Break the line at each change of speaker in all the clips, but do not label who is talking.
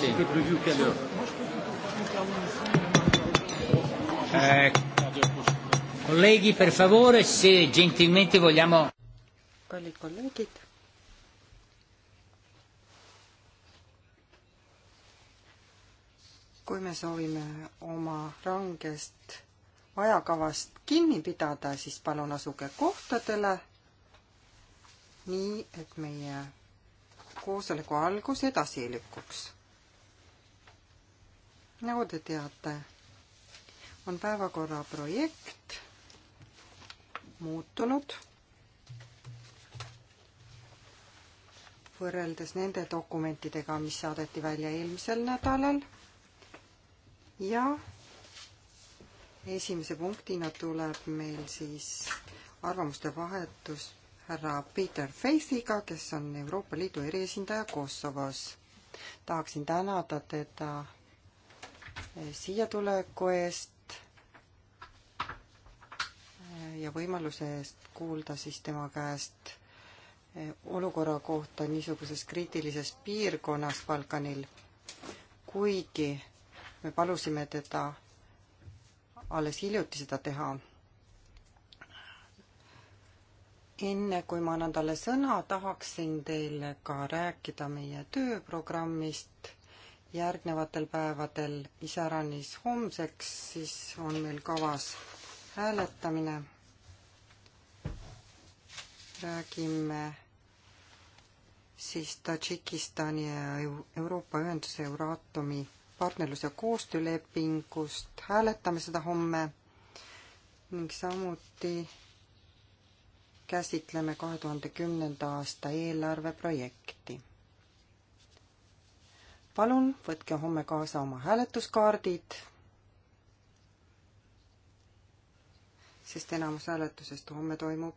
Sì. Eh, colleghi, per favore, se gentilmente vogliamo.
Kallid kolleegid. kui me soovime oma rangest ajakavast kinni pidada, siis palun asuge kohtadele nii, et meie koosoleku algus edasi ei lükkuks nagu te teate, on päevakorra projekt muutunud võrreldes nende dokumentidega, mis saadeti välja eelmisel nädalal ja esimese punktina tuleb meil siis arvamuste vahetus härra Peter Faithiga, kes on Euroopa Liidu eriesindaja Kosovos. tahaksin tänada teda siia tuleku eest ja võimaluse eest kuulda siis tema käest eh, olukorra kohta niisuguses kriitilises piirkonnas Balkanil. kuigi me palusime teda alles hiljuti seda teha. enne kui ma annan talle sõna, tahaksin teile ka rääkida meie tööprogrammist järgnevatel päevadel, iseäranis homseks, siis on meil kavas hääletamine. räägime siis Tadžikistani ja Euroopa Ühenduse Euraatomi partnerlus- ja koostöölepingust, hääletame seda homme ning samuti käsitleme kahe tuhande kümnenda aasta eelarve projekti palun võtke homme kaasa oma hääletuskaardid, sest enamus hääletusest homme toimub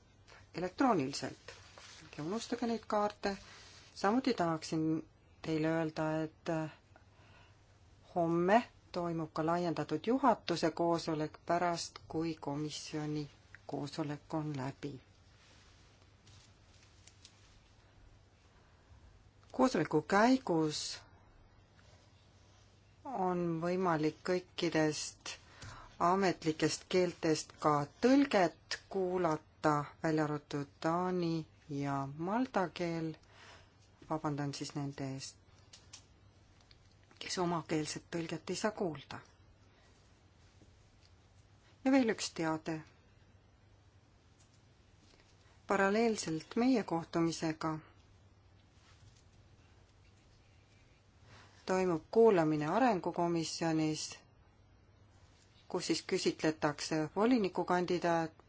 elektrooniliselt. ärge unustage neid kaarte. samuti tahaksin teile öelda, et äh, homme toimub ka laiendatud juhatuse koosolek pärast, kui komisjoni koosolek on läbi. koosoleku käigus on võimalik kõikidest ametlikest keeltest ka tõlget kuulata, välja arvatud taani ja malda keel. vabandan siis nende eest, kes omakeelset tõlget ei saa kuulda. ja veel üks teade. paralleelselt meie kohtumisega toimub kuulamine Arengukomisjonis, kus siis küsitletakse volinikukandidaati.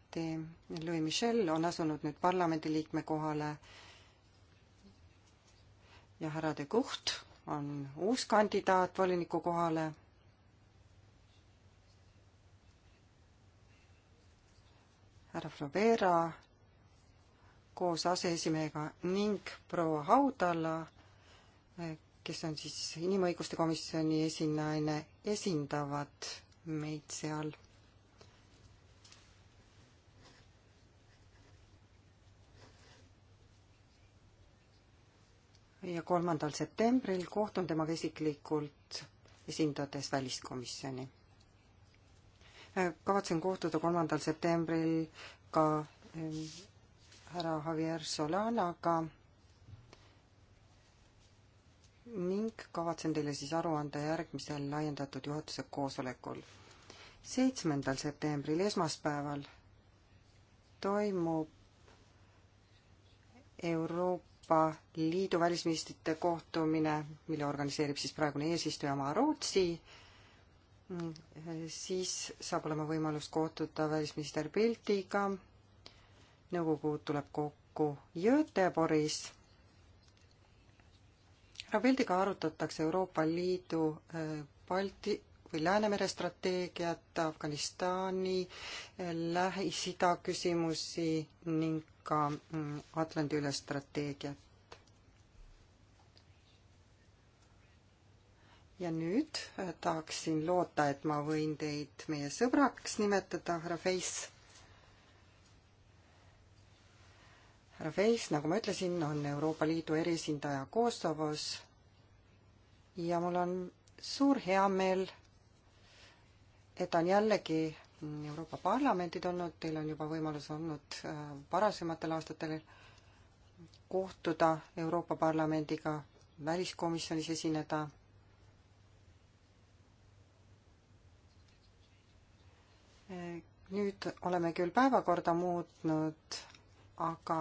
Louis Michel on asunud nüüd parlamendiliikme kohale ja härra de Gucht on uus kandidaat voliniku kohale härra Frovera koos aseesimehega ning proua Haudala kes on siis Inimõiguste Komisjoni esinaine, esindavad meid seal. ja kolmandal septembril kohtun temaga isiklikult, esindades väliskomisjoni. Äh, kavatsen kohtuda kolmandal septembril ka ähm, härra Javier Solanaga ning kavatsen teile siis aru anda järgmisel laiendatud juhatuse koosolekul. seitsmendal septembril, esmaspäeval, toimub Euroopa Liidu välisministrite kohtumine, mille organiseerib siis praegune eesistuja oma Rootsi siis saab olema võimalus kohtuda välisminister Piltiga. nõukogu tuleb kokku Göteborgis Raveldiga arutatakse Euroopa Liidu äh, Balti või Läänemere strateegiat, Afganistani, äh, Lähis-Ida küsimusi ning ka mm, Atlandi üle strateegiat. ja nüüd äh, tahaksin loota, et ma võin teid meie sõbraks nimetada, härra Feiss härra Feis, nagu ma ütlesin, on Euroopa Liidu eriesindaja Kosovos ja mul on suur heameel, et ta on jällegi Euroopa Parlamendi tulnud, teil on juba võimalus olnud äh, varasematel aastatel kohtuda Euroopa Parlamendiga, väliskomisjonis esineda äh, nüüd oleme küll päevakorda muutnud, aga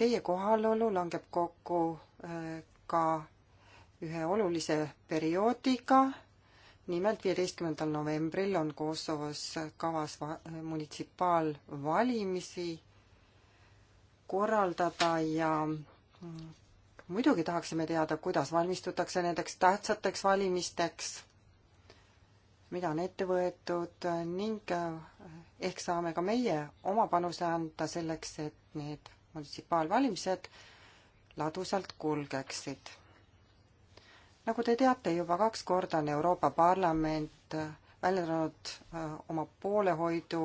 Teie kohalolu langeb kokku äh, ka ühe olulise perioodiga, nimelt viieteistkümnendal novembril on Kosovos kavas munitsipaalvalimisi korraldada ja mm, muidugi tahaksime teada, kuidas valmistutakse nendeks tähtsateks valimisteks, mida on ette võetud ning äh, ehk saame ka meie oma panuse anda selleks, et need munitsipaalvalimised ladusalt kulgeksid. nagu te teate, juba kaks korda on Euroopa Parlament äh, väljendanud äh, oma poolehoidu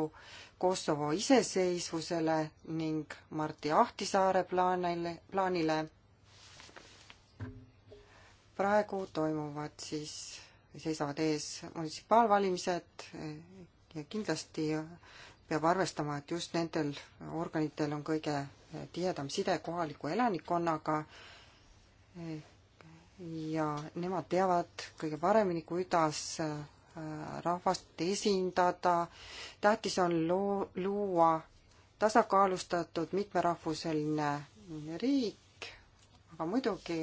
Kosovo iseseisvusele ning Martti Ahtisaare plaanile, plaanile. praegu toimuvad siis, seisavad ees munitsipaalvalimised äh, ja kindlasti peab arvestama, et just nendel organitel on kõige tihedam side kohaliku elanikkonnaga ja nemad teavad kõige paremini, kuidas äh, rahvast esindada. tähtis on loo-, luua tasakaalustatud mitmerahvuseline riik, aga muidugi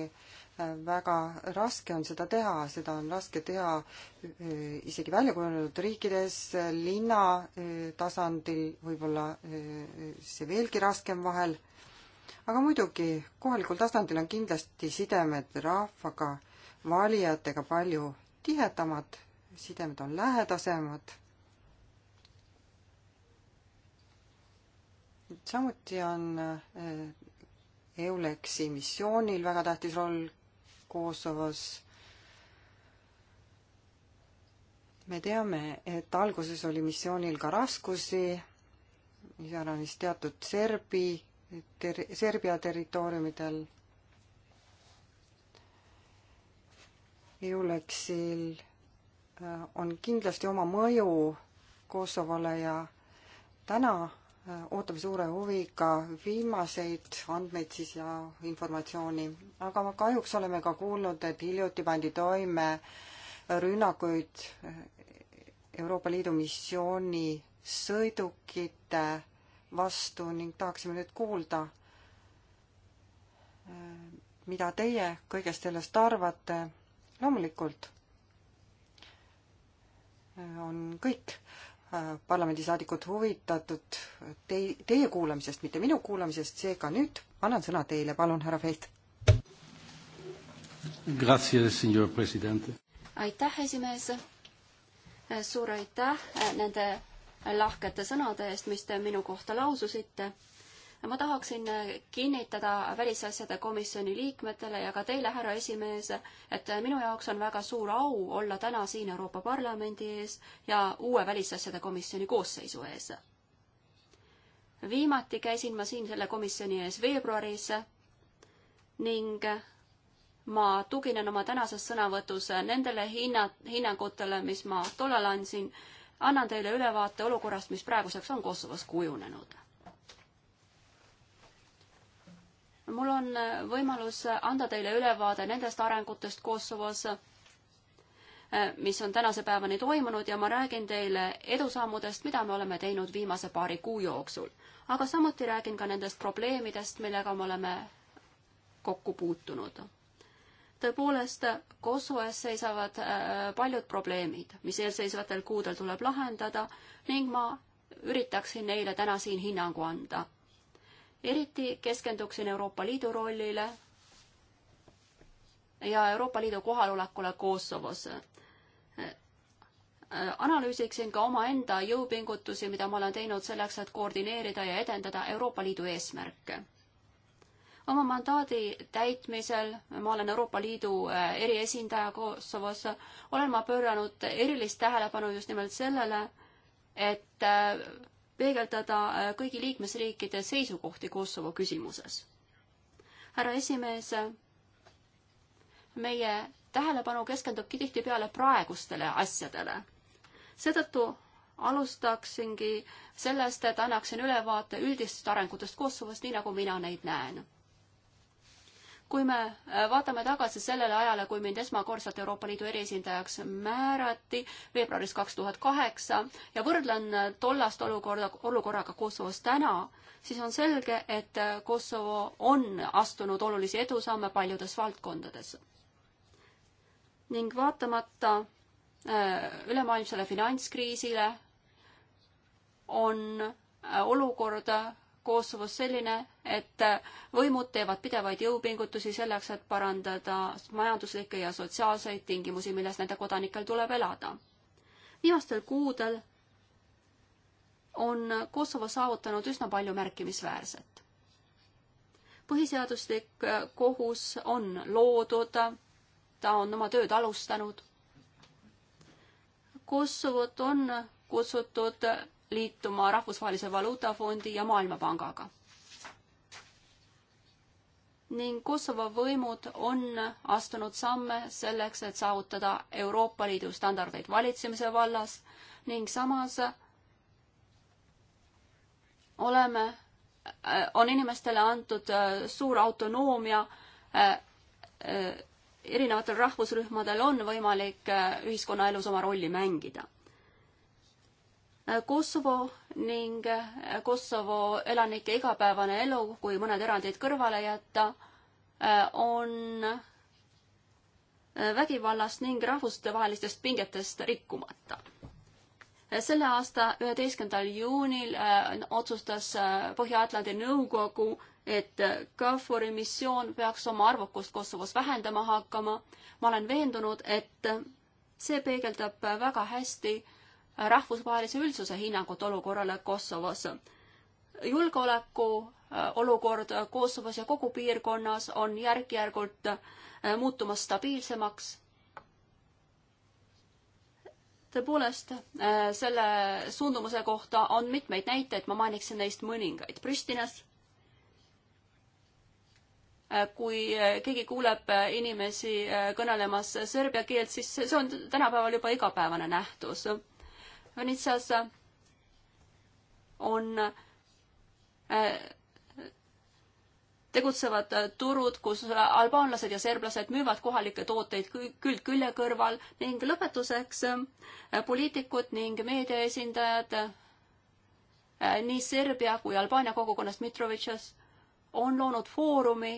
väga raske on seda teha, seda on raske teha eh, isegi välja kujunenud riikides, linna eh, tasandil võib-olla eh, see veelgi raskem vahel. aga muidugi, kohalikul tasandil on kindlasti sidemed rahvaga, valijatega palju tihedamad, sidemed on lähedasemad samuti on EULEX-i missioonil väga tähtis roll, Kosovos. me teame, et alguses oli missioonil ka raskusi, iseäranis teatud Serbi ter-, Serbia territooriumidel. Euleksil äh, on kindlasti oma mõju Kosovole ja täna ootame suure huviga viimaseid andmeid siis ja informatsiooni, aga kahjuks oleme ka kuulnud, et hiljuti pandi toime rünnakuid Euroopa Liidu missiooni sõidukite vastu ning tahaksime nüüd kuulda, mida teie kõigest sellest arvate. loomulikult on kõik Äh, parlamendisaadikud huvitatud tei-, teie kuulamisest, mitte minu kuulamisest, seega nüüd annan sõna teile, palun, härra Feld. aitäh, esimees. Äh, suur aitäh äh, nende
lahkete sõnade eest, mis te minu kohta laususite ma tahaksin kinnitada välisasjade komisjoni liikmetele ja ka teile, härra esimees, et minu jaoks on väga suur au olla täna siin Euroopa Parlamendi ees ja uue välisasjade komisjoni koosseisu ees. viimati käisin ma siin selle komisjoni ees veebruaris ning ma tuginen oma tänases sõnavõtus nendele hinna, hinnangutele, mis ma tollal andsin, annan teile ülevaate olukorrast, mis praeguseks on Kosovos kujunenud mul on äh, võimalus äh, anda teile ülevaade nendest arengutest Kosovos, äh, mis on tänase päevani toimunud ja ma räägin teile edusammudest, mida me oleme teinud viimase paari kuu jooksul. aga samuti räägin ka nendest probleemidest, millega me oleme kokku puutunud. tõepoolest, Kosovo ees seisavad paljud probleemid, mis eelseisvatel kuudel tuleb lahendada ning ma üritaksin neile täna siin hinnangu anda eriti keskenduksin Euroopa Liidu rollile ja Euroopa Liidu kohalolekule Kosovos. analüüsiksin ka omaenda jõupingutusi, mida ma olen teinud selleks, et koordineerida ja edendada Euroopa Liidu eesmärke. oma mandaadi täitmisel ma olen Euroopa Liidu äh, eriesindaja Kosovos, olen ma pööranud erilist tähelepanu just nimelt sellele, et äh, peegeldada äh, kõigi liikmesriikide seisukohti Kosovo küsimuses. härra esimees, meie tähelepanu keskendubki tihtipeale praegustele asjadele. seetõttu alustaksingi sellest, et annaksin ülevaate üldistest arengutest Kosovos, nii nagu mina neid näen kui me äh, vaatame tagasi sellele ajale, kui mind esmakordselt Euroopa Liidu eriesindajaks määrati veebruaris kaks tuhat kaheksa ja võrdlen äh, tollast olukorda, olukorraga Kosovos täna, siis on selge, et äh, Kosovo on astunud olulisi edusamme paljudes valdkondades. ning vaatamata ülemaailmsele finantskriisile on olukord Kosovos selline, et võimud teevad pidevaid jõupingutusi selleks, et parandada majanduslikke ja sotsiaalseid tingimusi, milles nende kodanikel tuleb elada. viimastel kuudel on Kosovo saavutanud üsna palju märkimisväärset. põhiseaduslik kohus on loodud, ta on oma tööd alustanud. Kosovot on kutsutud liituma Rahvusvahelise Valuutafondi ja Maailmapangaga. ning Kosovo võimud on astunud samme selleks, et saavutada Euroopa Liidu standardeid valitsemise vallas ning samas oleme, äh, on inimestele antud äh, suur autonoomia äh, erinevatel rahvusrühmadel on võimalik ühiskonnaelus oma rolli mängida. Kosovo ning äh, Kosovo elanike igapäevane elu, kui mõned erandid kõrvale jätta, äh, on äh, vägivallast ning rahvustevahelistest pingetest rikkumata. selle aasta üheteistkümnendal juunil otsustas Põhja-Atlandi Nõukogu, et KFOR-i missioon peaks oma arvukust Kosovos vähendama hakkama. ma olen veendunud, et see peegeldab väga hästi rahvusvahelise üldsuse hinnangut olukorrale Kosovos. julgeoleku äh, olukord Kosovos ja kogu piirkonnas on järk-järgult äh, muutumas stabiilsemaks. tõepoolest, äh, selle suundumuse kohta on mitmeid näiteid, ma mainiksin neist mõningaid. Pristinas kui keegi kuuleb inimesi kõnelemas serbia keelt, siis see on tänapäeval juba igapäevane nähtus. Nitsas on äh, tegutsevad turud, kus albaanlased ja serblased müüvad kohalikke tooteid külg külje kõrval ning lõpetuseks äh, poliitikud ning meediaesindajad äh, nii Serbia kui Albaania kogukonnast Mitrovitšas on loonud foorumi,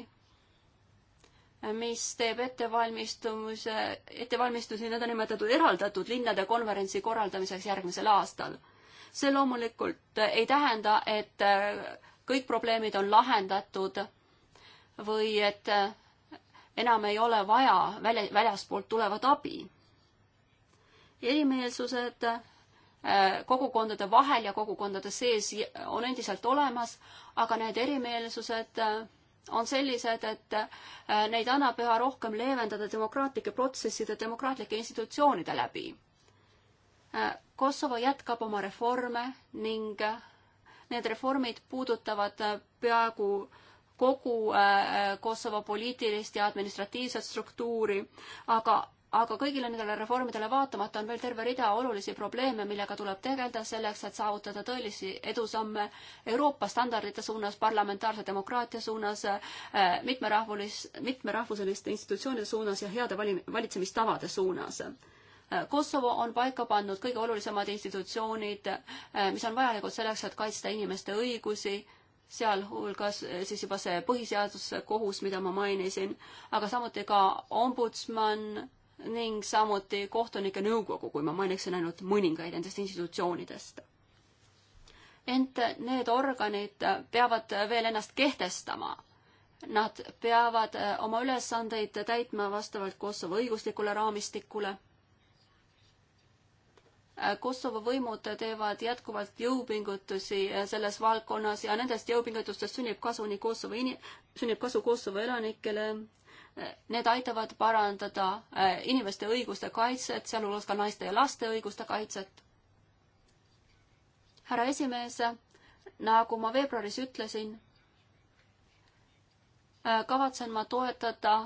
mis teeb ettevalmistumise, ettevalmistusi nõndanimetatud eraldatud linnade konverentsi korraldamiseks järgmisel aastal. see loomulikult ei tähenda, et äh, kõik probleemid on lahendatud või et äh, enam ei ole vaja välja, väljaspoolt tulevat abi. erimeelsused äh, kogukondade vahel ja kogukondade sees on endiselt olemas, aga need erimeelsused on sellised, et äh, neid annab üha rohkem leevendada demokraatlike protsesside, demokraatlike institutsioonide läbi. Äh, Kosovo jätkab oma reforme ning äh, need reformid puudutavad peaaegu kogu Kosovo poliitilist ja administratiivset struktuuri, aga aga kõigile nendele reformidele vaatamata on veel terve rida olulisi probleeme, millega tuleb tegeleda selleks, et saavutada tõelisi edusamme Euroopa standardite suunas, parlamentaarse demokraatia suunas, äh, mitmerahvulis-, mitmerahvuseliste institutsioonide suunas ja heade vali-, valitsemistavade suunas. Äh, Kosovo on paika pannud kõige olulisemad institutsioonid, äh, mis on vajalikud selleks, et kaitsta inimeste õigusi, sealhulgas siis juba see põhiseaduskohus, mida ma mainisin, aga samuti ka ombudsman, ning samuti kohtunike nõukogu, kui ma mainiksin ainult mõningaid nendest institutsioonidest. ent need organid peavad veel ennast kehtestama. Nad peavad äh, oma ülesandeid täitma vastavalt Kosovo õiguslikule raamistikule. Äh, Kosovo võimud teevad jätkuvalt jõupingutusi äh, selles valdkonnas ja nendest jõupingutustest sünnib kasu nii Kosovo in-, sünnib kasu Kosovo elanikele Need aitavad parandada äh, inimeste õiguste kaitset, sealhulgas ka naiste ja laste õiguste kaitset. härra esimees, nagu ma veebruaris ütlesin, äh, kavatsen ma toetada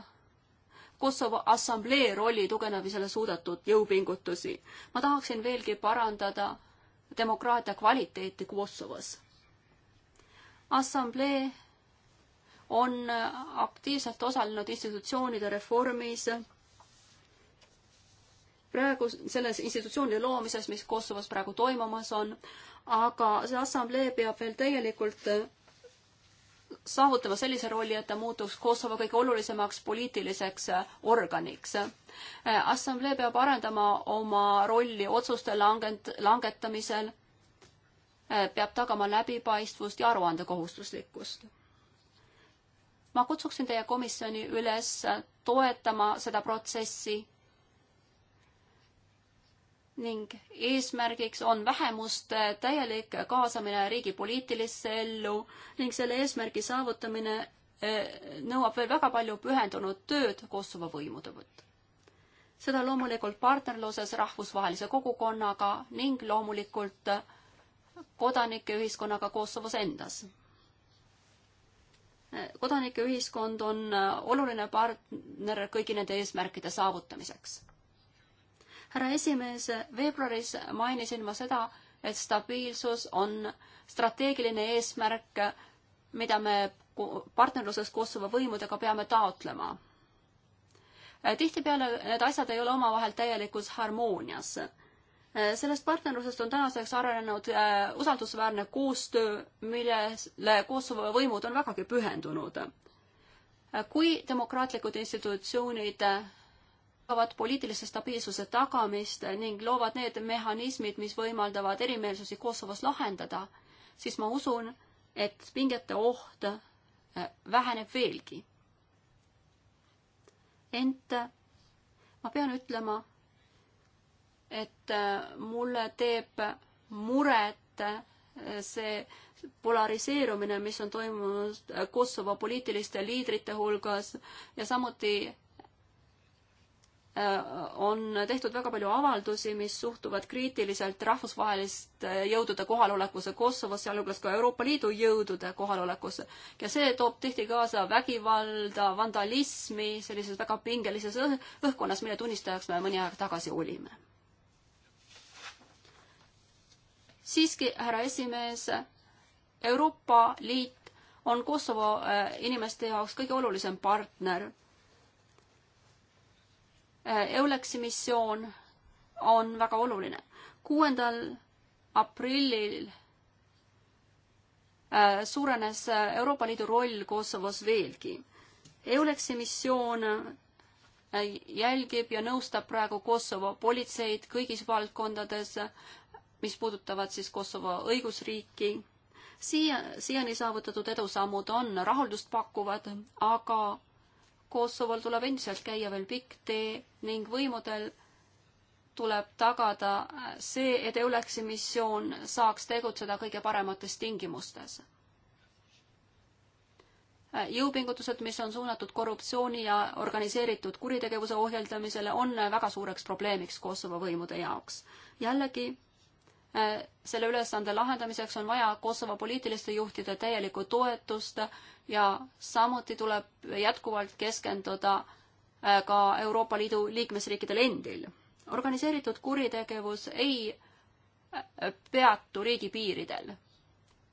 Kosovo Assamblee rolli tugevnemisele suudetud jõupingutusi. ma tahaksin veelgi parandada demokraatia kvaliteeti Kosovos. Assamblee on aktiivselt osalenud institutsioonide reformis, praegu selles institutsioonide loomises, mis Kosovos praegu toimumas on, aga see assamblee peab veel täielikult saavutama sellise rolli, et ta muutuks Kosovo kõige olulisemaks poliitiliseks organiks. assamblee peab arendama oma rolli otsuste langend-, langetamisel, peab tagama läbipaistvust ja aruandekohustuslikkust ma kutsuksin teie komisjoni üles toetama seda protsessi ning eesmärgiks on vähemuste täielik kaasamine riigi poliitilisse ellu ning selle eesmärgi saavutamine eh, nõuab veel väga palju pühendunud tööd Kosovo võimude poolt. seda loomulikult partnerluses rahvusvahelise kogukonnaga ning loomulikult kodanike ühiskonnaga Kosovos endas kodanikeühiskond on äh, oluline partner kõigi nende eesmärkide saavutamiseks. härra esimees, veebruaris mainisin ma seda, et stabiilsus on strateegiline eesmärk, mida me partnerluses Kosovo võimudega peame taotlema. Äh, tihtipeale need asjad ei ole omavahel täielikus harmoonias sellest partnerlusest on tänaseks arenenud äh, usaldusväärne koostöö, millele Kosovo võimud on vägagi pühendunud. Äh, kui demokraatlikud institutsioonid tagavad äh, poliitilise stabiilsuse tagamist ning loovad need mehhanismid, mis võimaldavad erimeelsusi Kosovos lahendada, siis ma usun, et pingete oht väheneb veelgi. ent ma pean ütlema, et äh, mulle teeb muret äh, see polariseerumine, mis on toimunud Kosovo poliitiliste liidrite hulgas ja samuti äh, on tehtud väga palju avaldusi, mis suhtuvad kriitiliselt rahvusvahelist jõudude kohalolekusse Kosovos, sealhulgas ka Euroopa Liidu jõudude kohalolekusse. ja see toob tihti kaasa vägivalda, vandalismi sellises väga pingelises õhkkonnas, mille tunnistajaks me mõni aeg tagasi olime siiski, härra esimees, Euroopa Liit on Kosovo äh, inimeste jaoks kõige olulisem partner. Äh, Euleksi missioon on väga oluline. kuuendal aprillil äh, suurenes Euroopa Liidu roll Kosovos veelgi. Euleksi missioon jälgib ja nõustab praegu Kosovo politseid kõigis valdkondades, mis puudutavad siis Kosovo õigusriiki. siia, siiani saavutatud edusammud on rahuldust pakkuvad, aga Kosovol tuleb endiselt käia veel pikk tee ning võimudel tuleb tagada see, et EULEX-i missioon saaks tegutseda kõige paremates tingimustes jõupingutused, mis on suunatud korruptsiooni ja organiseeritud kuritegevuse ohjeldamisele, on väga suureks probleemiks Kosovo võimude jaoks. jällegi, Äh, selle ülesande lahendamiseks on vaja Kosovo poliitiliste juhtide täielikku toetust ja samuti tuleb jätkuvalt keskenduda äh, ka Euroopa Liidu liikmesriikidel endil. organiseeritud kuritegevus ei äh, peatu riigipiiridel.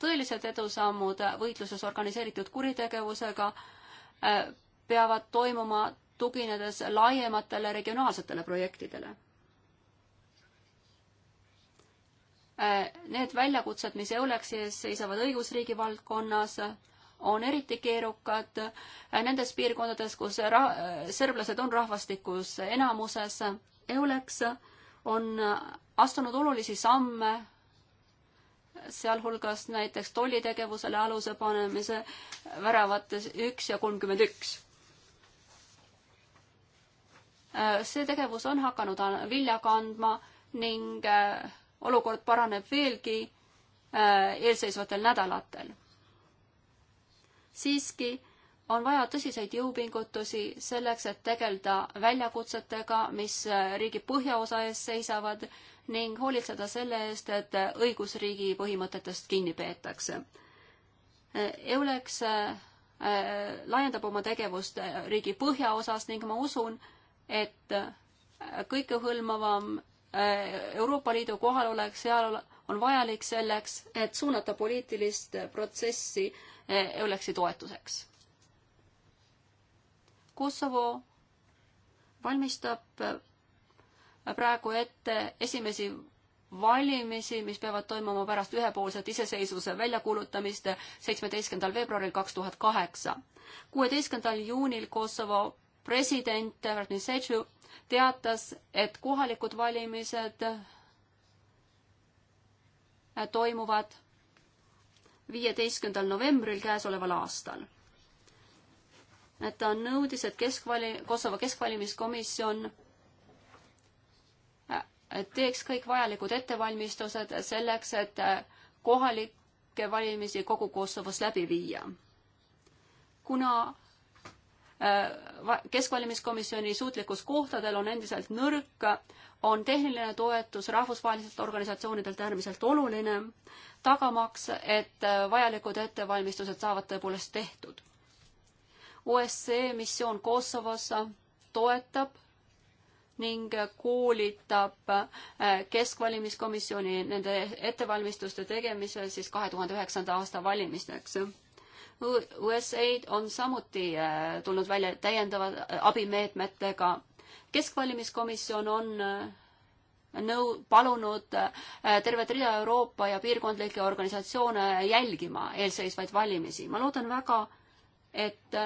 tõelised edusammud võitluses organiseeritud kuritegevusega peavad toimuma tuginedes laiematele regionaalsetele projektidele Need väljakutsed, mis EULEX-i ees seisavad õigusriigi valdkonnas, on eriti keerukad nendes piirkondades, kus ra-, sõrblased on rahvastikus enamuses. EULEX on astunud olulisi samme, sealhulgas näiteks tollitegevusele aluse panemise väravates üks ja kolmkümmend üks see tegevus on hakanud vilja kandma ning äh, olukord paraneb veelgi äh, eelseisvatel nädalatel. siiski on vaja tõsiseid jõupingutusi selleks, et tegeleda väljakutsetega, mis äh, riigi põhjaosa ees seisavad ning hoolitseda selle eest, et äh, õigusriigi põhimõtetest kinni peetakse. Eulex laiendab oma tegevust riigi põhjaosas ning ma usun, et kõikehõlmavam Äh, Euroopa Liidu kohalolek seal on vajalik selleks, et suunata poliitilist protsessi EULEX-i äh, toetuseks. Kosovo valmistab äh, praegu ette esimesi valimisi, mis peavad toimuma pärast ühepoolset iseseisvuse väljakuulutamist seitsmeteistkümnendal veebruaril kaks tuhat kaheksa. kuueteistkümnendal juunil Kosovo president Vladimir Sedžu teatas, et kohalikud valimised äh, toimuvad viieteistkümnendal novembril käesoleval aastal. et ta nõudis, et keskvali-, Kosovo keskvalimiskomisjon äh, teeks kõik vajalikud ettevalmistused selleks, et äh, kohalikke valimisi kogu Kosovos läbi viia. kuna Äh, keskvalimiskomisjoni suutlikkus kohtadel on endiselt nõrk, on tehniline toetus rahvusvahelistelt organisatsioonidelt äärmiselt oluline, tagamaks, et äh, vajalikud ettevalmistused saavad tõepoolest tehtud. OSCE missioon Kosovos toetab ning koolitab äh, keskvalimiskomisjoni nende ettevalmistuste tegemisel siis kahe tuhande üheksanda aasta valimisteks USA-d on samuti äh, tulnud välja täiendava äh, abimeetmetega. keskvalimiskomisjon on äh, nõu-, palunud tervet rida Euroopa ja piirkondlikke organisatsioone jälgima eelseisvaid valimisi. ma loodan väga, et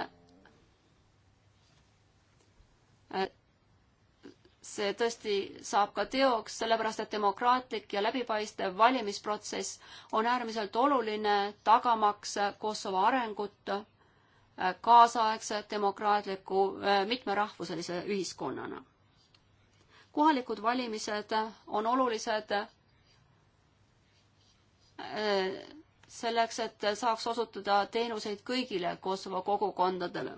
see tõesti saab ka teoks, sellepärast et demokraatlik ja läbipaistev valimisprotsess on äärmiselt oluline, tagamaks Kosovo arengut äh, kaasaegse demokraatliku äh, mitmerahvuselise ühiskonnana. kohalikud valimised on olulised äh, selleks, et saaks osutada teenuseid kõigile Kosovo kogukondadele.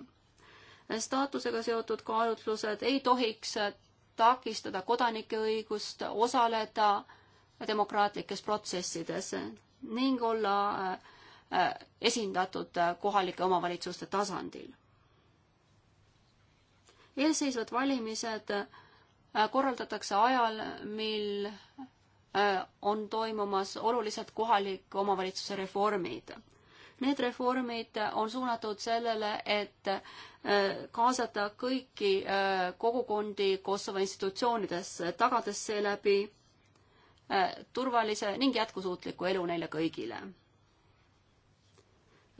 staatusega seotud kaalutlused ei tohiks takistada kodanike õigust osaleda demokraatlikes protsessides ning olla äh, äh, esindatud äh, kohalike omavalitsuste tasandil. eelseisvad valimised korraldatakse ajal, mil on toimumas olulised kohaliku omavalitsuse reformid Need reformid on suunatud sellele, et äh, kaasata kõiki äh, kogukondi Kosovo institutsioonidesse, tagades seeläbi äh, turvalise ning jätkusuutliku elu neile kõigile.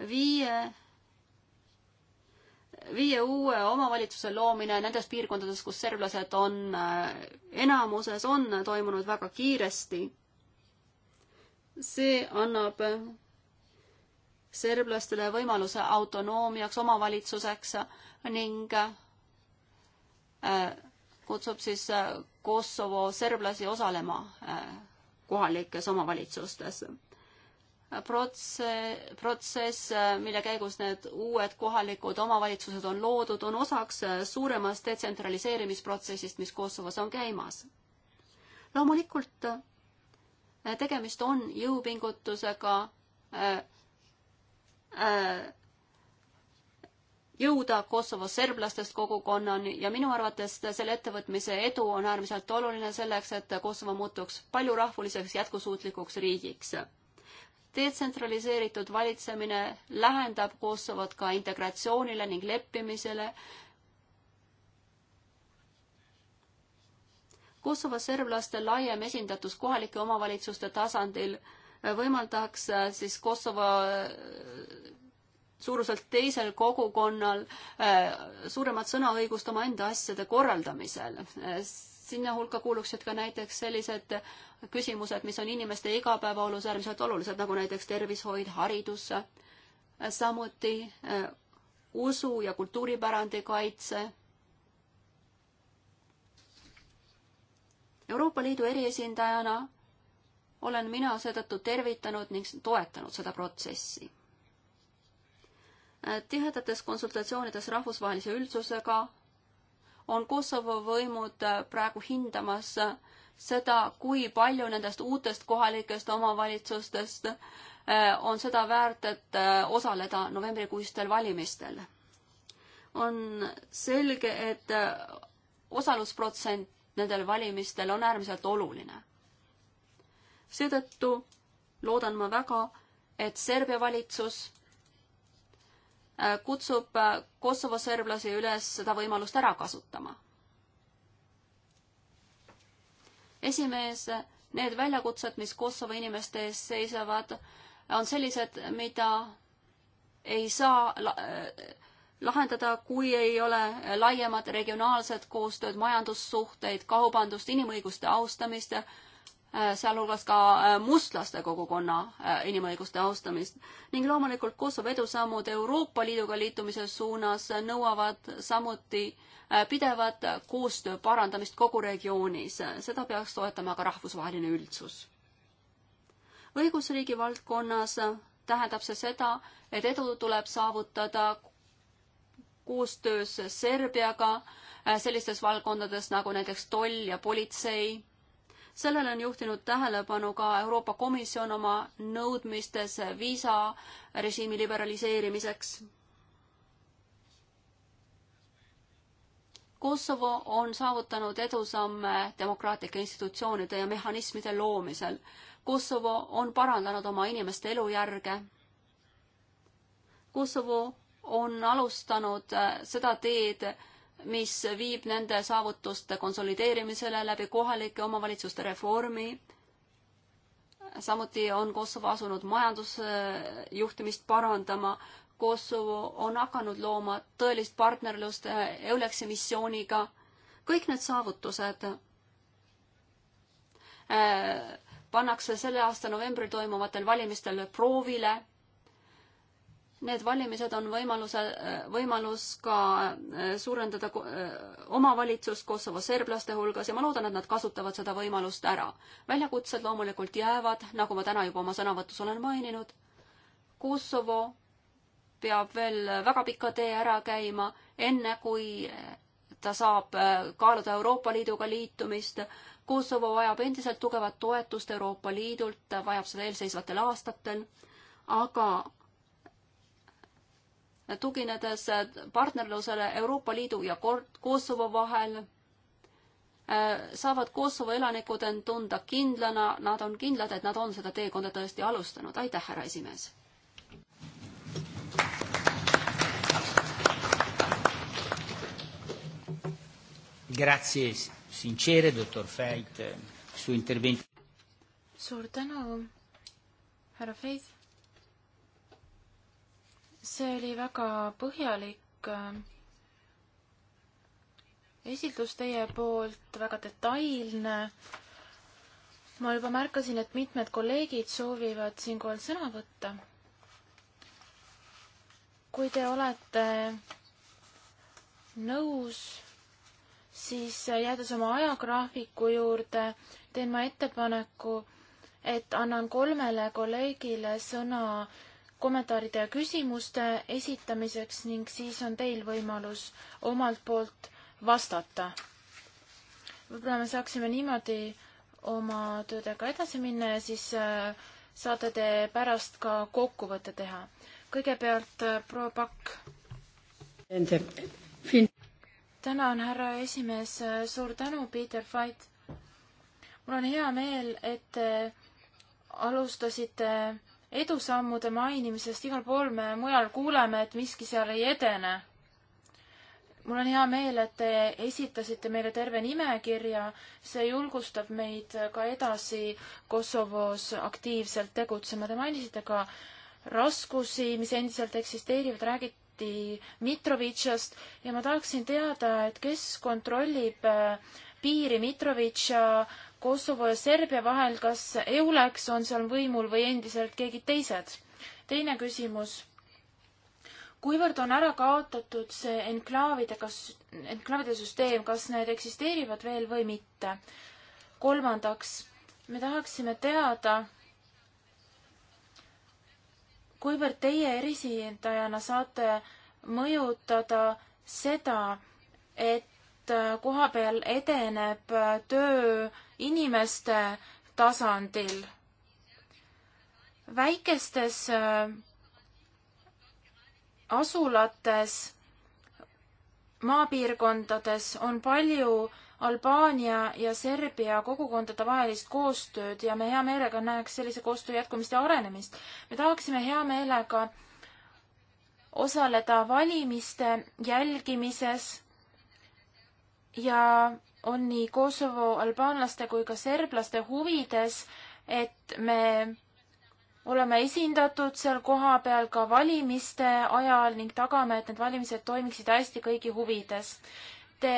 viie viie uue omavalitsuse loomine nendes piirkondades, kus serblased on enamuses, on toimunud väga kiiresti. see annab serblastele võimaluse autonoomiaks, omavalitsuseks ning äh, kutsub siis äh, Kosovo serblasi osalema äh, kohalikes omavalitsustes. Protse-, protsess, mille käigus need uued kohalikud omavalitsused on loodud, on osaks suuremast detsentraliseerimisprotsessist, mis Kosovos on käimas. loomulikult tegemist on jõupingutusega äh, Äh, jõuda Kosovo serblastest kogukonnani ja minu arvates selle ettevõtmise edu on äärmiselt oluline selleks, et Kosovo muutuks paljurahvuliseks jätkusuutlikuks riigiks. detsentraliseeritud valitsemine lähendab Kosovot ka integratsioonile ning leppimisele. Kosovo serblaste laiem esindatus kohalike omavalitsuste tasandil võimaldaks äh, siis Kosovo äh, suuruselt teisel kogukonnal äh, suuremat sõnaõigust omaenda asjade korraldamisel. sinna hulka kuuluksid ka näiteks sellised küsimused, mis on inimeste igapäevaolus äärmiselt olulised, nagu näiteks tervishoid, haridus, samuti usu ja kultuuripärandi kaitse. Euroopa Liidu eriesindajana olen mina seetõttu tervitanud ning toetanud seda protsessi. Äh, tihedates konsultatsioonides rahvusvahelise üldsusega on Kosovo võimud äh, praegu hindamas äh, seda, kui palju nendest uutest kohalikest omavalitsustest on seda väärt, et osaleda novembrikuistel valimistel. on selge, et osalusprotsent nendel valimistel on äärmiselt oluline seetõttu loodan ma väga, et Serbia valitsus äh, kutsub äh, Kosovo serblasi üles seda võimalust ära kasutama. esimees, need väljakutsed, mis Kosovo inimeste ees seisavad, on sellised, mida ei saa äh, lahendada, kui ei ole laiemat regionaalset koostööd, majandussuhteid, kaubandust, inimõiguste austamist Äh, sealhulgas ka äh, mustlaste kogukonna äh, inimõiguste austamist. ning loomulikult Kosovo edusammud Euroopa Liiduga liitumise suunas nõuavad samuti pidevat koostöö parandamist kogu regioonis. seda peaks toetama ka rahvusvaheline üldsus. õigusriigi valdkonnas tähendab see seda, et edu tuleb saavutada koostöös Serbiaga sellistes valdkondades nagu näiteks toll ja politsei sellele on juhtinud tähelepanu ka Euroopa Komisjon oma nõudmistes viisarežiimi liberaliseerimiseks. Kosovo on saavutanud edusamme demokraatlike institutsioonide ja mehhanismide loomisel. Kosovo on parandanud oma inimeste elujärge. Kosovo on alustanud äh, seda teed, mis viib nende saavutuste konsolideerimisele läbi kohalike omavalitsuste reformi. samuti on Kosovo asunud majandusjuhtimist parandama. Kosovo on hakanud looma tõelist partnerlust EULEX-i missiooniga. kõik need saavutused eh, pannakse selle aasta novembril toimuvatel valimistel proovile Need valimised on võimaluse, äh, võimalus ka äh, suurendada äh, omavalitsust Kosovo serblaste hulgas ja ma loodan, et nad kasutavad seda võimalust ära. väljakutsed loomulikult jäävad, nagu ma täna juba oma sõnavõtus olen maininud. Kosovo peab veel väga pika tee ära käima, enne kui ta saab kaaluda Euroopa Liiduga liitumist. Kosovo vajab endiselt tugevat toetust Euroopa Liidult, vajab seda eelseisvatel aastatel, aga tuginedes partnerlusele Euroopa Liidu ja Kosovo vahel, äh, saavad Kosovo elanikud end tunda kindlana, nad on kindlad, et nad on seda teekonda tõesti alustanud. aitäh, härra esimees!
Grazie sincere, dottor Feit, eh, su interventi.
suur tänu, härra Feit see oli väga põhjalik äh, esitlus teie poolt, väga detailne. ma juba märkasin, et mitmed kolleegid soovivad siinkohal sõna võtta. kui te olete nõus, siis jäädes oma ajagraafiku juurde, teen ma ettepaneku, et annan kolmele kolleegile sõna kommentaaride ja küsimuste esitamiseks ning siis on teil võimalus omalt poolt vastata. võib-olla me saaksime niimoodi oma töödega edasi minna ja siis äh, saate te pärast ka kokkuvõtte teha. kõigepealt äh, proua Pakk. tänan, härra esimees, suur tänu, Peter Fight. mul on hea meel, et te alustasite edusammude mainimisest igal pool me mujal kuuleme, et miski seal ei edene. mul on hea meel, et te esitasite meile terve nimekirja, see julgustab meid ka edasi Kosovos aktiivselt tegutsema. Te mainisite ka raskusi, mis endiselt eksisteerivad, räägiti Mitrovitšast ja ma tahaksin teada, et kes kontrollib eh, piiri Mitrovitša Kosovo ja Serbia vahel, kas EULEX on seal võimul või endiselt keegi teised? teine küsimus. kuivõrd on ära kaotatud see enklaavide, kas, enklaavide süsteem, kas need eksisteerivad veel või mitte? kolmandaks, me tahaksime teada, kuivõrd teie erisindajana saate mõjutada seda, et äh, kohapeal edeneb äh, töö inimeste tasandil. väikestes äh, asulates, maapiirkondades on palju Albaania ja Serbia kogukondade vahelist koostööd ja me hea meelega näeks sellise koostöö jätkumist ja arenemist. me tahaksime hea meelega osaleda valimiste jälgimises ja on nii Kosovo albaanlaste kui ka serblaste huvides, et me oleme esindatud seal kohapeal ka valimiste ajal ning tagame, et need valimised toimiksid hästi kõigi huvides. Te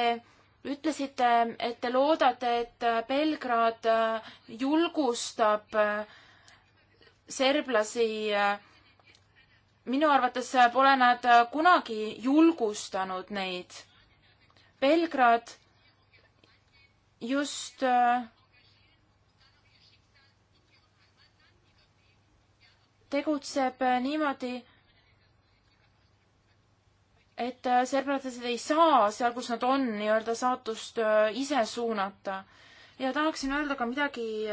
ütlesite, et te loodate, et Belgrad äh, julgustab äh, serblasi. Äh, minu arvates pole nad kunagi julgustanud neid. Belgrad just äh, tegutseb äh, niimoodi, et äh, serblased ei saa seal, kus nad on, nii-öelda saatust ise suunata. ja tahaksin öelda ka midagi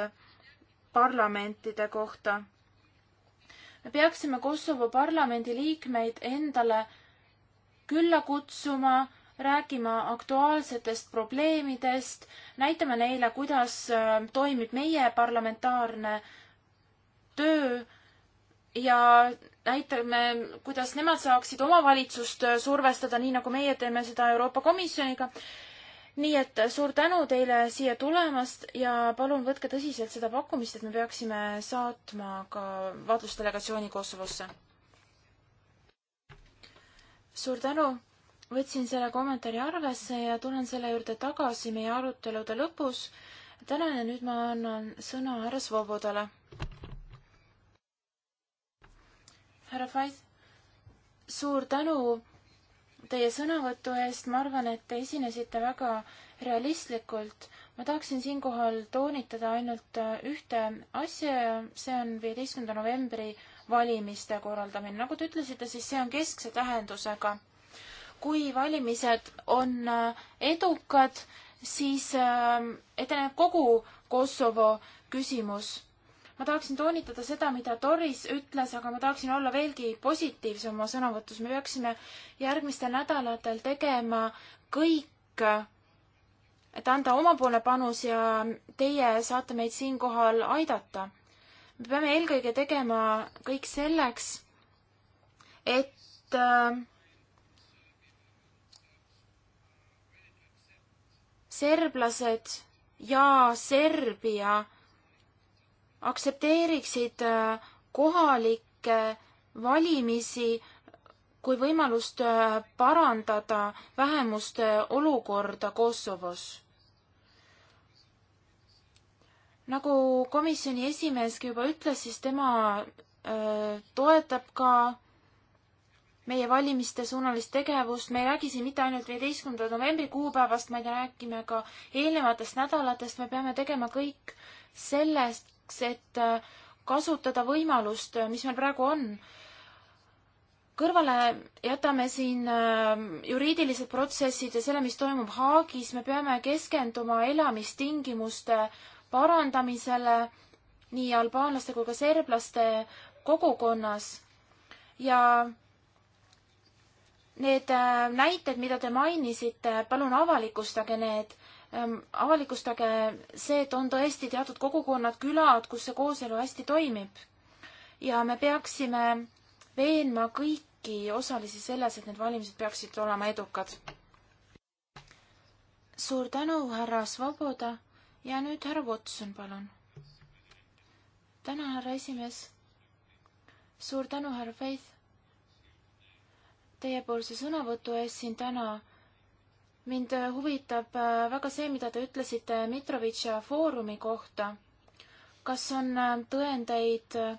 parlamentide kohta. me peaksime Kosovo parlamendi liikmeid endale külla kutsuma rääkima aktuaalsetest probleemidest, näitame neile, kuidas äh, toimib meie parlamentaarne töö ja näitame, kuidas nemad saaksid omavalitsust äh, survestada, nii nagu meie teeme seda Euroopa Komisjoniga. nii et äh, suur tänu teile siia tulemast ja palun võtke tõsiselt seda pakkumist, et me peaksime saatma ka vaatlusdelegatsiooni Kosovosse. suur tänu võtsin selle kommentaari arvesse ja tulen selle juurde tagasi meie arutelude lõpus. tänan ja nüüd ma annan sõna härra Svobodale. härra Fais, suur tänu teie sõnavõtu eest, ma arvan, et te esinesite väga realistlikult. ma tahaksin siinkohal toonitada ainult ühte asja ja see on viieteistkümnenda novembri valimiste korraldamine. nagu te ütlesite, siis see on keskse tähendusega kui valimised on äh, edukad, siis ähm, edeneb kogu Kosovo küsimus. ma tahaksin toonitada seda, mida Doris ütles, aga ma tahaksin olla veelgi positiivsem oma sõnavõtus. me peaksime järgmistel nädalatel tegema kõik, et anda omapoolne panus ja teie saate meid siinkohal aidata. me peame eelkõige tegema kõik selleks, et äh, serblased ja Serbia aktsepteeriksid äh, kohalikke valimisi kui võimalust äh, parandada vähemuste olukorda Kosovos nagu komisjoni esimeeski juba ütles, siis tema öö, äh, toetab ka meie valimiste suunalist tegevust, me ei räägi siin mitte ainult viieteistkümnenda novembri kuupäevast, vaid räägime ka eelnevatest nädalatest, me peame tegema kõik selleks, et äh, kasutada võimalust, äh, mis meil praegu on. kõrvale jätame siin äh, juriidilised protsessid ja selle, mis toimub Haagis, me peame keskenduma elamistingimuste parandamisele nii albaanlaste kui ka serblaste kogukonnas ja Need äh, näited, mida te mainisite, palun avalikustage need, ähm, avalikustage see, et on tõesti teatud kogukonnad, külad, kus see kooselu hästi toimib. ja me peaksime veenma kõiki osalisi selles, et need valimised peaksid olema edukad. suur tänu, härra Svoboda ja nüüd härra Watson, palun. tänan, härra esimees. suur tänu, härra Faith teiepoolse sõnavõtu eest siin täna. mind huvitab äh, väga see, mida te ütlesite Mitrovitša foorumi kohta. kas on äh, tõendeid äh,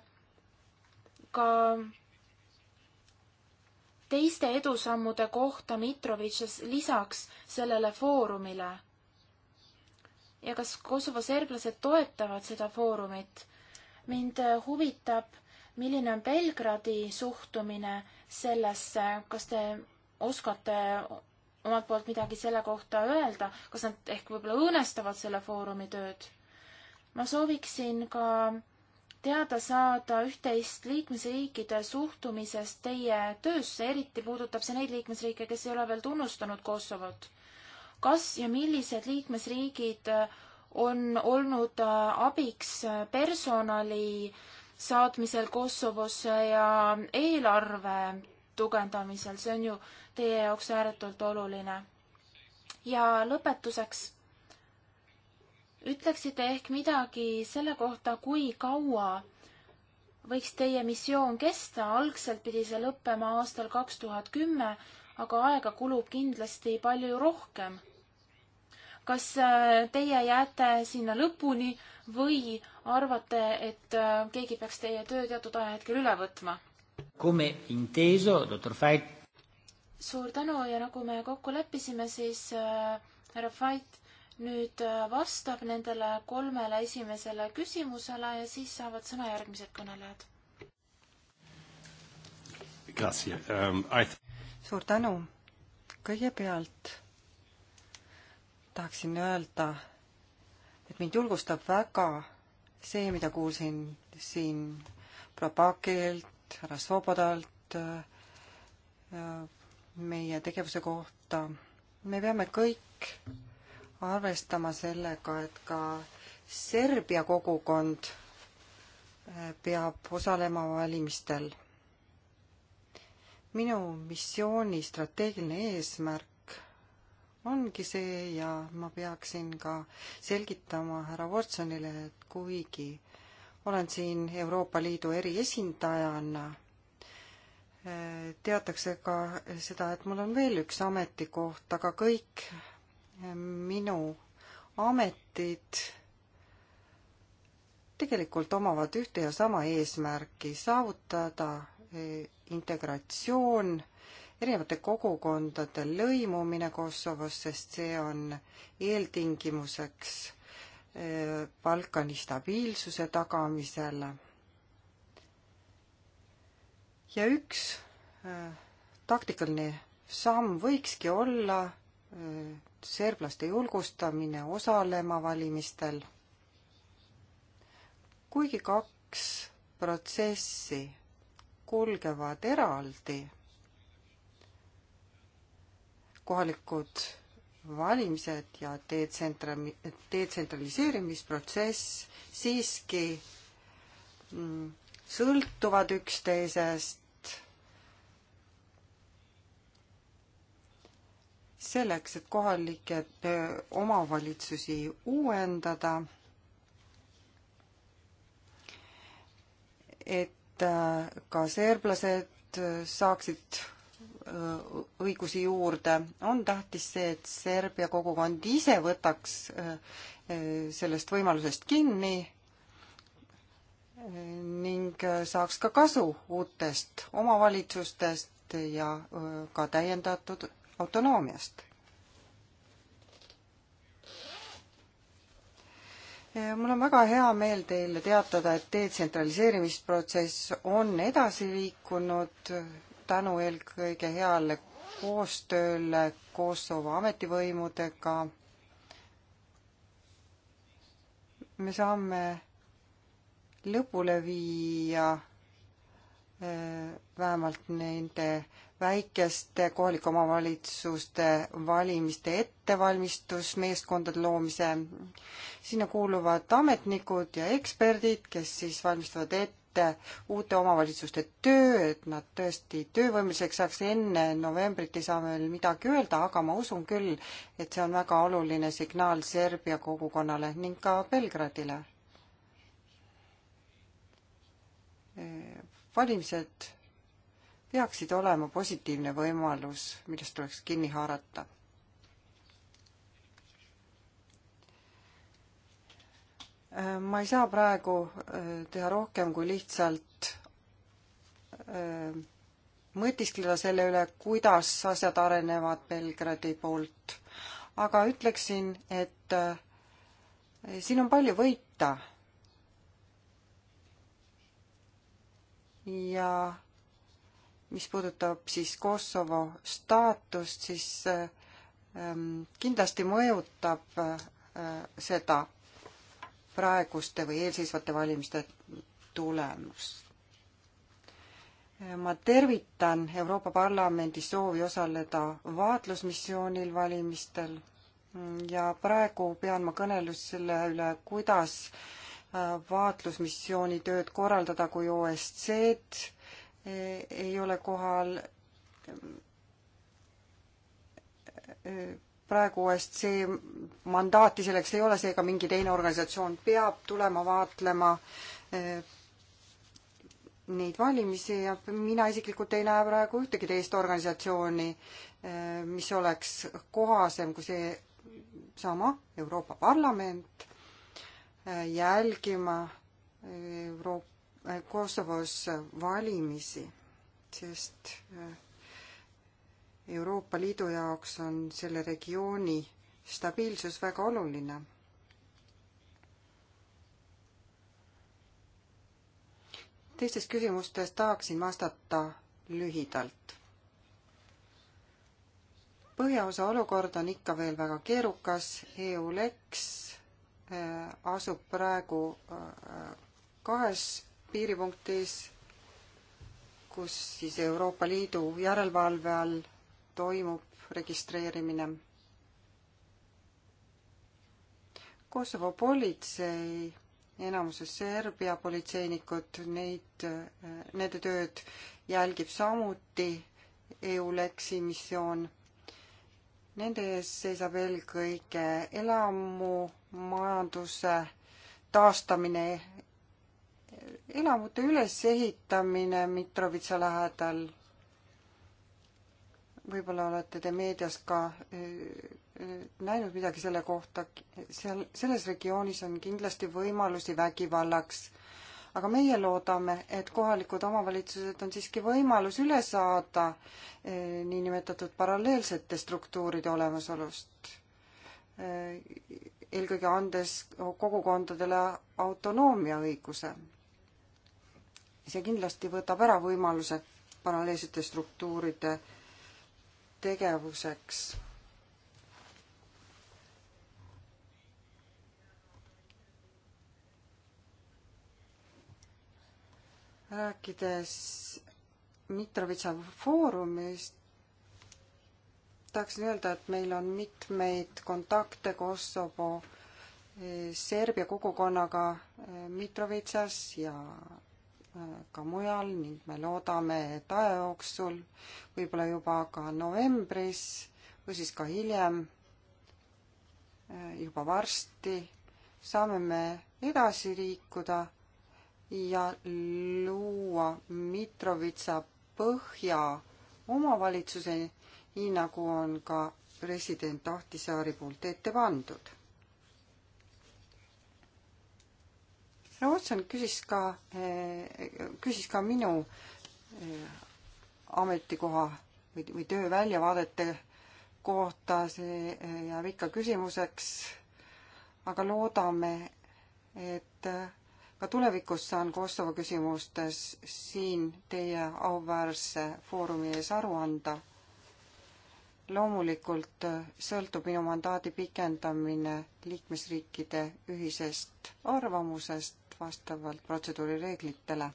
ka teiste edusammude kohta Mitrovitšas lisaks sellele foorumile? ja kas Kosovo serblased toetavad seda foorumit? mind huvitab, milline on Belgradi suhtumine sellesse, kas te oskate omalt poolt midagi selle kohta öelda, kas nad ehk võib-olla õõnestavad selle foorumi tööd? ma sooviksin ka teada saada üht-teist liikmesriikide suhtumisest teie töösse, eriti puudutab see neid liikmesriike, kes ei ole veel tunnustanud Kosovot. kas ja millised liikmesriigid on olnud abiks personali äh, saatmisel Kosovosse ja eelarve tugevdamisel, see on ju teie jaoks ääretult oluline. ja lõpetuseks, ütleksite ehk midagi selle kohta, kui kaua võiks teie missioon kesta, algselt pidi see lõppema aastal kaks tuhat kümme, aga aega kulub kindlasti palju rohkem. kas äh, teie jääte sinna lõpuni või arvate, et äh, keegi peaks teie töö teatud ajahetkel üle võtma? suur tänu ja nagu me kokku leppisime, siis äh, härra äh, Fait nüüd vastab nendele kolmele esimesele küsimusele ja siis saavad sõna järgmised kõnelejad.
Um,
suur tänu. kõigepealt tahaksin öelda, et mind julgustab väga see, mida kuulsin siin Propakilt, härra Svobodalt, äh, meie tegevuse kohta, me peame kõik arvestama sellega, et ka Serbia kogukond äh, peab osalema valimistel. minu missiooni strateegiline eesmärk ongi see ja ma peaksin ka selgitama härra Watsonile, et kuigi olen siin Euroopa Liidu eriesindajana, eh, teatakse ka seda, et mul on veel üks ametikoht, aga kõik eh, minu ametid tegelikult omavad ühte ja sama eesmärki, saavutada eh, integratsioon erinevate kogukondade lõimumine Kosovos, sest see on eeltingimuseks eh, Balkani stabiilsuse tagamisele. ja üks eh, taktikaline samm võikski olla eh, serblaste julgustamine osalema valimistel. kuigi kaks protsessi kulgevad eraldi kohalikud valimised ja detsentra-, detsentraliseerimisprotsess siiski mm, sõltuvad üksteisest. selleks, et kohalikke omavalitsusi uuendada, et äh, ka serblased äh, saaksid Äh, õigusi juurde, on tähtis see, et Serbia kogukond ise võtaks äh, äh, sellest võimalusest kinni ning saaks ka kasu uutest omavalitsustest ja ka täiendatud autonoomiast. mul on väga hea meel teile teatada, et detsentraliseerimisprotsess on edasi liikunud tänu eelkõige heale koostööle Kosovo ametivõimudega. me saame lõpule viia eh, vähemalt nende väikeste kohalike omavalitsuste valimiste ettevalmistusmeeskondade loomise. sinna kuuluvad ametnikud ja eksperdid, kes siis valmistavad ette uute omavalitsuste töö, et nad tõesti töövõimeliseks saaks, enne novembrit ei saa veel midagi öelda, aga ma usun küll, et see on väga oluline signaal Serbia kogukonnale ning ka Belgradile. valimised peaksid olema positiivne võimalus, millest tuleks kinni haarata ma ei saa praegu äh, teha rohkem kui lihtsalt äh, mõtiskleda selle üle, kuidas asjad arenevad Belgradi poolt. aga ütleksin, et äh, siin on palju võita. ja mis puudutab siis Kosovo staatust, siis ähm, kindlasti mõjutab seda praeguste või eelseisvate valimiste tulemus. ma tervitan Euroopa Parlamendi soovi osaleda vaatlusmissioonil valimistel ja praegu pean ma kõnelust selle üle, kuidas äh, vaatlusmissiooni tööd korraldada, kui OSCE-d äh, ei ole kohal äh, praegu OSCE mandaati selleks ei ole, seega mingi teine organisatsioon peab tulema vaatlema eh, neid valimisi ja mina isiklikult ei näe praegu ühtegi teist organisatsiooni, eh, mis oleks kohasem kui seesama Euroopa Parlament eh, jälgima Euroop-, Kosovos valimisi, sest Euroopa Liidu jaoks on selle regiooni stabiilsus väga oluline. teistes küsimustes tahaksin vastata lühidalt. põhjaosa olukord on ikka veel väga keerukas, EULEX äh, asub praegu äh, kahes piiripunktis, kus siis Euroopa Liidu järelevalve all toimub registreerimine. Kosovo politsei, enamuses Serbia politseinikud, neid, nende tööd jälgib samuti EULEX-i missioon. Nende ees seisab eelkõige elamumajanduse taastamine, elamute ülesehitamine Mitrovitsa lähedal võib-olla olete te meediast ka äh, äh, näinud midagi selle kohta, seal, selles regioonis on kindlasti võimalusi vägivallaks. aga meie loodame, et kohalikud omavalitsused on siiski võimalus üle saada äh, niinimetatud paralleelsete struktuuride olemasolust. eelkõige andes kogukondadele autonoomia õiguse. see kindlasti võtab ära võimaluse paralleelsete struktuuride tegevuseks. rääkides Mitrovitsa foorumist, tahaksin öelda, et meil on mitmeid kontakte Kosovo Serbia kogukonnaga Mitrovitsas ja ka mujal ning me loodame, et aja jooksul, võib-olla juba ka novembris või siis ka hiljem, eh, juba varsti, saame me edasi liikuda ja luua Mitrovitsa põhja omavalitsuse, nii nagu on ka president Ahtisaari poolt ette pandud härra Watson küsis ka, eh, küsis ka minu eh, ametikoha või, või töö väljavaadete kohta, see eh, jääb ikka küsimuseks, aga loodame, et ka tulevikus saan Kosovo küsimustes siin teie auväärse foorumi ees aru anda. loomulikult sõltub minu mandaadi pikendamine liikmesriikide ühisest arvamusest, vastavalt protseduurireeglitele.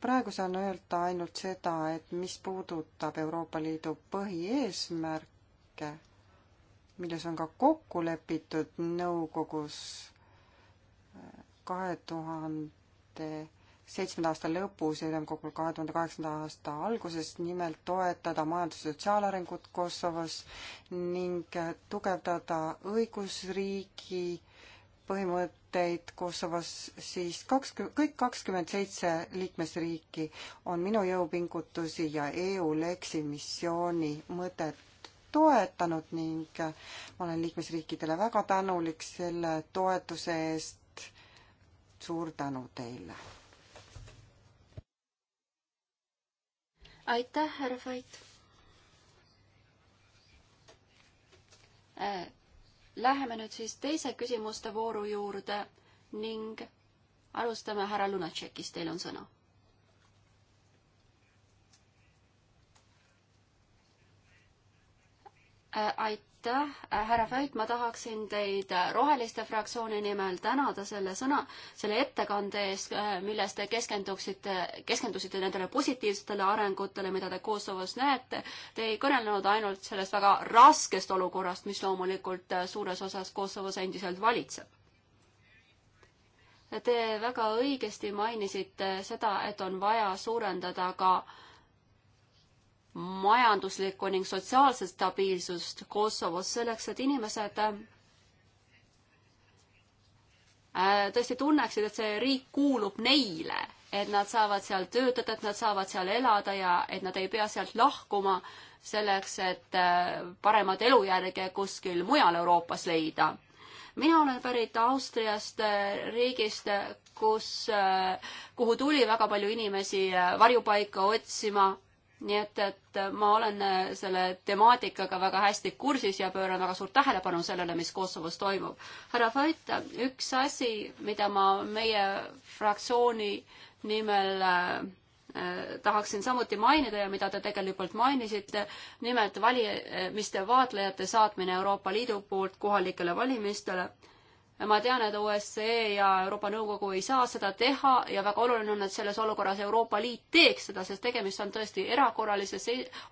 praegu saan öelda ainult seda, et mis puudutab Euroopa Liidu põhieesmärke, milles on ka kokku lepitud nõukogus eh, kahe tuhande seitsmenda aasta lõpus ja ülemkogul kahe tuhande kaheksanda aasta alguses nimelt toetada majandus- ja sotsiaalarengut Kosovos ning tugevdada õigusriigi põhimõt-, mõtteid Kosovos, siis kakskümmend, kõik kakskümmend seitse liikmesriiki on minu jõupingutusi ja EULEX-i missiooni mõtet toetanud ning ma olen liikmesriikidele väga tänulik selle toetuse eest. suur tänu teile!
aitäh, härra Vait! Äh, Läheme nüüd siis teise küsimuste vooru juurde ning alustame härra Lunatšekist, teil on sõna. Äh, aitäh aitäh, äh, härra Föit, ma tahaksin teid äh, Roheliste fraktsiooni nimel tänada selle sõna, selle ettekande eest, äh, milles te keskenduksite, keskendusite nendele positiivsetele arengutele, mida te Kosovos näete. Te ei kõnelenud ainult sellest väga raskest olukorrast, mis loomulikult suures osas Kosovos endiselt valitseb. Te väga õigesti mainisite seda, et on vaja suurendada ka äh, majanduslikku ning sotsiaalset stabiilsust Kosovos selleks, et inimesed äh, tõesti tunneksid, et see riik kuulub neile, et nad saavad seal töötada, et nad saavad seal elada ja et nad ei pea sealt lahkuma selleks, et äh, paremat elujärge kuskil mujal Euroopas leida. mina olen pärit Austriast, äh, riigist, kus, kuhu tuli väga palju inimesi varjupaika otsima nii et, et ma olen äh, selle temaatikaga väga hästi kursis ja pööran väga suurt tähelepanu sellele, mis Kosovos toimub. härra Vait, üks asi, mida ma meie fraktsiooni nimel äh, äh tahaksin samuti mainida ja mida te tegelikult mainisite, nimelt valimiste äh, vaatlejate saatmine Euroopa Liidu poolt kohalikele valimistele ma tean, et OSCE ja Euroopa Nõukogu ei saa seda teha ja väga oluline on, et selles olukorras Euroopa Liit teeks seda, sest tegemist on tõesti erakorralise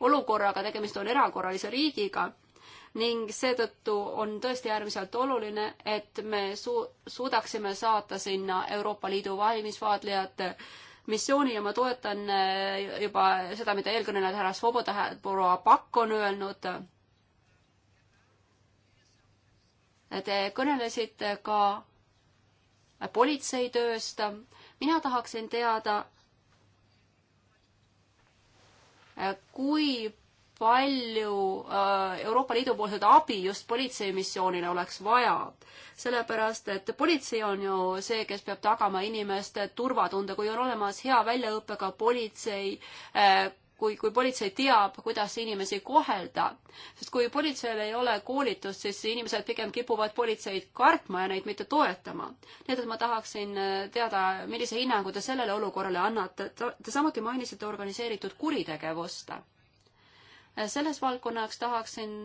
olukorraga, tegemist on erakorralise riigiga. ning seetõttu on tõesti äärmiselt oluline, et me su-, suudaksime saata sinna Euroopa Liidu valimisvaatlejad missiooni ja ma toetan äh, juba seda, mida eelkõnelejad härra Svoboda, proua Pakk on öelnud Te kõnelesite ka politseitööst. mina tahaksin teada, kui palju äh, Euroopa Liidu poolset abi just politseimissioonile oleks vaja. sellepärast, et politsei on ju see, kes peab tagama inimeste turvatunde, kui on olemas hea väljaõppega politsei, äh, kui, kui politsei teab, kuidas inimesi kohelda. sest kui politseil ei ole koolitust, siis inimesed pigem kipuvad politseid kartma ja neid mitte toetama. nii et ma tahaksin äh, teada, millise hinnangu te sellele olukorrale annate. Te samuti mainisite organiseeritud kuritegevust. Äh, selles valdkonnas tahaksin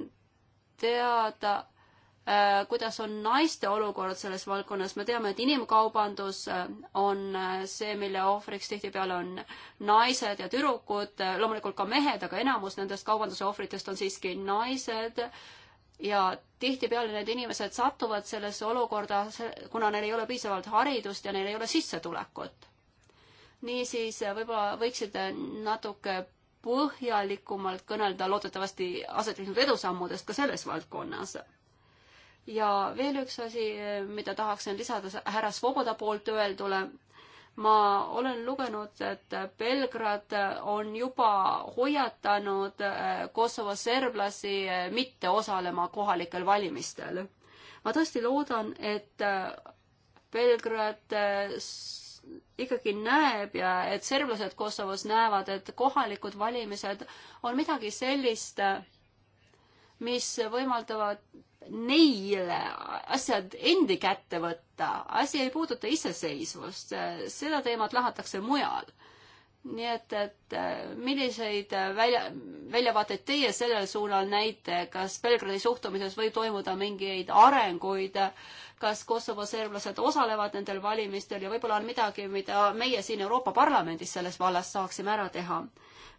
teada, Äh, kuidas on naiste olukord selles valdkonnas, me teame, et inimkaubandus äh, on äh, see, mille ohvriks tihtipeale on naised ja tüdrukud, loomulikult ka mehed, aga enamus nendest kaubanduse ohvritest on siiski naised ja tihtipeale need inimesed satuvad sellesse olukorda, kuna neil ei ole piisavalt haridust ja neil ei ole sissetulekut. niisiis võib-olla võiksid natuke põhjalikumalt kõnelda loodetavasti aset leidnud edusammudest ka selles valdkonnas ja veel üks asi, mida tahaksin lisada härra Svoboda poolt öeldule. ma olen lugenud, et Belgrad on juba hoiatanud eh, Kosovo serblasi eh, mitte osalema kohalikel valimistel. ma tõesti loodan, et eh, Belgrad ikkagi näeb ja et serblased Kosovos näevad, et kohalikud valimised on midagi sellist, mis võimaldavad neil asjad endi kätte võtta, asi ei puuduta iseseisvust, seda teemat lahatakse mujal. nii et, et äh, milliseid äh, välja, väljavaateid teie sellel suunal näite, kas Belgradi suhtumises võib toimuda mingeid arenguid, kas Kosovo serblased osalevad nendel valimistel ja võib-olla on midagi, mida meie siin Euroopa Parlamendis selles vallas saaksime ära teha?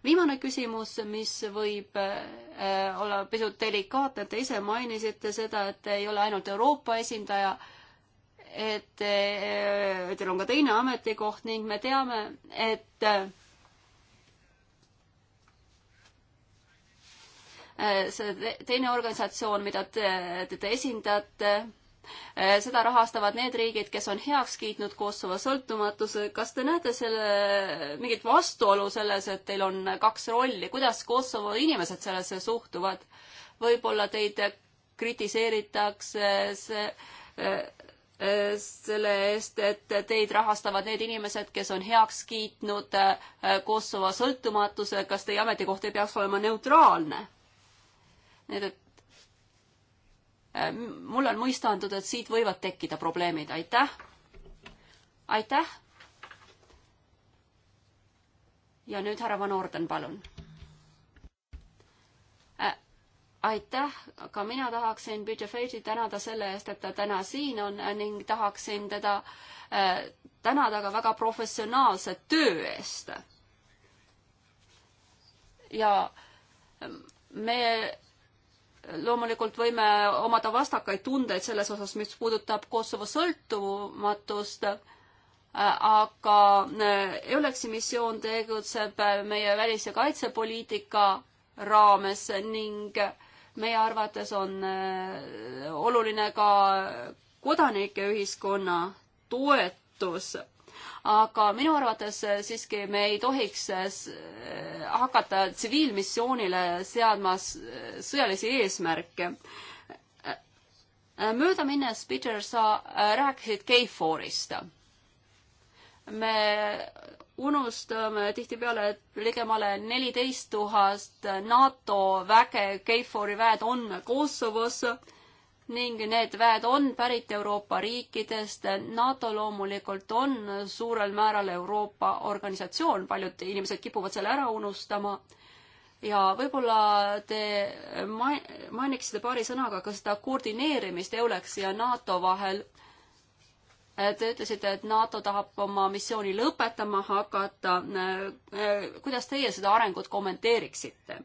viimane küsimus, mis võib äh, Äh, olla pisut delikaatne, te ise mainisite seda, et te ei ole ainult Euroopa esindaja, et äh, teil on ka teine ametikoht ning me teame, et äh, see teine organisatsioon, mida te, te, te esindate, Eh, seda rahastavad need riigid, kes on heaks kiitnud Kosovo sõltumatuse. kas te näete selle, mingit vastuolu selles, et teil on kaks rolli, kuidas Kosovo inimesed sellesse suhtuvad? võib-olla teid kritiseeritakse see, eh, eh, selle eest, et teid rahastavad need inimesed, kes on heaks kiitnud Kosovo sõltumatuse, kas teie ametikoht ei peaks olema neutraalne? nii et Äh, mul on mõista antud, et siit võivad tekkida probleemid, aitäh. aitäh. ja nüüd härra Van Orden, palun äh,. aitäh, ka mina tahaksin Peter Feiti tänada selle eest, et ta täna siin on äh, ning tahaksin teda äh, tänada ka väga professionaalse töö eest. ja ähm, me loomulikult võime omada vastakaid tundeid selles osas, mis puudutab Kosovo sõltumatust, äh, aga äh, EULEX-i missioon tegutseb äh, meie välis- ja kaitsepoliitika raames ning meie arvates on oluline ka kodanikeühiskonna toetus aga minu arvates äh, siiski me ei tohiks äh, äh, hakata tsiviilmissioonile seadma sõjalisi eesmärke möödaminnes, Peter, sa rääkisid KFOR-ist. me unustame tihtipeale, et ligemale neliteist tuhat NATO väge, KFOR-i väed on Kosovos ning need väed on pärit Euroopa riikidest. NATO loomulikult on suurel määral Euroopa organisatsioon, paljud inimesed kipuvad selle ära unustama. ja võib-olla te mainiksite paari sõnaga ka seda koordineerimist EULEX-i ja NATO vahel Te ütlesite, et NATO tahab oma missiooni lõpetama hakata. kuidas teie seda arengut kommenteeriksite?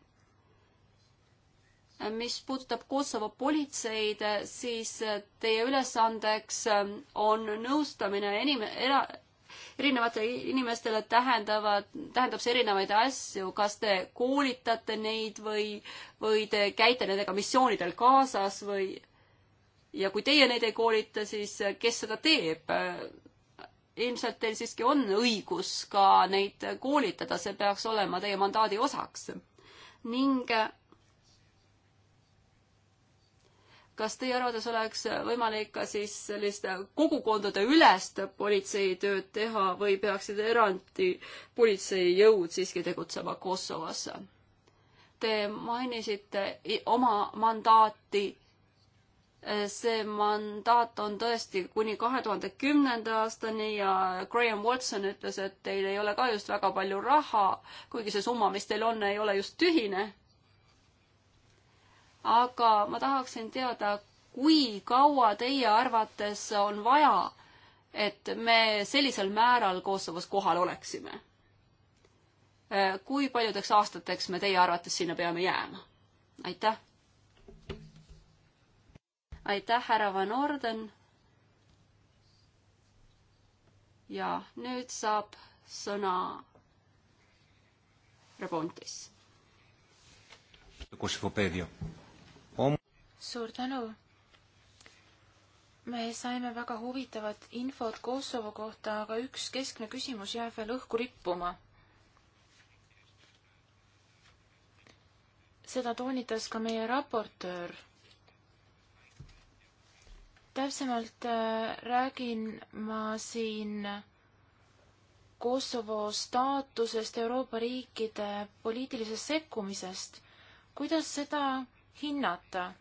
mis puudutab Kosovo politseid, siis teie ülesandeks ähm, on nõustamine enim-, era-, erinevatele inimestele tähendavad, tähendab see erinevaid asju, kas te koolitate neid või, või te käite nendega missioonidel kaasas või ja kui teie neid ei koolita, siis kes seda teeb? ilmselt teil siiski on õigus ka neid koolitada, see peaks olema teie mandaadi osaks. ning kas teie arvates oleks võimalik ka siis sellist kogukondade ülest politseitööd teha või peaksid eraldi politseijõud siiski tegutsema Kosovos? Te mainisite oma mandaati. see mandaat on tõesti kuni kahe tuhande kümnenda aastani ja Graham Watson ütles, et teil ei ole ka just väga palju raha, kuigi see summa, mis teil on, ei ole just tühine aga ma tahaksin teada, kui kaua teie arvates on vaja, et me sellisel määral Kosovos kohal oleksime? Äh, kui paljudeks aastateks me teie arvates sinna peame jääma? aitäh! aitäh, härra Van Orden! ja nüüd saab sõna Rebontis.
Kosovo-Peedio
suur tänu. me saime väga huvitavat infot Kosovo kohta, aga üks keskne küsimus jääb veel õhku rippuma. seda toonitas ka meie raportöör. täpsemalt äh, räägin ma siin Kosovo staatusest Euroopa riikide poliitilisest sekkumisest. kuidas seda hinnata?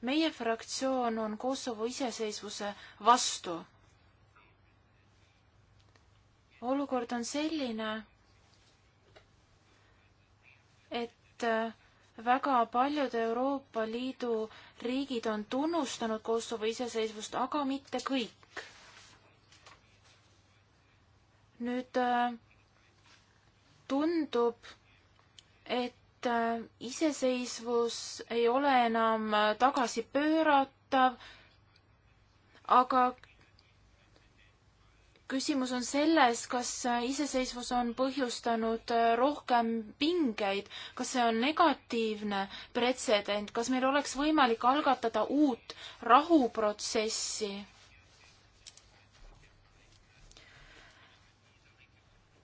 meie fraktsioon on Kosovo iseseisvuse vastu. olukord on selline, et äh, väga paljud Euroopa Liidu riigid on tunnustanud Kosovo iseseisvust, aga mitte kõik. nüüd äh, tundub, et et äh, iseseisvus ei ole enam äh, tagasipööratav, aga küsimus on selles, kas äh, iseseisvus on põhjustanud rohkem pingeid, kas see on negatiivne pretsedent, kas meil oleks võimalik algatada uut rahuprotsessi?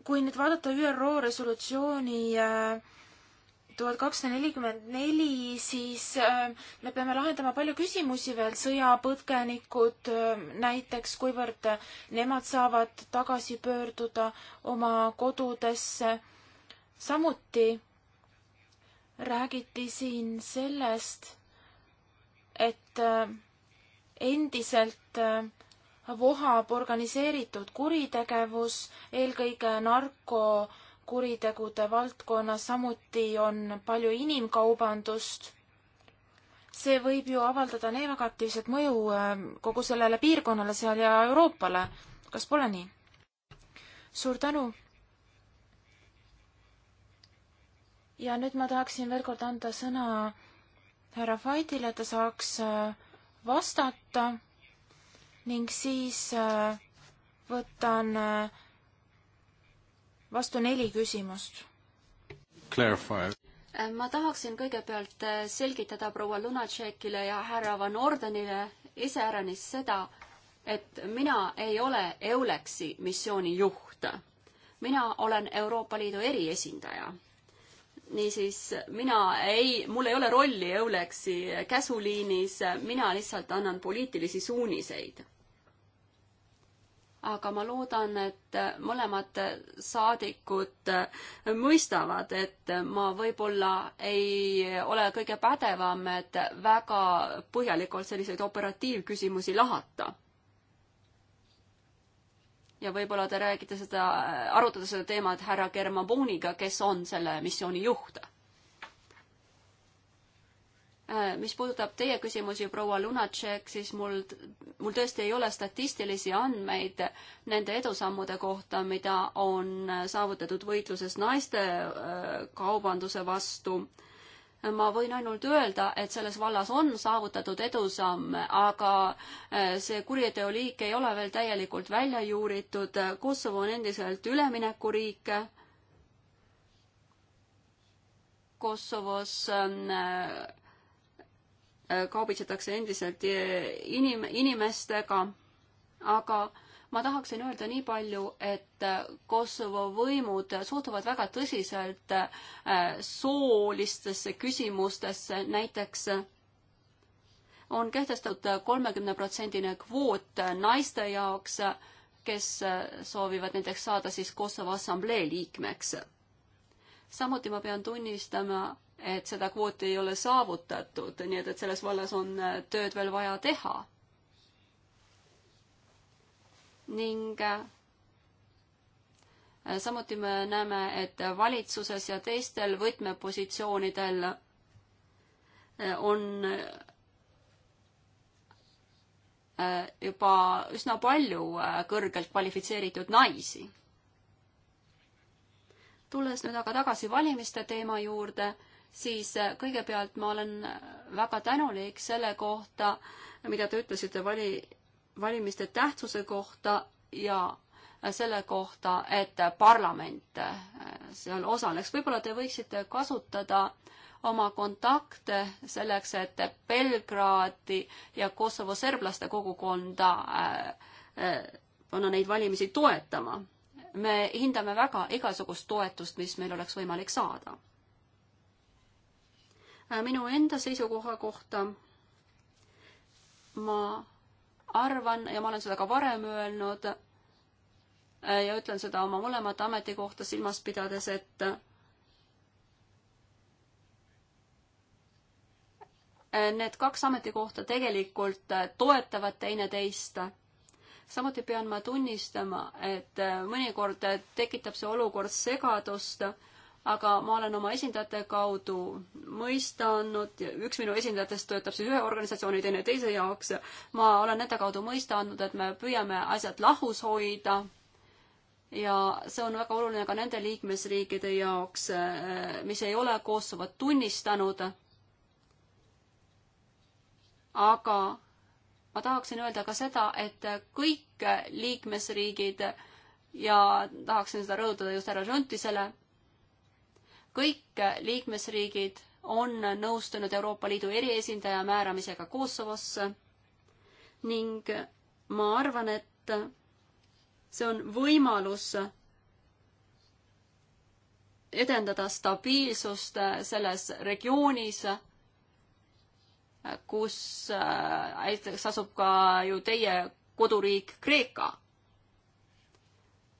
kui nüüd vaadata ÜRO resolutsiooni tuhat kakssada nelikümmend neli, siis ähm, me peame lahendama palju küsimusi veel, sõjapõgenikud ähm, näiteks, kuivõrd nemad saavad tagasi pöörduda oma kodudesse. samuti räägiti siin sellest, et ähm, endiselt vohab organiseeritud kuritegevus, eelkõige narko kuritegude valdkonnas, samuti on palju inimkaubandust. see võib ju avaldada nii negatiivset mõju äh, kogu sellele piirkonnale seal ja Euroopale. kas pole nii? suur tänu. ja nüüd ma tahaksin veel kord anda sõna härra Faidile, et ta saaks äh, vastata ning siis äh, võtan äh, vastu neli küsimust. Clarify äh, ma tahaksin kõigepealt
äh, selgitada proua Lunatšekile ja härra Van Ordenile iseäranis seda, et mina ei ole Euleksi missiooni juht. mina olen Euroopa Liidu eriesindaja. niisiis, mina ei, mul ei ole rolli Euleksi käsuliinis, mina lihtsalt annan poliitilisi suuniseid aga ma loodan, et mõlemad saadikud mõistavad, et ma võib-olla ei ole kõige pädevam, et väga põhjalikult selliseid operatiivküsimusi lahata. ja võib-olla te räägite seda, arutate seda teemat härra Germaboniga, kes on selle missiooni juht Äh, mis puudutab teie küsimusi, proua Lunatšek, siis mul, mul tõesti ei ole statistilisi andmeid nende edusammude kohta, mida on äh, saavutatud võitluses naiste äh, kaubanduse vastu. ma võin ainult öelda, et selles vallas on saavutatud edusamme, aga see kuriteoliik ei ole veel täielikult välja juuritud. Kosovo on endiselt üleminekuriik Kosovos on Äh, kaubitsetakse endiselt äh, inim-, inimestega, aga ma tahaksin öelda nii palju, et äh, Kosovo võimud suhtuvad väga tõsiselt soolistesse küsimustesse, näiteks on kehtestatud kolmekümneprotsendine kvoot naiste jaoks, kes soovivad näiteks saada siis Kosovo Assamblee liikmeks. samuti ma pean tunnistama, et seda kvooti ei ole saavutatud, nii et, et selles vallas on äh, tööd veel vaja teha. ning äh, samuti me näeme, et valitsuses ja teistel võtmepositsioonidel äh, on juba üsna palju kõrgelt kvalifitseeritud naisi. tulles nüüd aga tagasi valimiste teema juurde siis äh, kõigepealt ma olen äh, väga tänulik selle kohta, mida te ütlesite vali, valimiste tähtsuse kohta ja äh, selle kohta, et parlament seal osaleks. võib-olla te võiksite kasutada oma kontakte selleks, et Belgradi ja Kosovo serblaste kogukonda panna neid valimisi toetama. me hindame väga igasugust toetust, mis meil oleks võimalik saada Äh, minu enda seisukoha kohta ma arvan ja ma olen seda ka varem öelnud äh, ja ütlen seda oma mõlemat ametikohta silmas pidades, et äh, need kaks ametikohta tegelikult toetavad teineteist. samuti pean ma tunnistama, et mõnikord tekitab see olukord segadust aga ma olen oma esindajate kaudu mõista andnud, üks minu esindajatest töötab siis ühe organisatsiooni, teine teise jaoks. ma olen nende kaudu mõista andnud, et me püüame asjad lahus hoida. ja see on väga oluline ka nende liikmesriikide jaoks, eh, mis ei ole Kosovot tunnistanud. aga ma tahaksin öelda ka seda, et kõik liikmesriigid ja tahaksin seda rõhutada just härra Žuntisele kõik liikmesriigid on nõustunud Euroopa Liidu eriesindaja määramisega Kosovosse ning ma arvan, et see on võimalus edendada stabiilsust selles regioonis, kus äh, näiteks asub ka ju teie koduriik Kreeka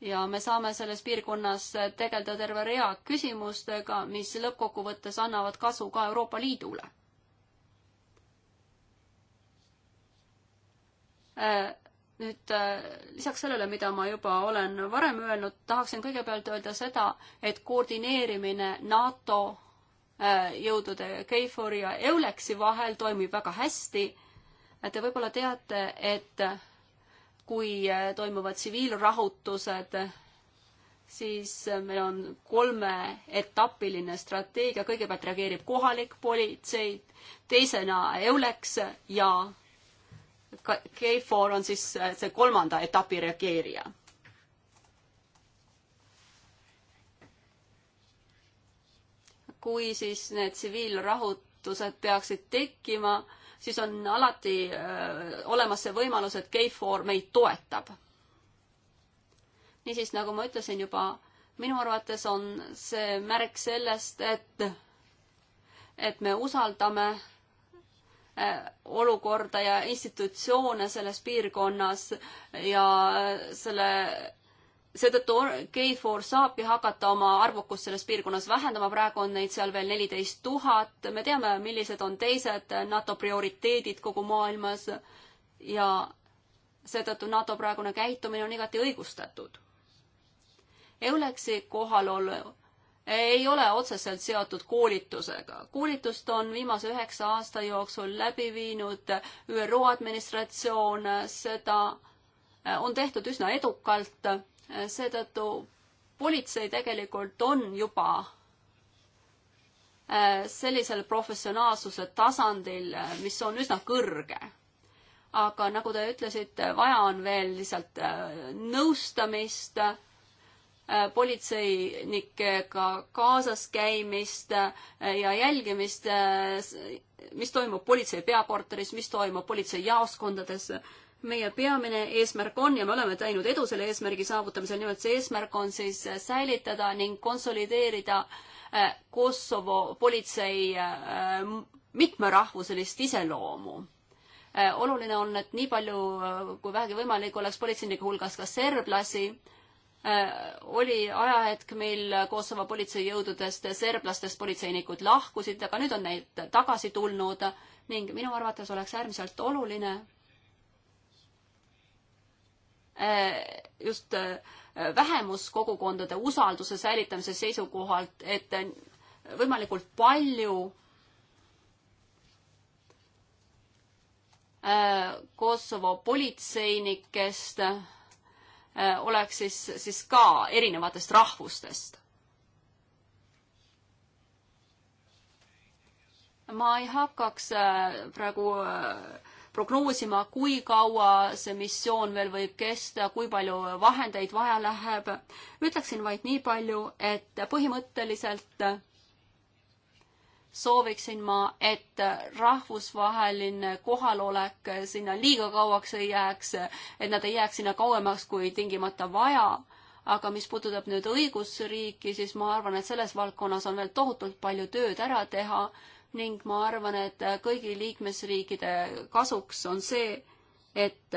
ja me saame selles piirkonnas tegeleda terve rea küsimustega, mis lõppkokkuvõttes annavad kasu ka Euroopa Liidule. Äh, nüüd äh, lisaks sellele, mida ma juba olen varem öelnud, tahaksin kõigepealt öelda seda, et koordineerimine NATO äh, jõudude KFOR ja EULEX-i vahel toimib väga hästi. Te võib-olla teate, et kui äh, toimuvad tsiviilrahutused, siis äh, meil on kolmeetapiline strateegia, kõigepealt reageerib kohalik politsei, teisena EULEX ja KFOR on siis äh, see kolmanda etapi reageerija. kui siis need tsiviilrahutused peaksid tekkima, siis on alati äh, olemas see võimalus, et KFOR meid toetab. niisiis, nagu ma ütlesin juba, minu arvates on see märk sellest, et, et me usaldame äh, olukorda ja institutsioone selles piirkonnas ja selle seetõttu G4 saabki hakata oma arvukust selles piirkonnas vähendama, praegu on neid seal veel neliteist tuhat, me teame, millised on teised NATO prioriteedid kogu maailmas ja seetõttu NATO praegune käitumine on igati õigustatud. EULEX-i kohalolu ei ole otseselt seotud koolitusega. koolitust on viimase üheksa aasta jooksul läbi viinud ÜRO administratsioon, seda on tehtud üsna edukalt seetõttu politsei tegelikult on juba äh, sellisel professionaalsuse tasandil, äh, mis on üsna kõrge. aga nagu te ütlesite, vaja on veel lihtsalt äh, nõustamist, politseinikega kaasas käimist ja jälgimist, mis toimub politsei peakorteris, mis toimub politseijaoskondades meie peamine eesmärk on ja me oleme teinud edu selle eesmärgi saavutamisel, nimelt see eesmärk on siis äh, säilitada ning konsolideerida äh, Kosovo politsei äh, mitmerahvuselist iseloomu. oluline on, et nii palju kui vähegi võimalik, oleks politseinike hulgas ka serblasi. oli ajahetk, mil Kosovo politseijõududest serblastest politseinikud lahkusid, aga nüüd on neid tagasi tulnud ning minu arvates oleks äärmiselt oluline, Äh, just äh, vähemuskogukondade usalduse säilitamise seisukohalt, et äh, võimalikult palju Kosovo politseinikest oleks siis, siis ka erinevatest rahvustest. ma ei hakkaks praegu äh, prognoosima, kui kaua see missioon veel võib kesta, kui palju vahendeid vaja läheb. ütleksin vaid nii palju, et põhimõtteliselt sooviksin ma, et rahvusvaheline kohalolek sinna liiga kauaks ei jääks, et nad ei jääks sinna kauemaks, kui tingimata vaja aga mis puudutab nüüd õigusriiki, siis ma arvan, et selles valdkonnas on veel tohutult palju tööd ära teha ning ma arvan, et kõigi liikmesriikide kasuks on see, et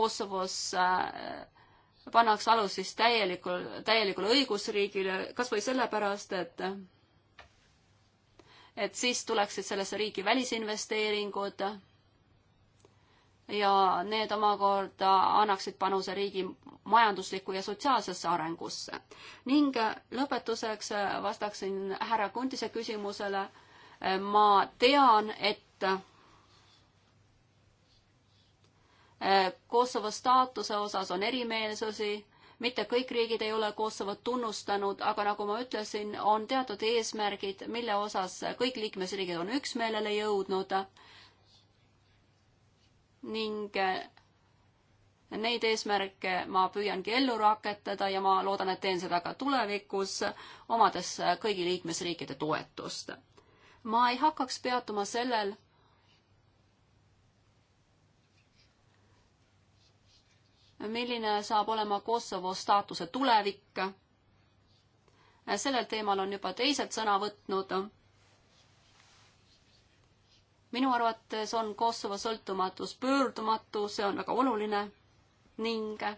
Kosovos äh, pannakse alus siis täielikul, täielikule õigusriigile, kas või sellepärast, et et siis tuleksid sellesse riiki välisinvesteeringud ja need omakorda annaksid panuse riigi majanduslikku ja sotsiaalsesse arengusse. ning lõpetuseks vastaksin härra Kuntise küsimusele. ma tean, et äh, Kosovo staatuse osas on erimeelsusi, mitte kõik riigid ei ole Kosovot tunnustanud, aga nagu ma ütlesin, on teatud eesmärgid, mille osas kõik liikmesriigid on üksmeelele jõudnud ning äh, neid eesmärke ma püüangi ellu rakendada ja ma loodan, et teen seda ka tulevikus, omades äh, kõigi liikmesriikide toetust. ma ei hakkaks peatuma sellel, milline saab olema Kosovo staatuse tulevik. Äh, sellel teemal on juba teised sõna võtnud minu arvates on Kosovo sõltumatus pöördumatu, see on väga oluline ning äh,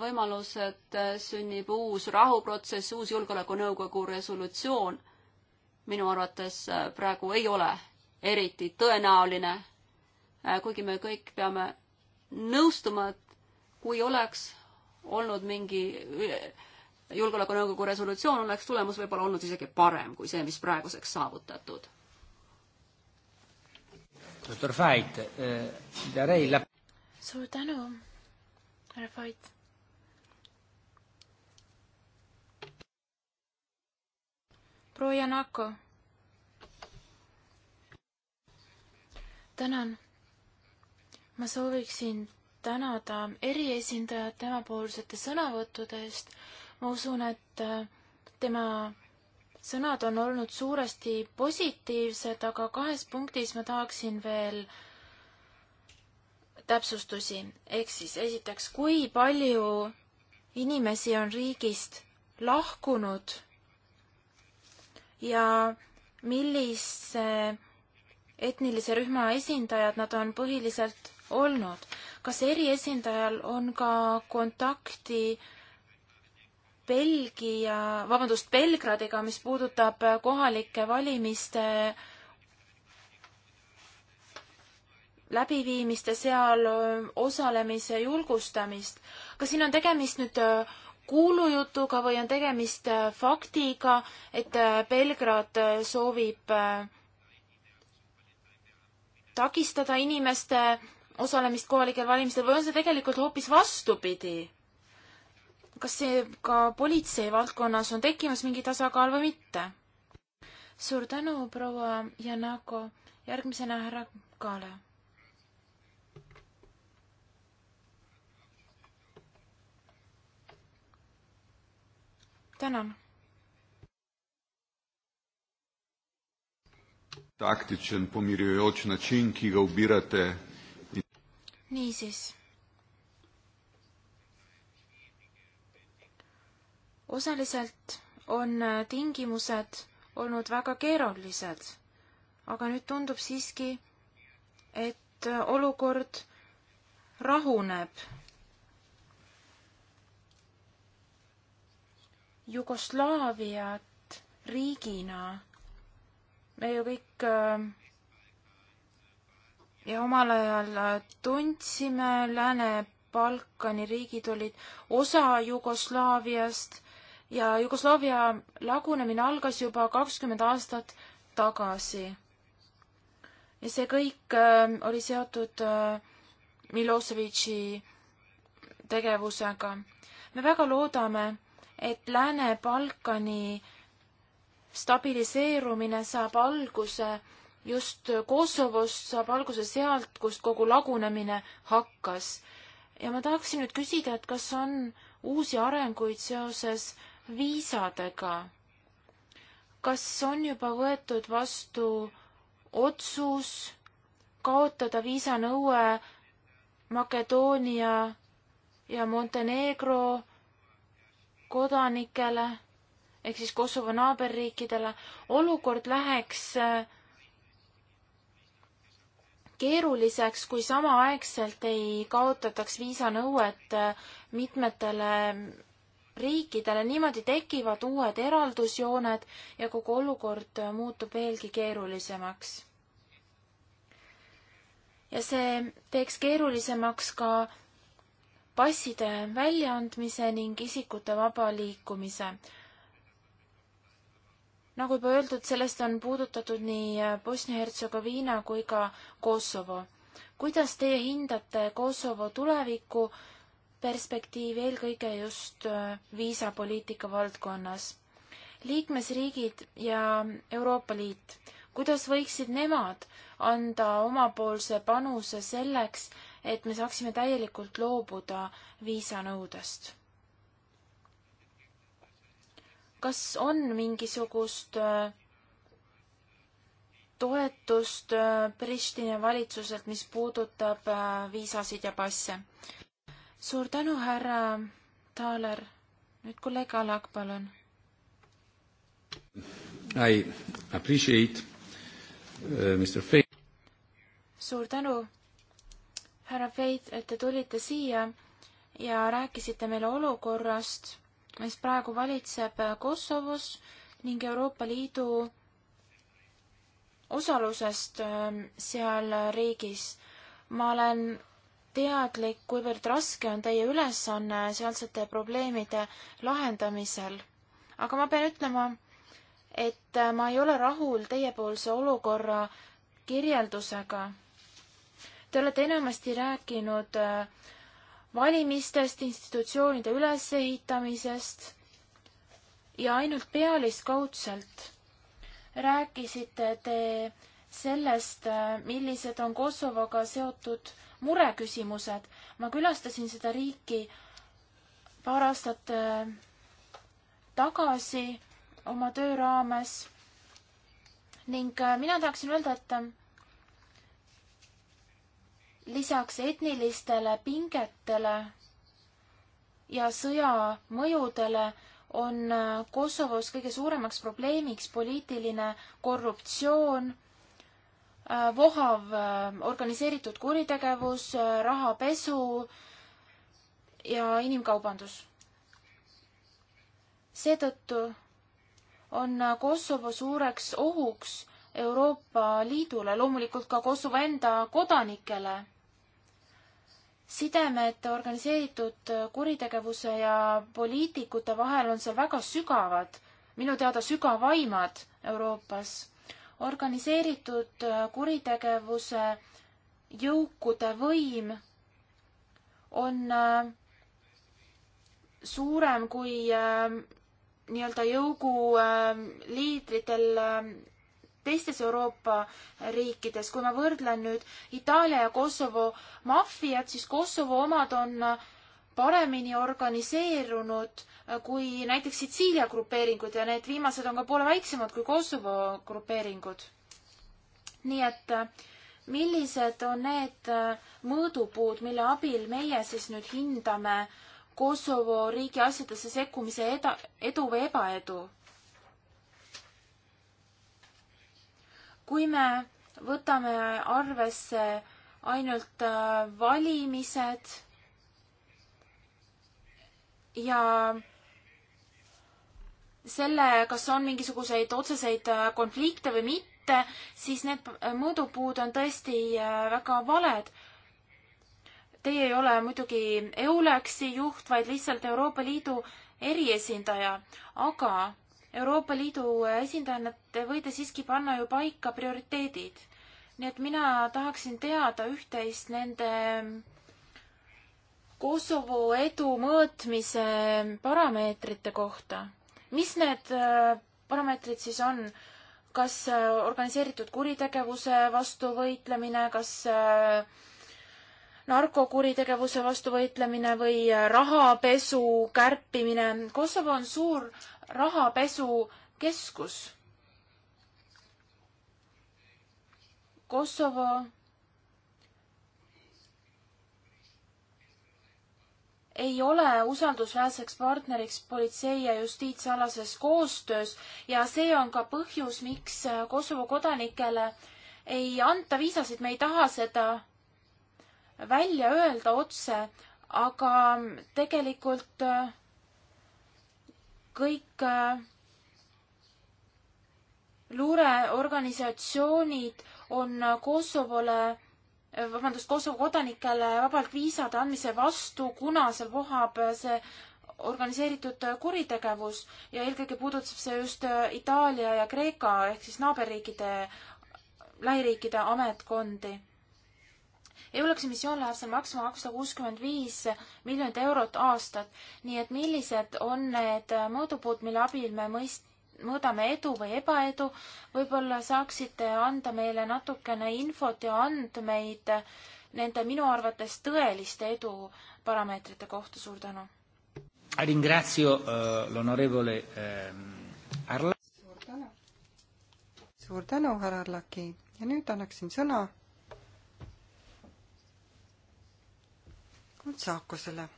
võimalus, et äh, sünnib uus rahuprotsess, uus julgeolekunõukogu resolutsioon, minu arvates äh, praegu ei ole eriti tõenäoline. kuigi me kõik peame nõustuma, et kui oleks olnud mingi julgeolekunõukogu resolutsioon oleks tulemus võib-olla olnud isegi parem kui see, mis praeguseks saavutatud.
doktor Fait äh,, eh, Darei Läp-.
suur tänu, härra Fait. proua Janako. tänan. ma sooviksin tänada eriesindajat temapoolsete sõnavõttude eest ma usun, et äh, tema sõnad on olnud suuresti positiivsed, aga kahes punktis ma tahaksin veel täpsustusi, ehk siis esiteks, kui palju inimesi on riigist lahkunud ja millise etnilise rühma esindajad nad on põhiliselt olnud. kas eriesindajal on ka kontakti Belgia, vabandust, Belgradiga, mis puudutab kohalike valimiste läbiviimist ja seal osalemise julgustamist. kas siin on tegemist nüüd kuulujutuga või on tegemist faktiga, et Belgrad soovib takistada inimeste osalemist kohalikel valimistel või on see tegelikult hoopis vastupidi? kas see ka politsei valdkonnas on tekkimas mingi tasakaal või mitte? suur tänu, proua Janako. järgmisena härra Kaale. tänan.
taktičen pomirjujoč način, ki ga ubirate.
niisiis osaliselt on äh, tingimused olnud väga keerulised, aga nüüd tundub siiski, et äh, olukord rahuneb. Jugoslaaviat riigina me ju kõik äh, ja omal ajal tundsime Lääne-Balkani riigid olid osa Jugoslaaviast ja Jugoslaavia lagunemine algas juba kakskümmend aastat tagasi. ja see kõik äh, oli seotud äh, Milosevici tegevusega. me väga loodame, et Lääne-Balkani stabiliseerumine saab alguse just Kosovost, saab alguse sealt, kust kogu lagunemine hakkas. ja ma tahaksin nüüd küsida, et kas on uusi arenguid seoses viisadega. kas on juba võetud vastu otsus kaotada viisanõue Makedoonia ja Montenegro kodanikele ehk siis Kosovo naaberriikidele, olukord läheks äh, keeruliseks, kui samaaegselt ei kaotataks viisanõuet äh, mitmetele riikidele, niimoodi tekivad uued eraldusjooned ja kogu olukord muutub veelgi keerulisemaks. ja see teeks keerulisemaks ka passide väljaandmise ning isikute vaba liikumise. nagu juba öeldud, sellest on puudutatud nii Bosnia-Hertsegoviina kui ka Kosovo. kuidas teie hindate Kosovo tulevikku perspektiivi eelkõige just äh, viisapoliitika valdkonnas. liikmesriigid ja Euroopa Liit, kuidas võiksid nemad anda omapoolse panuse selleks, et me saaksime täielikult loobuda viisanõudest? kas on mingisugust äh, toetust äh, Pristina valitsuselt, mis puudutab viisasid ja passe? suur tänu, härra Taaler. nüüd kolleeg Alak, palun.
I appreciate uh, Mr Faith.
suur tänu, härra Faith, et te tulite siia ja rääkisite meile olukorrast, mis praegu valitseb Kosovos ning Euroopa Liidu osalusest um, seal riigis. ma olen teadlik, kuivõrd raske on teie ülesanne sealsete probleemide lahendamisel. aga ma pean ütlema, et äh, ma ei ole rahul teiepoolse olukorra kirjeldusega. Te olete enamasti rääkinud äh, valimistest, institutsioonide ülesehitamisest ja ainult pealiskaudselt rääkisite te sellest, äh, millised on Kosovoga seotud mureküsimused. ma külastasin seda riiki paar aastat äh, tagasi oma töö raames ning äh, mina tahaksin öelda, et äh, lisaks etnilistele pingetele ja sõja mõjudele on Kosovos kõige suuremaks probleemiks poliitiline korruptsioon Äh, vohav äh, organiseeritud kuritegevus, äh, rahapesu ja inimkaubandus. seetõttu on Kosovo suureks ohuks Euroopa Liidule, loomulikult ka Kosovo enda kodanikele. sidemed organiseeritud kuritegevuse ja poliitikute vahel on seal väga sügavad, minu teada sügavaimad Euroopas organiseeritud äh, kuritegevuse jõukude võim on äh, suurem kui äh, nii-öelda jõugu liidritel teistes Euroopa riikides. kui ma võrdlen nüüd Itaalia ja Kosovo maffiat, siis Kosovo omad on paremini organiseerunud kui näiteks Sitsiilia grupeeringud ja need viimased on ka poole väiksemad kui Kosovo grupeeringud. nii et äh, millised on need äh, mõõdupuud, mille abil meie siis nüüd hindame Kosovo riigi asjadesse sekkumise eda, edu või ebaedu? kui me võtame arvesse ainult äh, valimised ja selle, kas on mingisuguseid otseseid äh, konflikte või mitte, siis need äh, mõõdupuud on tõesti äh, väga valed. Teie ei ole muidugi EULEX-i juht, vaid lihtsalt Euroopa Liidu eriesindaja, aga Euroopa Liidu esindajana te võite siiski panna ju paika prioriteedid. nii et mina tahaksin teada üht-teist nende ähm, Kosovo edu mõõtmise parameetrite kohta mis need äh, parameetrid siis on? kas äh, organiseeritud kuritegevuse vastu võitlemine, kas äh, narkokuritegevuse vastu võitlemine või rahapesu kärpimine. Kosovo on suur rahapesukeskus. Kosovo ei ole usaldusväärseks partneriks politsei- ja justiitsalases koostöös ja see on ka põhjus, miks äh, Kosovo kodanikele ei anta viisasid, me ei taha seda välja öelda otse, aga mm, tegelikult äh, kõik äh, luureorganisatsioonid on Kosovole vabandust, Kosovo kodanikele vabalt viisade andmise vastu, kuna seal vohab see organiseeritud kuritegevus ja eelkõige puudutab see just Itaalia ja Kreeka ehk siis naaberriikide, lähiriikide ametkondi. EULEX-i missioon läheb seal maksma kakssada kuuskümmend viis miljonit eurot aastat, nii et millised on need mõõdupuud, mille abil me mõist-, mõõdame edu või ebaedu, võib-olla saaksite anda meile natukene infot ja andmeid nende minu arvates tõeliste edu parameetrite kohta, suur tänu.
Ringrazio uh, l'onorevole uh, Arla-.
suur tänu. suur tänu, härra Arlaki ja nüüd annaksin sõna Kutsakosele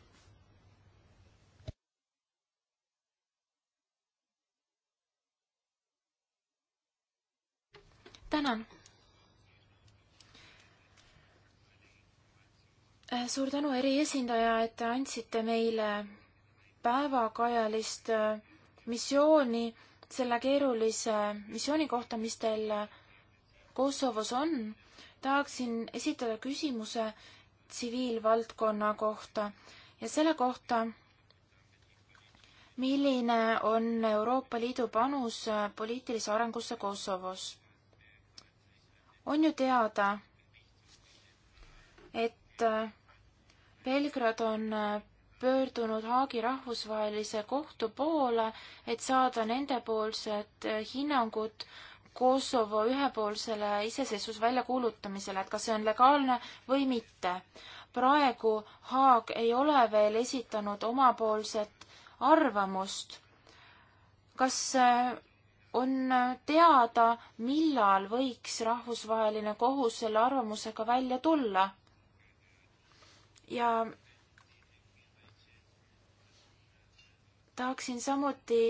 tänan.
Äh, suur tänu, eriesindaja, et te andsite meile päevakajalist äh, missiooni selle keerulise missiooni kohta, mis teil äh, Kosovos on. tahaksin esitada küsimuse tsiviilvaldkonna kohta ja selle kohta, milline on Euroopa Liidu panus poliitilise arengusse Kosovos? on ju teada, et äh, Belgrad on äh, pöördunud Haagi rahvusvahelise kohtu poole, et saada nendepoolset äh, hinnangut Kosovo ühepoolsele iseseisvusvälja kuulutamisele, et kas see on legaalne või mitte. praegu Haag ei ole veel esitanud omapoolset arvamust. kas on teada, millal võiks rahvusvaheline kohus selle arvamusega välja tulla. ja tahaksin samuti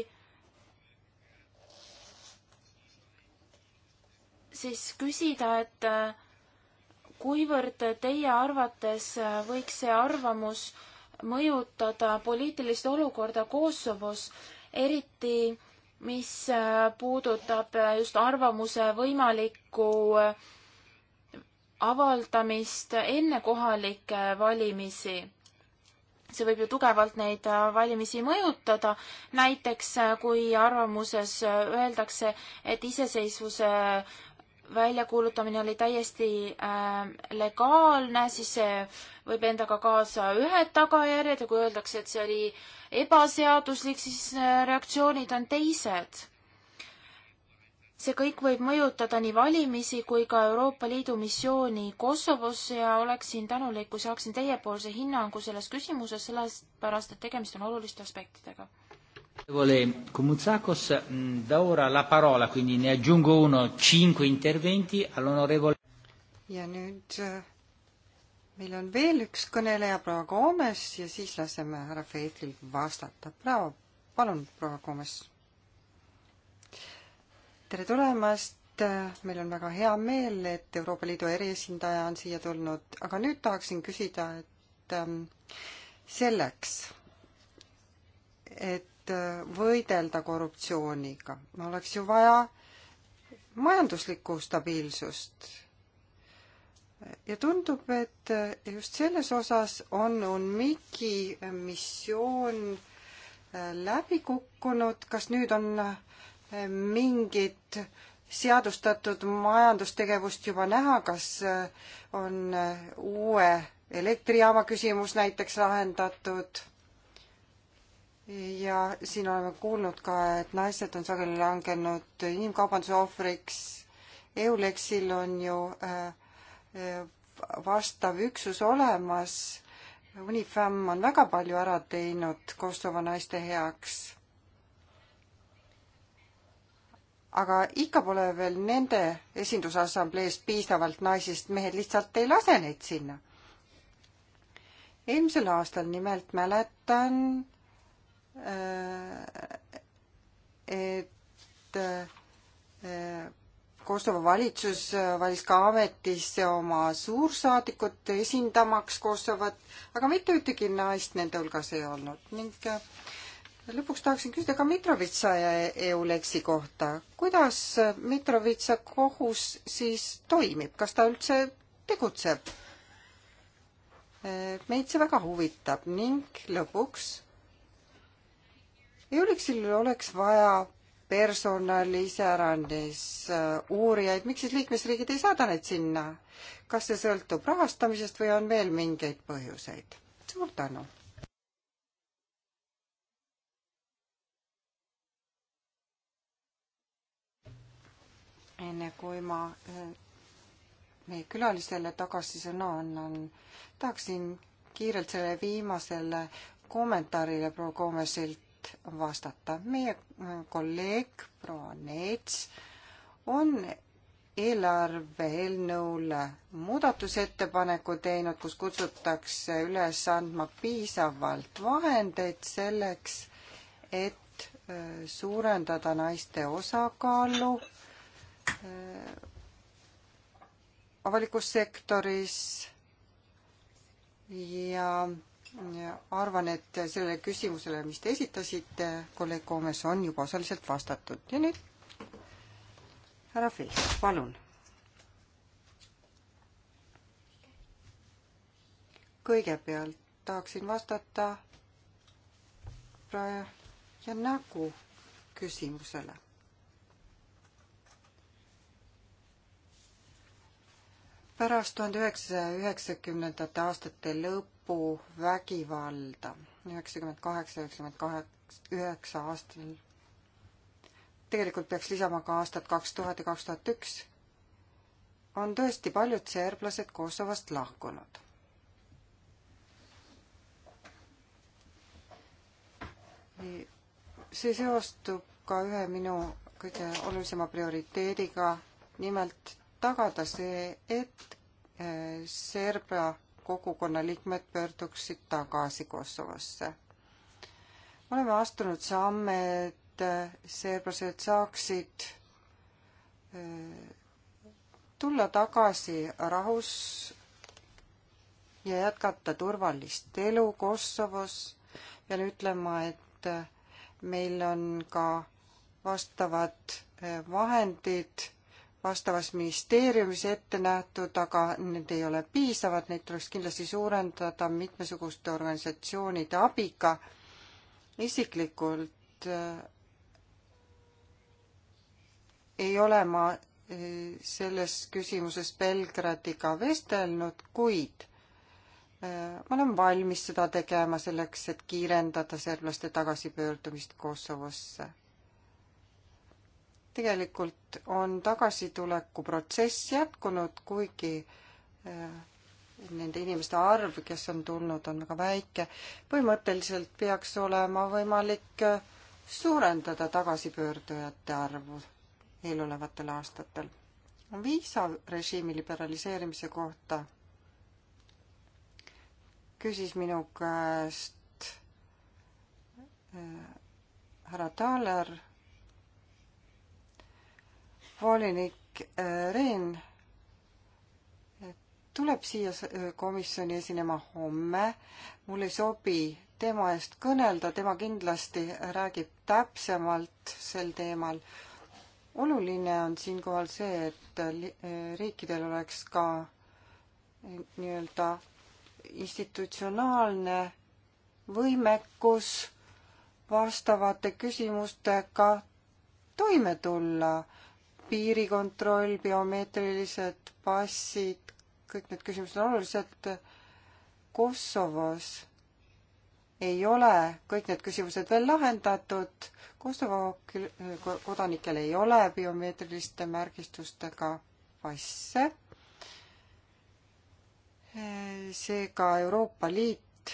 siis küsida, et äh, kuivõrd teie arvates äh, võiks see arvamus mõjutada poliitilist olukorda Kosovos, eriti mis äh, puudutab äh, just arvamuse võimalikku äh, avaldamist enne kohalikke valimisi. see võib ju tugevalt neid valimisi mõjutada, näiteks kui arvamuses öeldakse, et iseseisvuse väljakuulutamine oli täiesti äh, legaalne, siis see võib endaga kaasa ühed tagajärjed ja kui öeldakse, et see oli äh, ebaseaduslik, siis äh, reaktsioonid on teised. see kõik võib mõjutada nii valimisi kui ka Euroopa Liidu missiooni Kosovosse ja oleksin tänulik, kui saaksin teiepoolse hinnangu selles küsimuses, sellepärast et tegemist on oluliste aspektidega.
Kumutsakos mm, da ora la parola, quindi ne aggiungo uno, cinque interventi all'onorevole.
ja nüüd äh, meil on veel üks kõneleja, proua Koomes ja siis laseme härra Feetril vastata. proua, palun, proua Koomes. tere tulemast, meil on väga hea meel, et Euroopa Liidu eriesindaja on siia tulnud, aga nüüd tahaksin küsida, et ähm, selleks, et äh, võidelda korruptsiooniga, oleks ju vaja majanduslikku stabiilsust ja tundub, et just selles osas on UNMIK-i missioon äh, läbi kukkunud, kas nüüd on äh, mingit seadustatud majandustegevust juba näha, kas äh, on uue elektrijaama küsimus näiteks lahendatud? ja siin oleme kuulnud ka, et naised on sageli langenud inimkaubanduse ohvriks. EULEX-il on ju äh, vastav üksus olemas. UNIFEM on väga palju ära teinud Kosovo naiste heaks. aga ikka pole veel nende esindusassamblees piisavalt naisi, sest mehed lihtsalt ei lase neid sinna. eelmisel aastal nimelt mäletan, äh, et äh, Kosovo valitsus äh, valis ka ametisse oma suursaadikut esindamaks Kosovot, aga mitte ühtegi naist nende hulgas ei olnud ning äh, lõpuks tahaksin küsida ka Mitrovitsa ja EULEX-i kohta. kuidas äh, Mitrovitsa kohus siis toimib, kas ta üldse tegutseb? meid see väga huvitab ning lõpuks EULEX-il oleks vaja personali, iseäranis äh, uurijaid, miks siis liikmesriigid ei saada neid sinna? kas see sõltub rahastamisest või on veel mingeid põhjuseid? suur tänu! enne kui ma äh, meie külalisele tagasisõna annan, tahaksin kiirelt selle viimasele kommentaarile proua Koomesilt täpselt vastata. meie äh, kolleeg proua Neets on eelarve eelnõule muudatusettepaneku teinud, kus kutsutakse üles andma piisavalt vahendeid selleks, et äh, suurendada naiste osakaalu äh, avalikus sektoris ja arvan, et sellele küsimusele, mis te esitasite, kolleeg Koomes, on juba osaliselt vastatud ja nüüd härra Filch, palun. kõigepealt tahaksin vastata praegu ja nägu küsimusele. pärast tuhande üheksasaja üheksakümnendate aastate lõppu lõpuvägivalda üheksakümmend kaheksa, üheksakümmend kaheksa, üheksa aastal. tegelikult peaks lisama ka aastad kaks tuhat ja kaks tuhat üks. on tõesti paljud serblased Kosovost lahkunud. see seostub ka ühe minu kõige olulisema prioriteediga, nimelt tagada see, et eh, Serbia kogukonna liikmed pöörduksid tagasi Kosovosse. oleme astunud samme, et eh, serblased saaksid eh, tulla tagasi rahus ja jätkata turvalist elu Kosovos. pean ütlema, et eh, meil on ka vastavad vahendid vastavas ministeeriumis ette nähtud, aga need ei ole piisavad, neid tuleks kindlasti suurendada mitmesuguste organisatsioonide abiga. isiklikult äh, ei ole ma äh, selles küsimuses Belgradiga vestelnud, kuid äh, ma olen valmis seda tegema selleks, et kiirendada serblaste tagasipöördumist Kosovosse tegelikult on tagasituleku protsess jätkunud, kuigi äh, nende inimeste arv, kes on tulnud, on väga väike. põhimõtteliselt peaks olema võimalik äh, suurendada tagasipöördujate arvu eelolevatel aastatel. viisarežiimi liberaliseerimise kohta küsis minu käest äh, härra Taaler volinik äh, Rein tuleb siia äh, komisjoni esinema homme. mul ei sobi tema eest kõnelda, tema kindlasti räägib täpsemalt sel teemal. oluline on siinkohal see, et äh, riikidel oleks ka nii-öelda institutsionaalne võimekus vastavate küsimustega toime tulla piirikontroll, biomeetrilised passid, kõik need küsimused on olulised. Kosovos ei ole kõik need küsimused veel lahendatud. Kosovo kodanikel ei ole biomeetriliste märgistustega passe. seega Euroopa Liit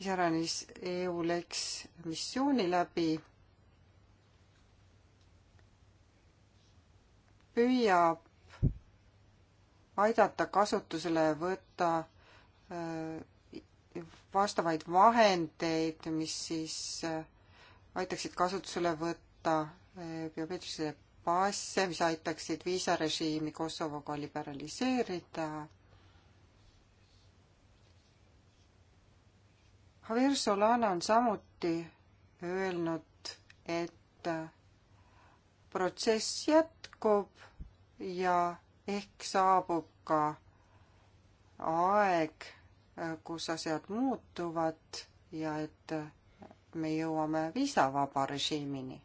iseäranis EULEX missiooni läbi püüab aidata kasutusele võtta äh, vastavaid vahendeid, mis siis äh, aitaksid kasutusele võtta äh, biomeetrilisi passe, mis aitaksid viisarežiimi Kosovoga liberaliseerida. Javier Solana on samuti öelnud, et protsess jätkub ja ehk saabub ka aeg, kus asjad muutuvad ja et me jõuame viisavaba režiimini.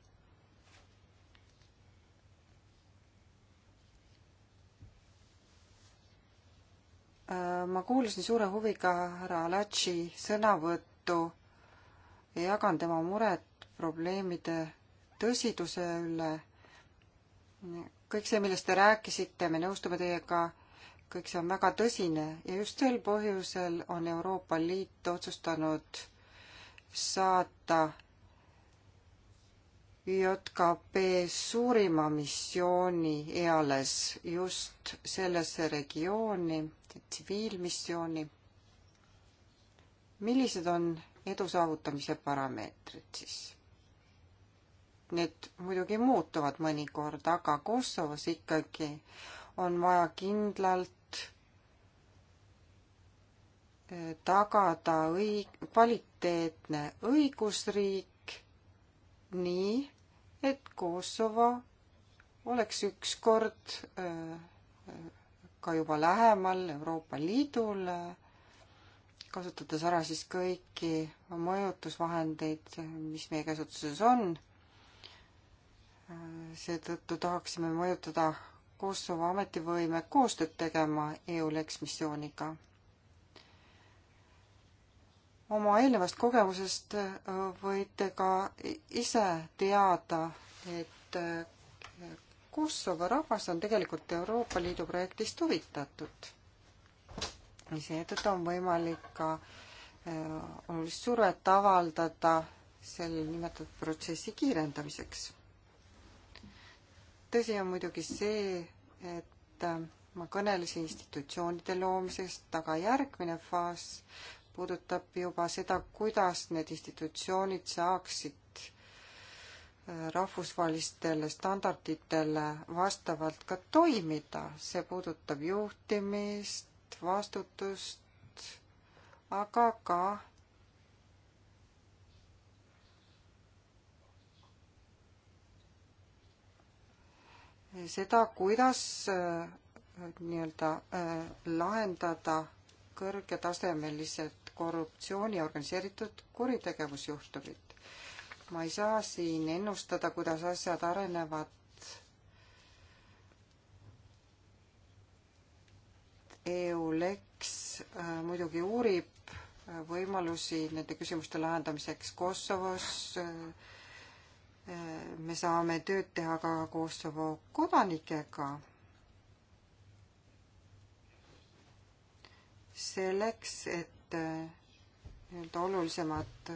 ma kuulasin suure huviga härra Alatši sõnavõttu ja jagan tema muret probleemide tõsiduse üle kõik see, millest te rääkisite, me nõustume teiega, kõik see on väga tõsine ja just sel põhjusel on Euroopa Liit otsustanud saata JKP suurima missiooni eales just sellesse regiooni, tsiviilmissiooni. millised on edu saavutamise parameetrid siis? need muidugi muutuvad mõnikord, aga Kosovos ikkagi on vaja kindlalt eh, tagada õig-, kvaliteetne õigusriik nii, et Kosovo oleks ükskord eh, eh, ka juba lähemal Euroopa Liidule, kasutades ära siis kõiki mõjutusvahendeid, mis meie käsutuses on seetõttu tahaksime mõjutada Kosovo ametivõime koostööd tegema EULEX missiooniga. oma eelnevast kogemusest äh, võite ka ise teada, et äh, Kosovo rahvas on tegelikult Euroopa Liidu projektist huvitatud. seetõttu on võimalik ka äh, olulist survet avaldada selle nimetatud protsessi kiirendamiseks tõsi on muidugi see, et äh, ma kõnelesin institutsioonide loomisest, aga järgmine faas puudutab juba seda, kuidas need institutsioonid saaksid äh, rahvusvahelistele standarditele vastavalt ka toimida. see puudutab juhtimist, vastutust, aga ka seda, kuidas äh, nii-öelda äh, lahendada kõrgetasemelised korruptsiooni ja organiseeritud kuritegevusjuhtumid. ma ei saa siin ennustada, kuidas asjad arenevad. EULEX äh, muidugi uurib võimalusi nende küsimuste lahendamiseks Kosovos äh,, me saame tööd teha ka Kosovo kodanikega. selleks, et äh, nii-öelda olulisemad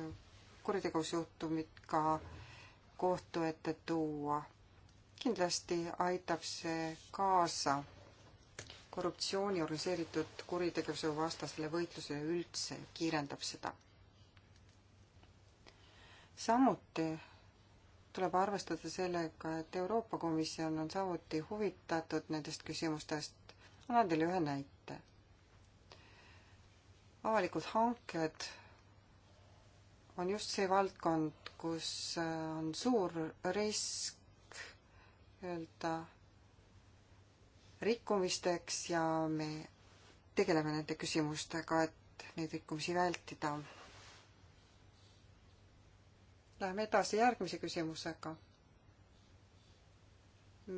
kuritegevusjuhtumid ka kohtu ette tuua. kindlasti aitab see kaasa korruptsiooni organiseeritud kuritegevuse vastasele võitlusele üldse, kiirendab seda. samuti tuleb arvestada sellega, et Euroopa Komisjon on samuti huvitatud nendest küsimustest. annan teile ühe näite. avalikud hanked on just see valdkond, kus äh, on suur risk nii-öelda rikkumisteks ja me tegeleme nende küsimustega, et neid rikkumisi vältida Läheme edasi järgmise küsimusega,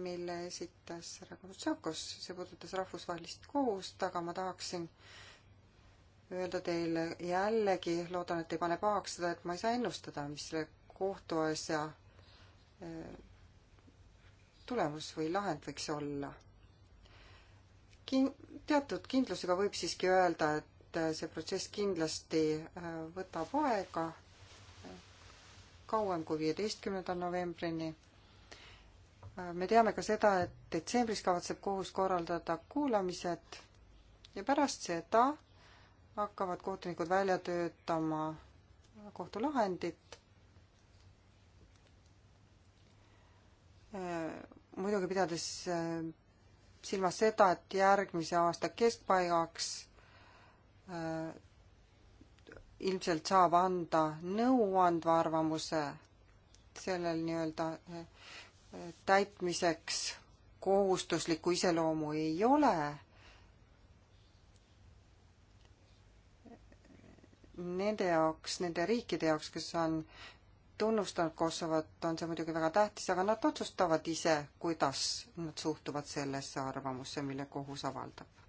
mille esitas härra Kutsakos, see puudutas rahvusvahelist kohust, aga ma tahaksin öelda teile jällegi, loodan, et ei pane pahaks seda, et ma ei saa ennustada, mis selle kohtuasja eh, tulemus või lahend võiks olla. Kin-, teatud kindlusega võib siiski öelda, et eh, see protsess kindlasti eh, võtab aega kauem kui viieteistkümnenda novembrini. me teame ka seda, et detsembris kavatseb kohus korraldada kuulamised ja pärast seda hakkavad kohtunikud välja töötama kohtulahendit. muidugi pidades silmas seda, et järgmise aasta keskpaigaks ilmselt saab anda nõuandva arvamuse sellel nii-öelda eh, täitmiseks kohustuslikku iseloomu ei ole. Nende jaoks, nende riikide jaoks, kes on tunnustanud Kosovot, on see muidugi väga tähtis, aga nad otsustavad ise, kuidas nad suhtuvad sellesse arvamusse, mille kohus avaldab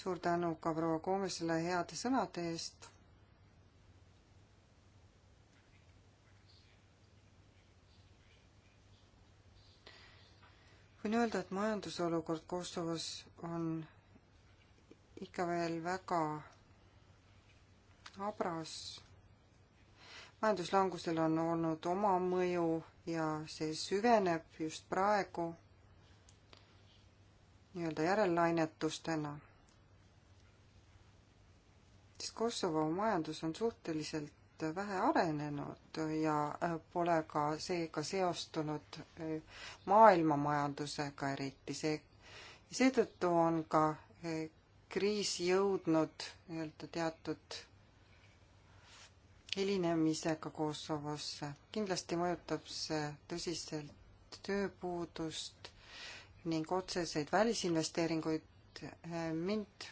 suur tänu ka proua Koomesele heade sõnade eest. võin öelda, et majandusolukord Kosovos on ikka veel väga habras. majanduslangusel on olnud oma mõju ja see süveneb just praegu nii-öelda järellainetustena siis Kosovo majandus on suhteliselt vähe arenenud ja äh, pole ka seega seostunud äh, maailmamajandusega eriti. see, seetõttu on ka äh, kriis jõudnud nii-öelda teatud hilinemisega Kosovosse. kindlasti mõjutab see tõsiselt tööpuudust ning otseseid välisinvesteeringuid. mind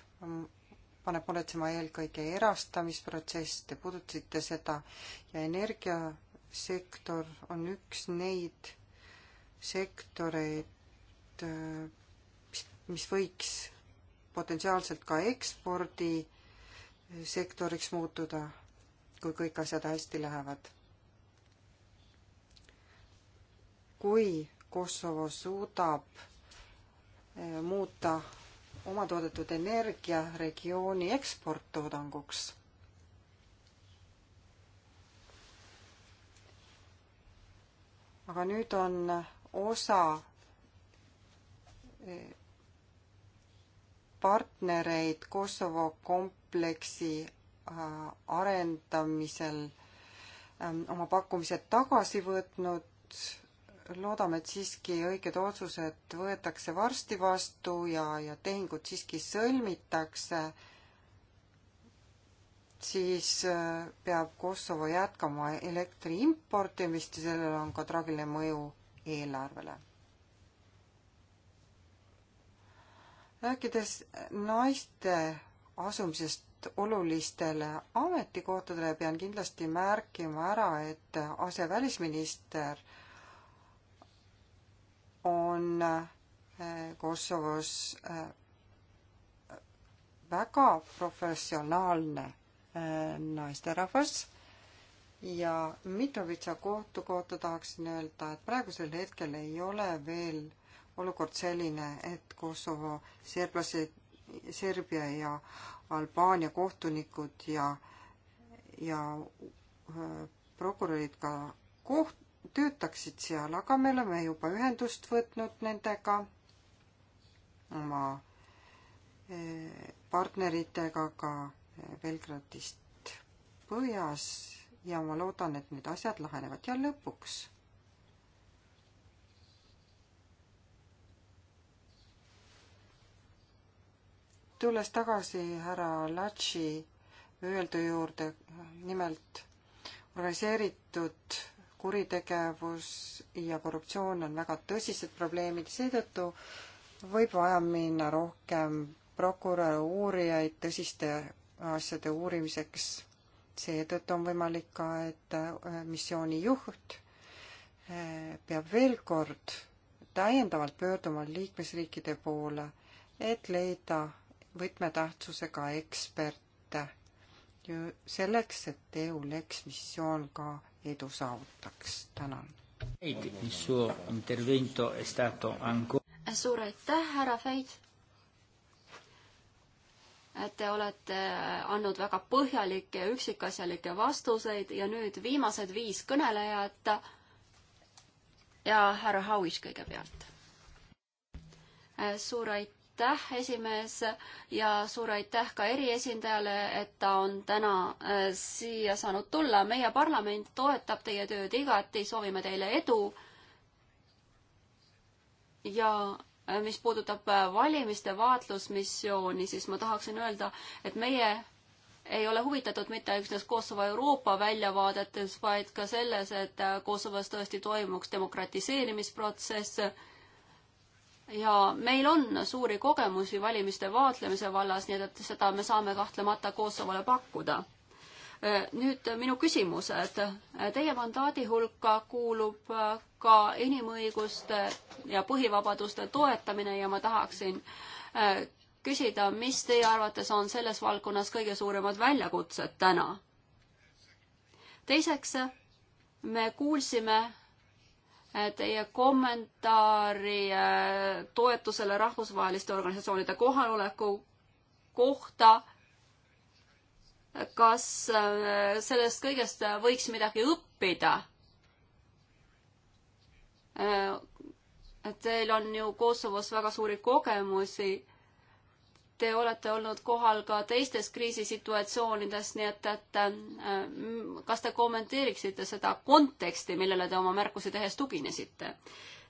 paneb muretsema eelkõige erastamisprotsess, te puudutasite seda, ja energiasektor on üks neid sektoreid, mis, mis võiks potentsiaalselt ka ekspordisektoriks muutuda, kui kõik asjad hästi lähevad. kui Kosovo suudab eh, muuta omatoodetud energia regiooni eksporttoodanguks aga nüüd on osa eh, partnereid Kosovo kompleksi äh, arendamisel ähm, oma pakkumised tagasi võtnud loodame, et siiski õiged otsused võetakse varsti vastu ja, ja tehingud siiski sõlmitakse, siis äh, peab Kosovo jätkama elektri importimist ja sellel on ka traagiline mõju eelarvele. rääkides naiste asumisest olulistele ametikohtadele pean kindlasti märkima ära, et asevälisminister on äh, Kosovos äh, väga professionaalne äh, naisterahvas ja Mitrovitsa kohtu kohta tahaksin öelda, et praegusel hetkel ei ole veel olukord selline, et Kosovo serblased, Serbia ja Albaania kohtunikud ja, ja prokurörid ka koht-, töötaksid seal, aga me oleme juba ühendust võtnud nendega, oma eh, partneritega ka eh, Belgradist põhjas ja ma loodan, et need asjad lahenevad ja lõpuks. tulles tagasi härra Latši öeldu juurde, nimelt organiseeritud kuritegevus ja korruptsioon on väga tõsised probleemid, seetõttu võib vaja minna rohkem prokuröre, uurijaid tõsiste asjade uurimiseks. seetõttu on võimalik ka, et äh, missiooni juht äh, peab veel kord täiendavalt pöörduma liikmesriikide poole, et leida võtmetähtsusega eksperte ju selleks, et EULEX missioon ka edu saavutaks, tänan.
suur
aitäh, härra Feit! et te olete andnud väga põhjalikke ja üksikasjalikke vastuseid ja nüüd viimased viis kõnelejat ja härra Hauis kõigepealt. suur aitäh! aitäh, esimees, ja suur aitäh ka eriesindajale, et ta on täna äh, siia saanud tulla. meie parlament toetab teie tööd igati, soovime teile edu. ja äh, mis puudutab äh, valimiste vaatlusmissiooni, siis ma tahaksin öelda, et meie ei ole huvitatud mitte üksnes Kosovo Euroopa väljavaadetes, vaid ka selles, et Kosovos tõesti toimuks demokratiseerimisprotsess ja meil on suuri kogemusi valimiste vaatlemise vallas, nii et seda me saame kahtlemata Kosovole pakkuda. Äh, nüüd minu küsimused. Äh, teie mandaadi hulka kuulub äh, ka inimõiguste ja põhivabaduste toetamine ja ma tahaksin küsida, mis teie arvates on selles valdkonnas kõige suuremad väljakutsed täna? teiseks, me kuulsime teie kommentaari äh, toetusele rahvusvaheliste organisatsioonide kohaloleku kohta. kas äh, sellest kõigest võiks midagi õppida? Äh, teil on ju Kosovos väga suuri kogemusi te olete olnud kohal ka teistes kriisisituatsioonides, nii et, et äh, kas te kommenteeriksite seda konteksti, millele te oma märkusi tehes tuginesite?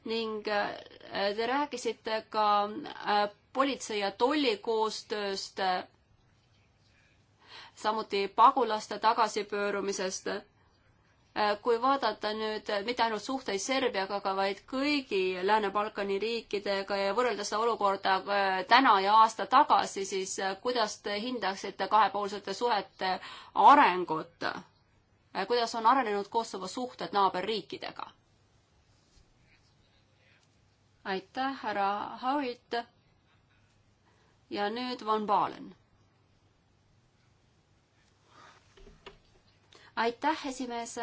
ning äh, te rääkisite ka äh, politsei ja tolli koostööst, samuti pagulaste tagasipöörumisest Äh, kui vaadata nüüd äh, mitte ainult suhteid Serbiaga, aga vaid kõigi Lääne-Balkani riikidega ja võrrelda seda olukorda äh, täna ja aasta tagasi, siis kuidas te hindaksite kahepoolsete suhete arengut? kuidas on arenenud Kosovo suhted naaberriikidega? aitäh, härra Howitt. ja nüüd Von Balen. aitäh, esimees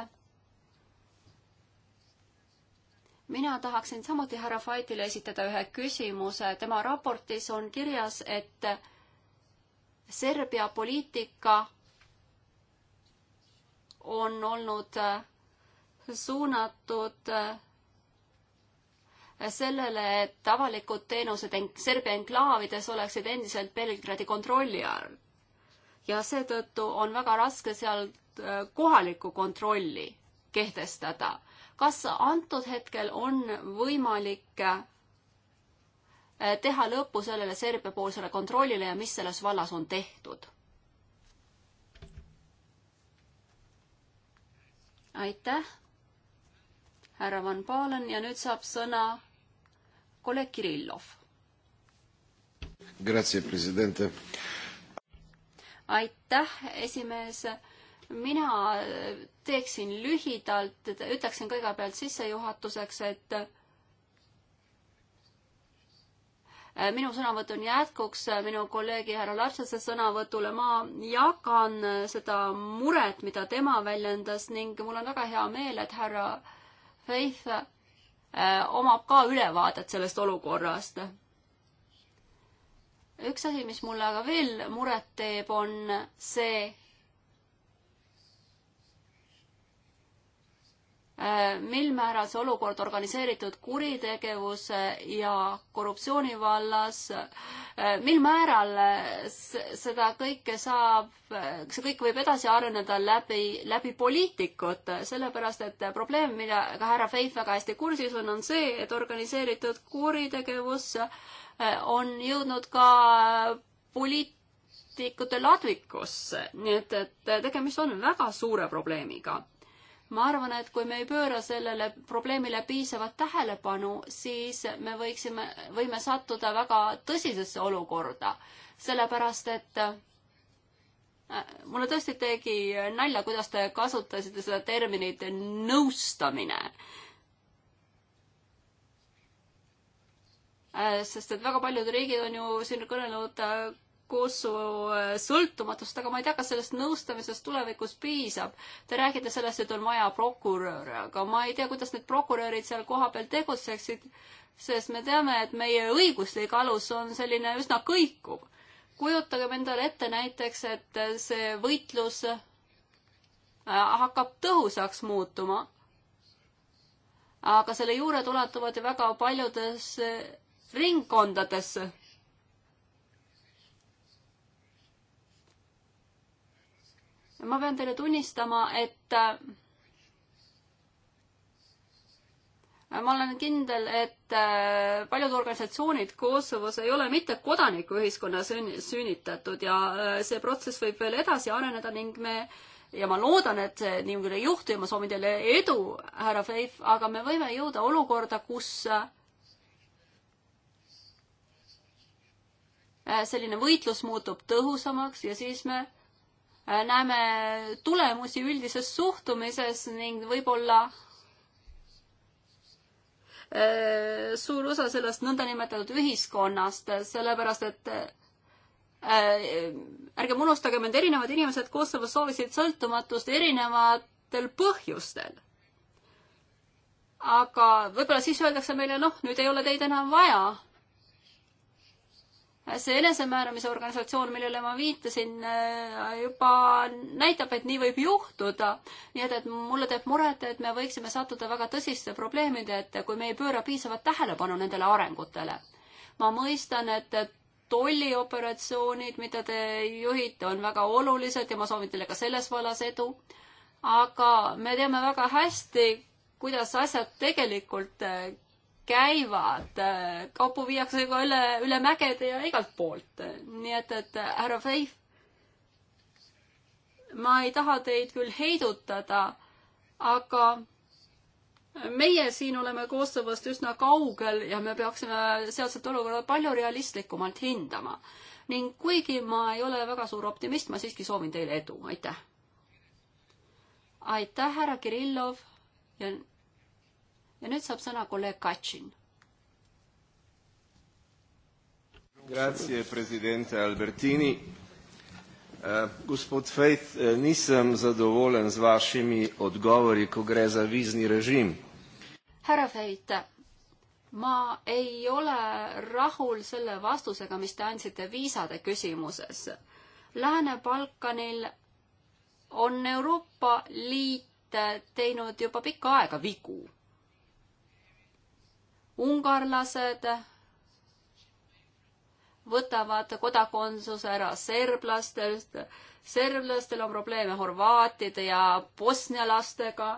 mina tahaksin samuti härra Faitile esitada ühe küsimuse. tema raportis on kirjas, et Serbia poliitika on olnud äh, suunatud äh, sellele, et avalikud teenused Serbia enklaavides oleksid endiselt Belgradi kontrolli all. ja seetõttu on väga raske sealt äh, kohalikku kontrolli kehtestada kas antud hetkel on võimalik äh, teha lõpu sellele Serbia poolsele kontrollile ja mis selles vallas on tehtud? aitäh, härra Van Palen ja nüüd saab sõna kolleeg Kirillov. aitäh, esimees mina teeksin lühidalt, ütleksin kõigepealt sissejuhatuseks, et äh, minu sõnavõtt on jätkuks äh, minu kolleegi härra Larsese sõnavõtule. ma jagan äh, seda muret, mida tema väljendas ning mul on väga hea meel, et härra Feith omab ka ülevaadet sellest olukorrast. üks asi, mis mulle aga veel muret teeb, on see, Äh, mil määral see olukord organiseeritud kuritegevuse ja korruptsiooni vallas, äh, mil määral äh, seda kõike saab, see kõik võib edasi areneda läbi, läbi poliitikute, sellepärast et probleem, mida ka härra Feif väga hästi kursis on, on see, et organiseeritud kuritegevus on jõudnud ka poliitikute ladvikusse, nii et, et tegemist on väga suure probleemiga ma arvan, et kui me ei pööra sellele probleemile piisavat tähelepanu, siis me võiksime, võime sattuda väga tõsisesse olukorda, sellepärast et äh, mulle tõesti tegi nalja, kuidas te kasutasite seda terminit nõustamine. Äh, sest et väga paljud riigid on ju siin kõnelenud äh, Kosovo äh, sõltumatust, aga ma ei tea, kas sellest nõustamisest tulevikus piisab. Te räägite sellest, et on vaja prokuröre, aga ma ei tea, kuidas need prokurörid seal kohapeal tegutseksid, sest me teame, et meie õiguslik alus on selline üsna kõikuv. kujutagem endale ette näiteks, et see võitlus äh, hakkab tõhusaks muutuma. aga selle juured ulatuvad ju väga paljudesse äh, ringkondadesse ma pean teile tunnistama, et äh, ma olen kindel, et äh, paljud organisatsioonid Kosovos ei ole mitte kodanikuühiskonna sünnitatud ja äh, see protsess võib veel edasi areneda ning me ja ma loodan, et see nii küll ei juhtu ja ma soovin teile edu, härra Feif, aga me võime jõuda olukorda, kus selline võitlus muutub tõhusamaks ja siis me Äh, näeme tulemusi üldises suhtumises ning võib-olla äh, suur osa sellest nõndanimetatud ühiskonnast, sellepärast et äh, ärgem unustagem, et erinevad inimesed Kosovos soovisid sõltumatust erinevatel põhjustel. aga võib-olla siis öeldakse meile, noh, nüüd ei ole teid enam vaja see enesemääramise organisatsioon, millele ma viitasin, äh, juba näitab, et nii võib juhtuda. nii et, et mulle teeb muret, et me võiksime sattuda väga tõsiste probleemide ette, kui me ei pööra piisavat tähelepanu nendele arengutele. ma mõistan, et, et tollioperatsioonid, mida te juhite, on väga olulised ja ma soovin teile ka selles vallas edu. aga me teame väga hästi, kuidas asjad tegelikult äh, käivad, kaupu viiakse ka üle, üle mägede ja igalt poolt. nii et, et härra Feif, ma ei taha teid küll heidutada, aga meie siin oleme Kosovost üsna kaugel ja me peaksime sealset olukorda palju realistlikumalt hindama. ning kuigi ma ei ole väga suur optimist, ma siiski soovin teile edu, aitäh! aitäh, härra Kirillov ja ja nüüd saab sõna kolleeg Katšin.
Grazie, president Albertini uh,. Gospod Fejt, eh, nisem zadovoljen z vašimi odgovori, ko gre za vizni režim.
härra Fejt, ma ei ole rahul selle vastusega, mis te andsite viisade küsimuses. Lääne-Balkanil on Euroopa Liit teinud juba pikka aega vigu ungarlased võtavad kodakondsuse ära serblastest, serblastel on probleeme horvaatide ja bosnialastega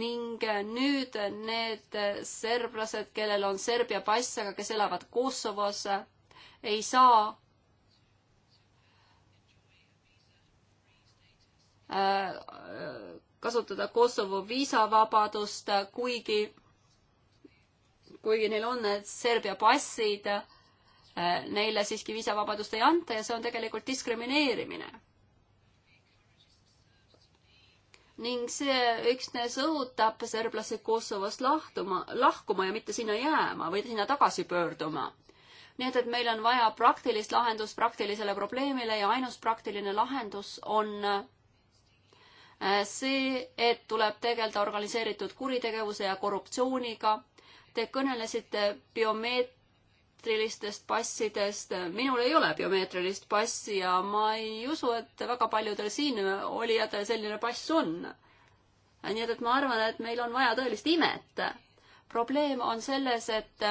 ning nüüd need serblased, kellel on Serbia pass, aga kes elavad Kosovos, ei saa äh, kasutada Kosovo viisavabadust, kuigi kuigi neil on need Serbia passid, eh, neile siiski viisavabadust ei anta ja see on tegelikult diskrimineerimine. ning see üksnes õhutab serblasi Kosovost lahtuma, lahkuma ja mitte sinna jääma või sinna tagasi pöörduma. nii et, et meil on vaja praktilist lahendust praktilisele probleemile ja ainus praktiline lahendus on eh, see, et tuleb tegeleda organiseeritud kuritegevuse ja korruptsiooniga Te kõnelesite biomeetrilistest passidest. minul ei ole biomeetrilist passi ja ma ei usu, et väga paljudel siin olijatel selline pass on. nii et, et ma arvan, et meil on vaja tõelist imet. probleem on selles, et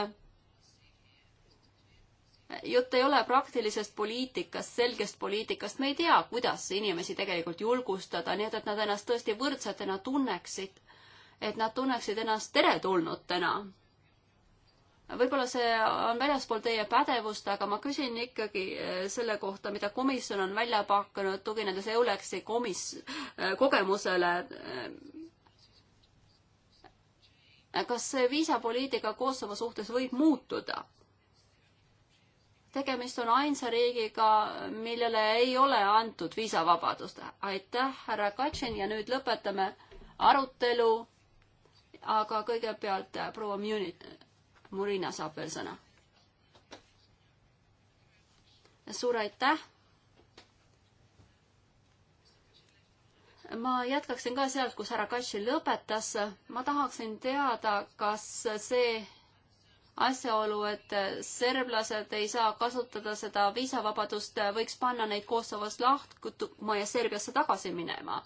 jutt ei ole praktilisest poliitikast, selgest poliitikast, me ei tea, kuidas inimesi tegelikult julgustada, nii et, et nad ennast tõesti võrdsetena tunneksid, et nad tunneksid ennast teretulnutena võib-olla see on väljaspool teie pädevust, aga ma küsin ikkagi eh, selle kohta, mida komisjon on välja pakkunud, tuginedes EULEX-i komis-, eh, kogemusele. Eh, kas see viisapoliitika Kosovo suhtes võib muutuda? tegemist on ainsa riigiga, millele ei ole antud viisavabadust. aitäh, härra Katšin ja nüüd lõpetame arutelu. aga kõigepealt proua Muni-, Murina saab veel sõna. suur aitäh. ma jätkaksin ka sealt, kus härra Kassi lõpetas. ma tahaksin teada, kas see asjaolu, et serblased ei saa kasutada seda viisavabadust, võiks panna neid Kosovost lahkuma ja Serbiasse tagasi minema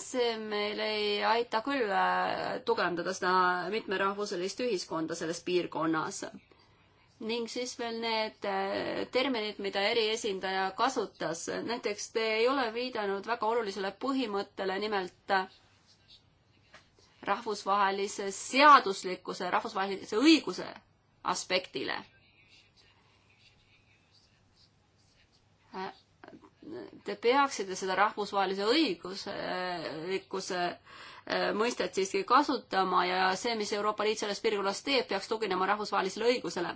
see meil ei aita küll äh, tugevdada seda mitmerahvuselist ühiskonda selles piirkonnas. ning siis veel need äh, terminid, mida eriesindaja kasutas. näiteks te ei ole viidanud väga olulisele põhimõttele, nimelt äh, rahvusvahelise seaduslikkuse, rahvusvahelise õiguse aspektile te peaksite seda rahvusvahelise õiguslikkuse äh, mõistet siiski kasutama ja see, mis Euroopa Liit selles piirkonnas teeb, peaks tuginema rahvusvahelisele õigusele.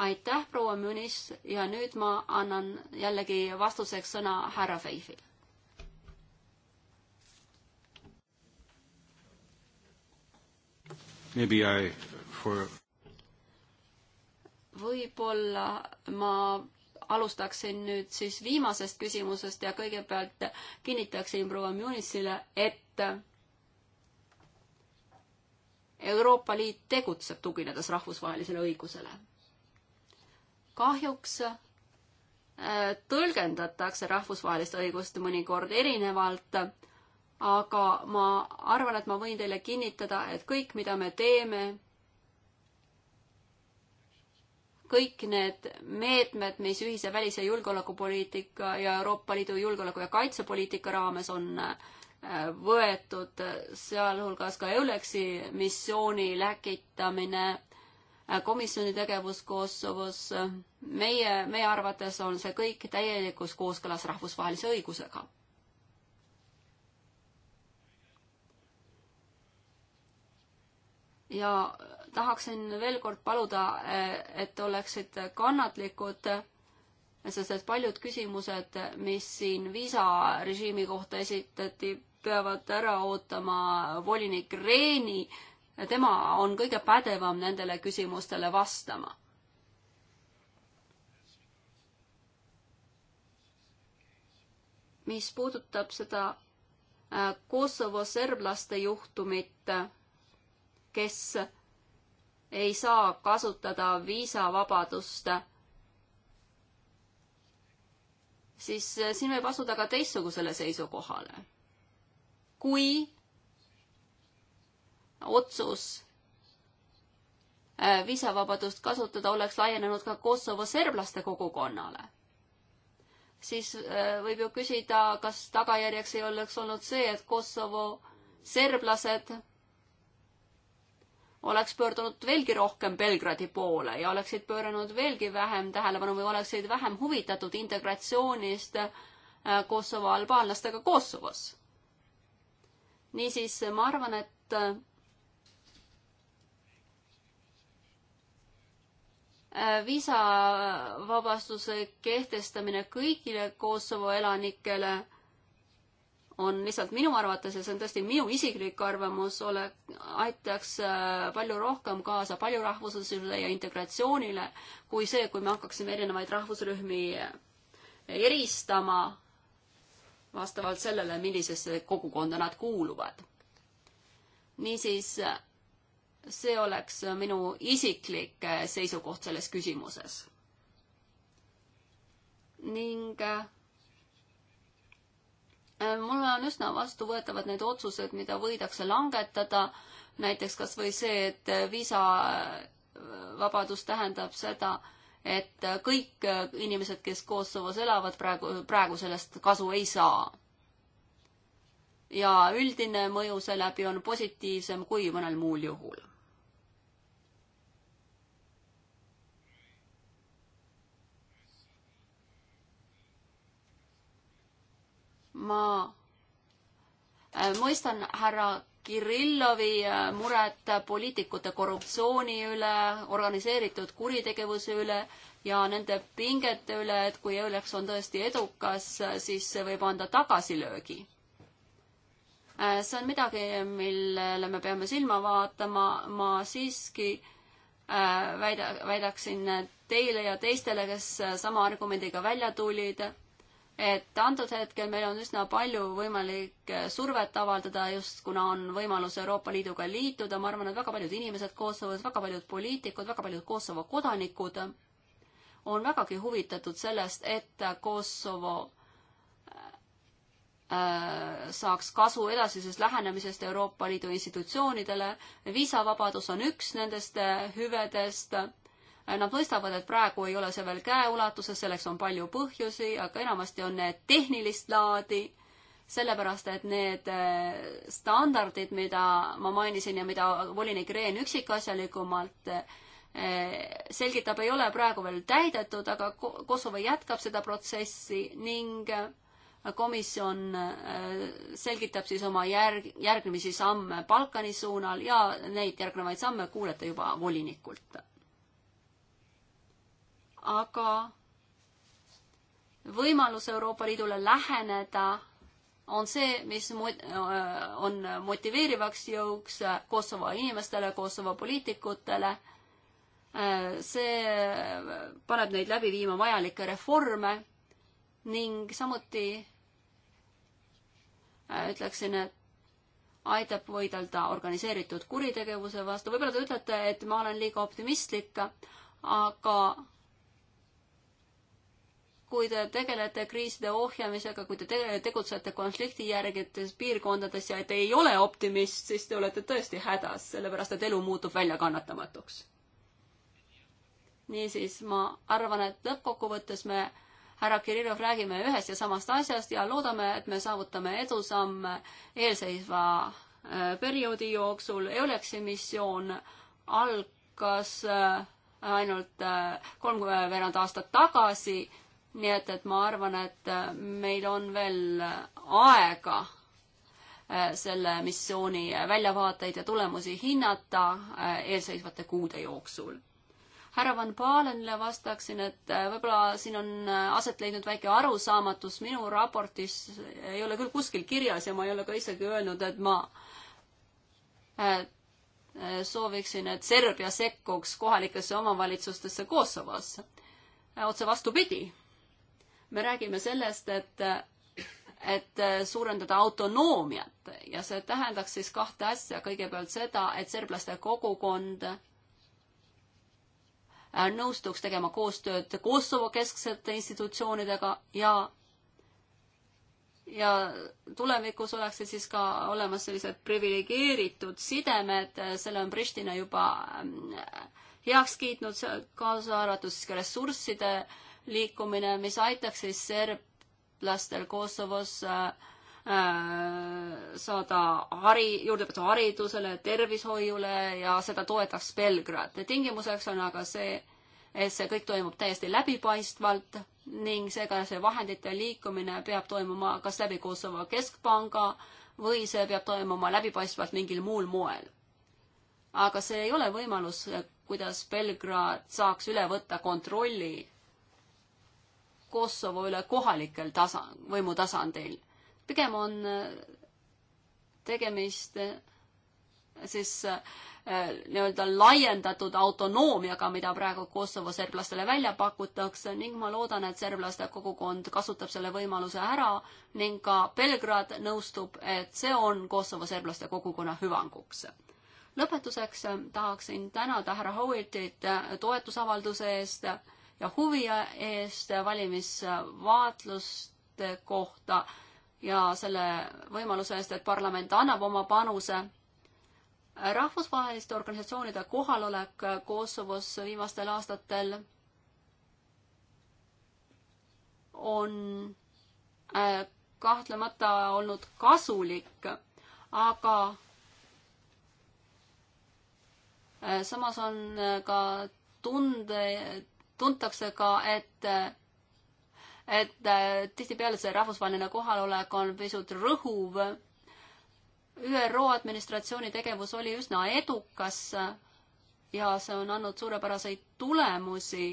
aitäh, proua Münis ja nüüd ma annan jällegi vastuseks sõna härra Feifile.
Maybe I for
võib-olla ma alustaksin nüüd siis viimasest küsimusest ja kõigepealt kinnitaksin proua Munisile, et Euroopa Liit tegutseb, tuginedes rahvusvahelisele õigusele. kahjuks äh, tõlgendatakse rahvusvahelist õigust mõnikord erinevalt, aga ma arvan, et ma võin teile kinnitada, et kõik, mida me teeme, kõik need meetmed, mis ühise välis- ja julgeolekupoliitika ja Euroopa Liidu julgeoleku- ja kaitsepoliitika raames on äh, võetud, sealhulgas ka EULEX-i missiooni läkitamine, äh, komisjoni tegevus Kosovos, meie, meie arvates on see kõik täielikus kooskõlas rahvusvahelise õigusega. ja tahaksin veel kord paluda, et oleksid kannatlikud, sest et paljud küsimused, mis siin viisarežiimi kohta esitati, peavad ära ootama volinik Reeni. tema on kõige pädevam nendele küsimustele vastama. mis puudutab seda äh, Kosovo serblaste juhtumit, kes ei saa kasutada viisavabadust, siis eh, siin võib asuda ka teistsugusele seisukohale. kui otsus eh, viisavabadust kasutada oleks laienenud ka Kosovo serblaste kogukonnale, siis eh, võib ju küsida, kas tagajärjeks ei oleks olnud see, et Kosovo serblased oleks pöördunud veelgi rohkem Belgradi poole ja oleksid pööranud veelgi vähem tähelepanu või oleksid vähem huvitatud integratsioonist äh, Kosovo albaanlastega Kosovos. niisiis, ma arvan, et äh, viisavabastuse kehtestamine kõigile Kosovo elanikele on lihtsalt minu arvates ja see on tõesti minu isiklik arvamus, ole, aitaks äh, palju rohkem kaasa paljurahvuslusele ja integratsioonile kui see, kui me hakkaksime erinevaid rahvusrühmi äh, eristama vastavalt sellele, millisesse kogukonda nad kuuluvad. niisiis, äh, see oleks minu isiklik seisukoht selles küsimuses. ning Äh, mulle on üsna vastuvõetavad need otsused, mida võidakse langetada, näiteks kas või see, et äh, viisavabadus äh, tähendab seda, et kõik inimesed, kes Kosovos elavad, praegu, praegu sellest kasu ei saa. ja üldine mõju seeläbi on positiivsem kui mõnel muul juhul ma äh, mõistan härra Kirillovi äh, muret poliitikute korruptsiooni üle, organiseeritud kuritegevuse üle ja nende pingete üle, et kui Eulex on tõesti edukas, äh, siis see võib anda tagasilöögi. see on midagi, millele me peame silma vaatama, ma siiski väida, väidaksin teile ja teistele, kes sama argumendiga välja tulid et antud hetkel meil on üsna palju võimalik eh, survet avaldada, just kuna on võimalus Euroopa Liiduga liituda, ma arvan, et väga paljud inimesed Kosovos, väga paljud poliitikud, väga paljud Kosovo kodanikud on vägagi huvitatud sellest, et Kosovo eh, saaks kasu edasisest lähenemisest Euroopa Liidu institutsioonidele. viisavabadus on üks nendest eh, hüvedest Nad mõistavad, et praegu ei ole see veel käeulatuses, selleks on palju põhjusi, aga enamasti on need tehnilist laadi, sellepärast et need eh, standardid, mida ma mainisin ja mida volinik Rehn üksikasjalikumalt eh, selgitab, ei ole praegu veel täidetud, aga Kosovo jätkab seda protsessi ning komisjon eh, selgitab siis oma järg, järgmisi samme Balkani suunal ja neid järgnevaid samme kuulete juba volinikult aga võimalus Euroopa Liidule läheneda on see, mis äh, on motiveerivaks jõuks Kosovo inimestele, Kosovo poliitikutele. Äh, see paneb neid läbi viima vajalikke reforme ning samuti äh, ütleksin, et aitab võidelda organiseeritud kuritegevuse vastu. võib-olla te ütlete, et ma olen liiga optimistlik, aga kui te tegelete kriiside ohjamisega, kui te tegutsete konflikti järgites piirkondades ja te ei ole optimist, siis te olete tõesti hädas, sellepärast et elu muutub väljakannatamatuks. niisiis, ma arvan, et lõppkokkuvõttes me härra Kirillov räägime ühest ja samast asjast ja loodame, et me saavutame edusamme eelseisva äh, perioodi jooksul. Euleksi missioon algas äh, ainult äh, kolmveerand aastat tagasi nii et, et ma arvan, et äh, meil on veel äh, aega äh, selle missiooni väljavaateid ja tulemusi hinnata eelseisvate kuude jooksul härra Van Palenile vastaksin, et võib-olla siin on aset leidnud väike arusaamatus, minu raportis ei ole küll kuskil kirjas ja ma ei ole ka isegi öelnud, et ma sooviksin, et Serbia sekkuks kohalikesse omavalitsustesse Kosovos. otse vastupidi me räägime sellest, et et suurendada autonoomiat ja see tähendaks siis kahte asja. kõigepealt seda, et serblaste kogukond äh, nõustuks tegema koostööd Kosovo kesksete institutsioonidega ja ja tulevikus oleksid siis ka olemas sellised priviligeeritud sidemed, selle on Pristina juba äh, heaks kiitnud, kaasa arvatud siis ka ressursside äh, liikumine, mis aitaks siis serblastel Kosovos äh, äh, saada hari, juurdepääsu haridusele, tervishoiule ja seda toetaks Belgrad. tingimuseks on aga see, et see kõik toimub täiesti läbipaistvalt ning seega see vahendite liikumine peab toimuma kas läbi Kosovo keskpanga või see peab toimuma läbipaistvalt mingil muul moel. aga see ei ole võimalus, kuidas Belgrad saaks üle võtta kontrolli Kosovo üle kohalikel tasa, võimutasandil. pigem on äh, tegemist äh, siis äh, nii-öelda laiendatud autonoomiaga, mida praegu Kosovo serblastele välja pakutakse ning ma loodan, et serblaste kogukond kasutab selle võimaluse ära ning ka Belgrad nõustub, et see on Kosovo serblaste kogukonna hüvanguks lõpetuseks tahaksin tänada härra Howittit toetusavalduse eest ja huvi eest valimisvaatluste kohta ja selle võimaluse eest, et parlament annab oma panuse. rahvusvaheliste organisatsioonide kohalolek Kosovos viimastel aastatel on äh, kahtlemata olnud kasulik, aga äh, samas on äh, ka tunde, tuntakse ka, et et tihtipeale see rahvusvaheline kohalolek on pisut rõhuv. ÜRO administratsiooni tegevus oli üsna edukas ja see on andnud suurepäraseid tulemusi.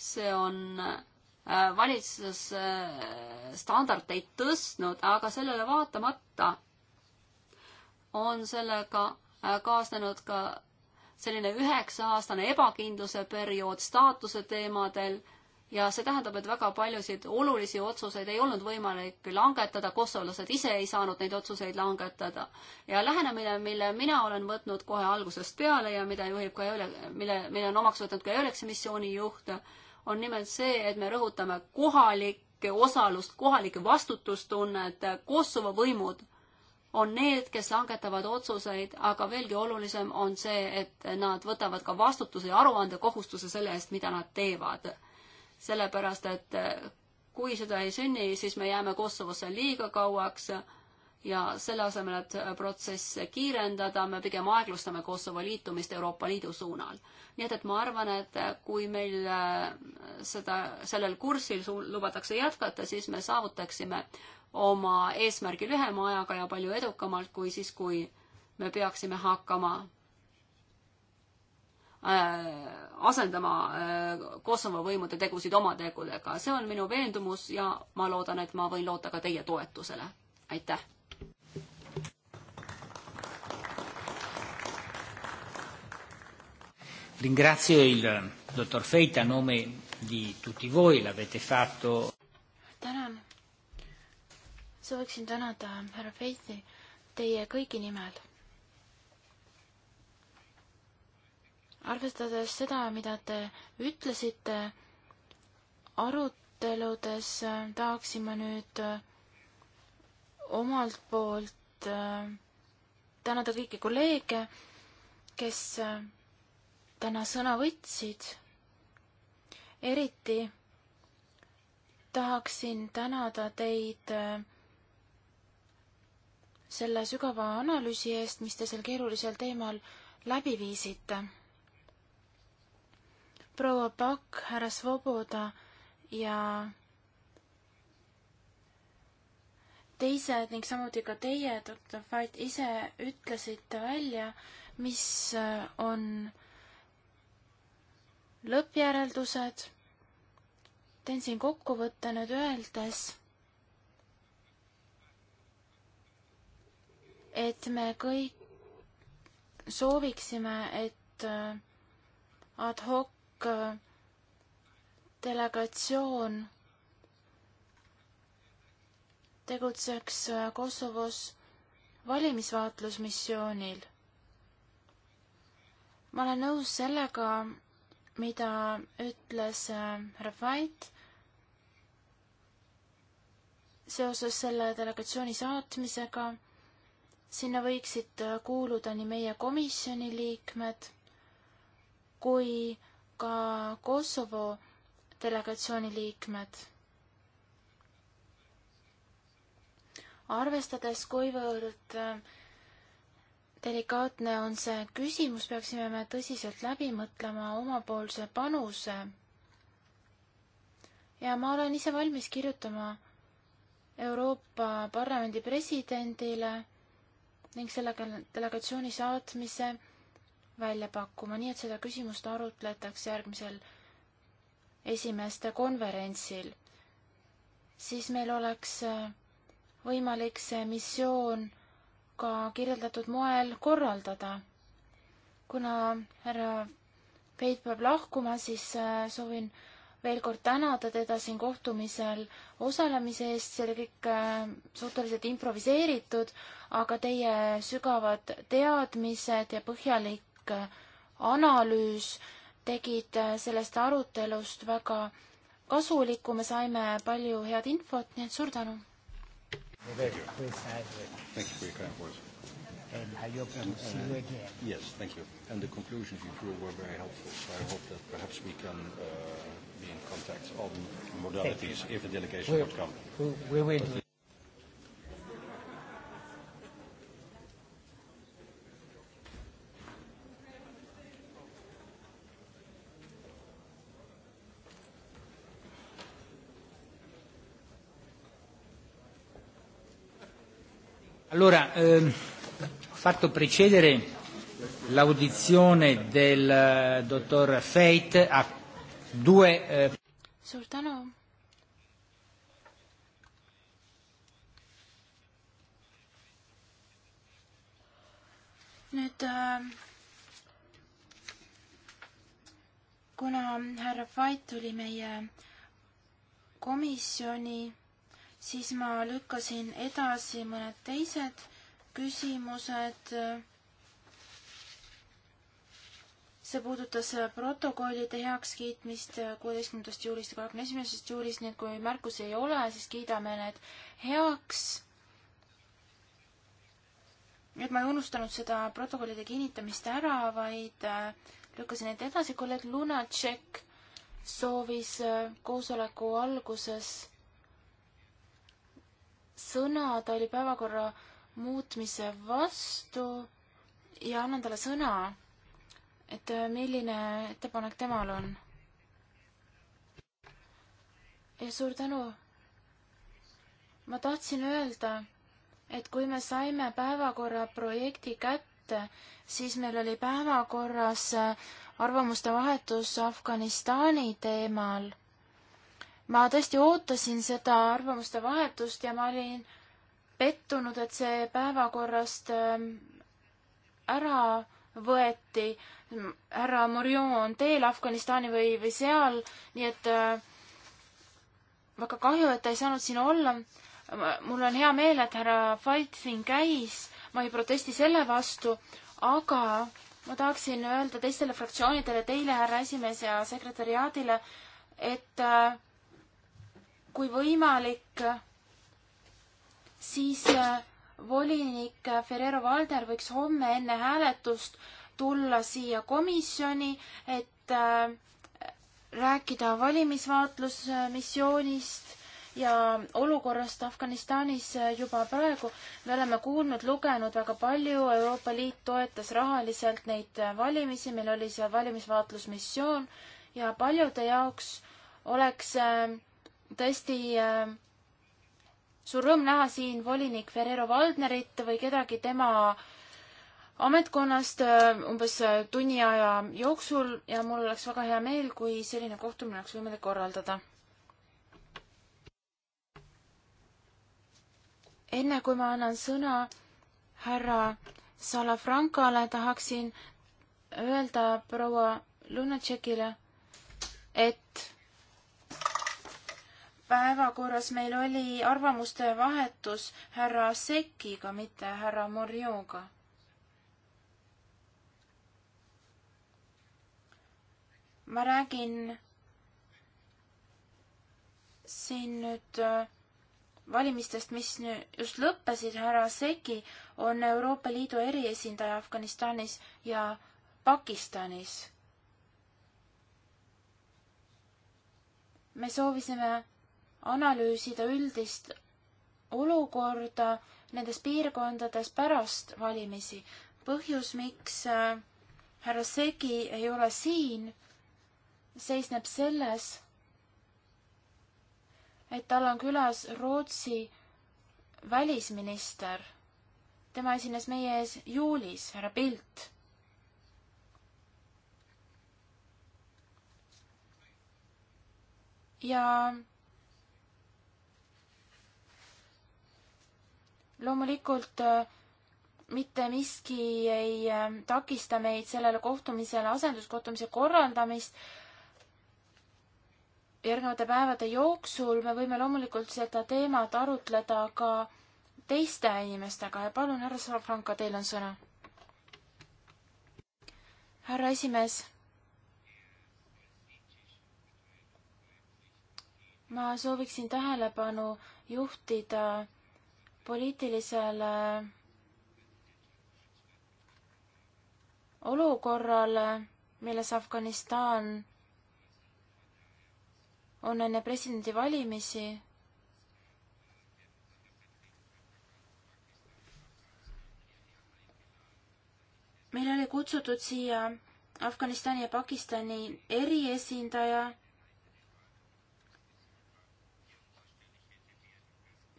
see on äh, valitsusstandardeid äh, tõstnud, aga sellele vaatamata on sellega äh, kaasnenud ka selline üheksa-aastane ebakindluse periood staatuse teemadel ja see tähendab, et väga paljusid olulisi otsuseid ei olnud võimalik langetada, kosovolased ise ei saanud neid otsuseid langetada. ja lähenemine, mille mina olen võtnud kohe algusest peale ja mida juhib ka, mille, mille on omaks võtnud ka Euleksi missiooni juht, on nimelt see, et me rõhutame kohalikke osalust, kohalike vastutustunnet, Kosovo võimud on need, kes langetavad otsuseid, aga veelgi olulisem on see, et nad võtavad ka vastutuse ja aruandekohustuse selle eest, mida nad teevad. sellepärast, et kui seda ei sünni, siis me jääme Kosovosse liiga kauaks ja selle asemel, et protsesse kiirendada, me pigem aeglustame Kosovo liitumist Euroopa Liidu suunal. nii et, et ma arvan, et kui meil äh, seda, sellel kursil lubatakse jätkata, siis me saavutaksime oma eesmärgi lühema ajaga ja palju edukamalt kui siis, kui me peaksime hakkama äh, asendama äh, Kosovo võimude tegusid oma tegudega. see on minu veendumus ja ma loodan, et ma võin loota ka teie toetusele. aitäh!
Ringrazio il dottor Feita a nome di tutti voi, l'avete fatto.
Tänan sooviksin tänada härra Feithi teie kõigi nimel. arvestades seda, mida te ütlesite aruteludes, äh, tahaksin ma nüüd äh, omalt poolt äh, tänada kõiki kolleege, kes täna sõna võtsid. eriti tahaksin tänada teid äh, selle sügava analüüsi eest, mis te sel keerulisel teemal läbi viisite. proua Pakk, härra Svoboda ja teised ning samuti ka teie, doktor Fait, ise ütlesite välja, mis on lõppjäreldused. teen siin kokkuvõtte nüüd öeldes et me kõik sooviksime, et äh, ad hoc äh, delegatsioon tegutseks äh, Kosovos valimisvaatlusmissioonil. ma olen nõus sellega, mida ütles härra Fait seoses selle delegatsiooni saatmisega sinna võiksid äh, kuuluda nii meie komisjoni liikmed kui ka Kosovo delegatsiooni liikmed. arvestades, kuivõrd äh, delikaatne on see küsimus, peaksime me tõsiselt läbi mõtlema omapoolse panuse. ja ma olen ise valmis kirjutama Euroopa Parlamendi presidendile ning sellega delegatsiooni saatmise välja pakkuma, nii et seda küsimust arutletakse järgmisel esimeeste konverentsil. siis meil oleks äh, võimalik see missioon ka kirjeldatud moel korraldada. kuna härra Peit peab lahkuma, siis äh, soovin veel kord tänada teda siin kohtumisel osalemise eest, see oli kõik äh, suhteliselt improviseeritud, aga teie sügavad teadmised ja põhjalik äh, analüüs tegid äh, sellest arutelust väga kasuliku, me saime palju head infot, nii et suur tänu!
Thank you for your kind words and I hope and, to and, see you uh, again.
Yes, thank you. And the conclusions you drew were very helpful, so I hope that perhaps we can uh, be in contact on modalities if a delegation we, would come.
We, we will. But Allora, ehm, fatto precedere l'audizione del eh, dottor Feit a due... Eh...
Suur tänu. nüüd äh, kuna härra Fait tuli meie komisjoni, siis ma lükkasin edasi mõned teised küsimused. see puudutas protokollide heakskiitmist kuueteistkümnendast juulist ja kahekümne esimesest juulist, nii et kui märkusi ei ole, siis kiidame need heaks nii et ma ei unustanud seda protokollide kinnitamist ära, vaid äh, lükkasin need edasi. kolleeg Lunatšek soovis äh, koosoleku alguses sõna, ta oli päevakorra muutmise vastu ja annan talle sõna, et äh, milline ettepanek temal on. ja suur tänu. ma tahtsin öelda, et kui me saime päevakorra projekti kätte, siis meil oli päevakorras äh, arvamuste vahetus Afganistani teemal. ma tõesti ootasin seda arvamuste vahetust ja ma olin pettunud, et see päevakorrast ähm, ära võeti. härra Morion on teel Afganistani või, või seal, nii et äh, väga kahju, et ta ei saanud siin olla. mul on hea meel, et härra Fait siin käis, ma ei protesti selle vastu, aga ma tahaksin öelda teistele fraktsioonidele, teile, härra esimees ja sekretäriaadile, et äh, kui võimalik äh,, siis äh, volinik Ferrero Valder võiks homme enne hääletust tulla siia komisjoni, et äh, rääkida valimisvaatlusmissioonist ja olukorrast Afganistanis äh, juba praegu. me oleme kuulnud, lugenud väga palju, Euroopa Liit toetas rahaliselt neid valimisi, meil oli seal valimisvaatlusmissioon ja paljude jaoks oleks tõesti äh, suur rõõm näha siin volinik Ferrero Valdnerit või kedagi tema ametkonnast äh, umbes äh, tunni aja jooksul ja mul oleks väga hea meel, kui selline kohtumine oleks võimalik korraldada. enne kui ma annan sõna härra Salafrankale, tahaksin öelda proua Lunatšekile, et päevakorras meil oli arvamuste vahetus härra Sekiga, mitte härra Morjoga. ma räägin siin nüüd äh, valimistest, mis nüüd just lõppesid, härra Seki on Euroopa Liidu eriesindaja Afganistanis ja Pakistanis. me soovisime analüüsida üldist olukorda nendes piirkondades pärast valimisi. põhjus, miks äh, härra Segi ei ole siin, seisneb selles, et tal on külas Rootsi välisminister. tema esines meie ees juulis, härra Pilt. ja loomulikult äh, mitte miski ei äh, takista meid sellele kohtumisele asenduskohtumise korraldamist. järgnevate päevade jooksul me võime loomulikult seda teemat arutleda ka teiste inimestega ja palun, härra Salafranco, teil on sõna. härra esimees. ma sooviksin tähelepanu juhtida poliitilisele olukorrale, milles Afganistan on enne presidendivalimisi meil oli kutsutud siia Afganistani ja Pakistani eriesindaja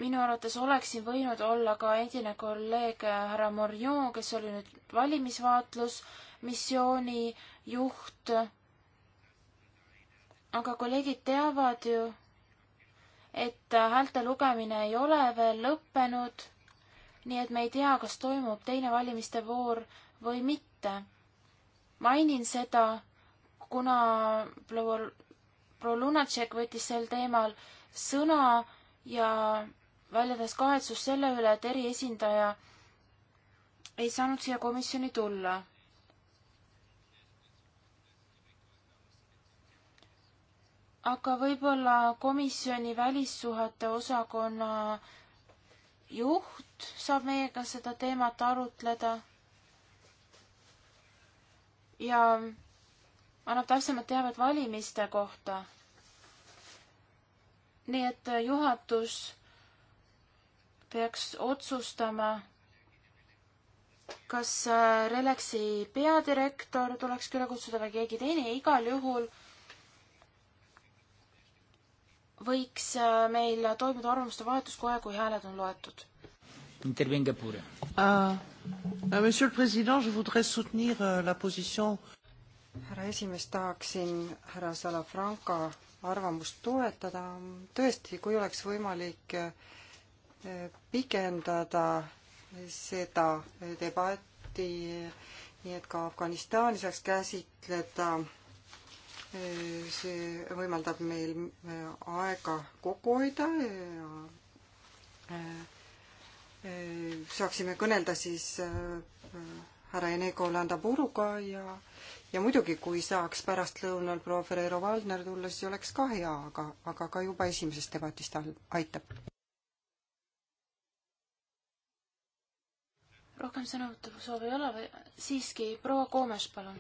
minu arvates oleksin võinud olla ka endine kolleeg äh, härra Morion, kes oli nüüd valimisvaatlusmissiooni juht. aga kolleegid teavad ju, et häälte lugemine ei ole veel lõppenud, nii et me ei tea, kas toimub teine valimiste voor või mitte. mainin seda, kuna proua Lunatšek võttis sel teemal sõna ja väljendas kahetsust selle üle, et eriesindaja ei saanud siia komisjoni tulla. aga võib-olla komisjoni välissuhete osakonna juht saab meiega seda teemat arutleda ja annab täpsemat teavet valimiste kohta. nii et juhatus peaks otsustama, kas äh, Relexi peadirektor tuleks külla kutsuda või keegi teine, igal juhul võiks äh, meil toimuda arvamuste vahetus kohe, kui hääled on loetud.
Intervenga pure
ah,. Monsieur le Président, je voudrais soutenir la position härra esimees, tahaksin härra Salafranca arvamust toetada. tõesti, kui oleks võimalik äh, pikendada seda debatti, nii et ka Afganistani saaks käsitleda. see võimaldab meil aega kokku hoida ja e, saaksime kõnelda siis e, härra Enego Landaburuga ja, ja muidugi, kui saaks pärastlõunal proua Ferrero Valdner tulla, siis oleks ka hea, aga, aga ka juba esimesest debatist aitab.
rohkem sõnavõtusoovi ei ole või? siiski, proua Koomes, palun.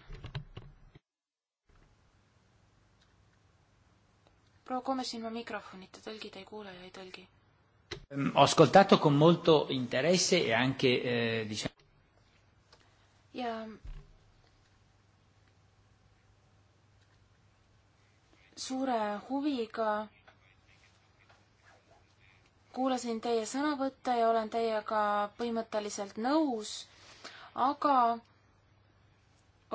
proua Koomes, ilma mikrofonita, tõlgid ei kuule ja ei tõlgi.
Ehm, ho ascoltato con molto interesse e anche eh, diciamo...
ja suure huviga kuulasin teie sõnavõtte ja olen teiega põhimõtteliselt nõus, aga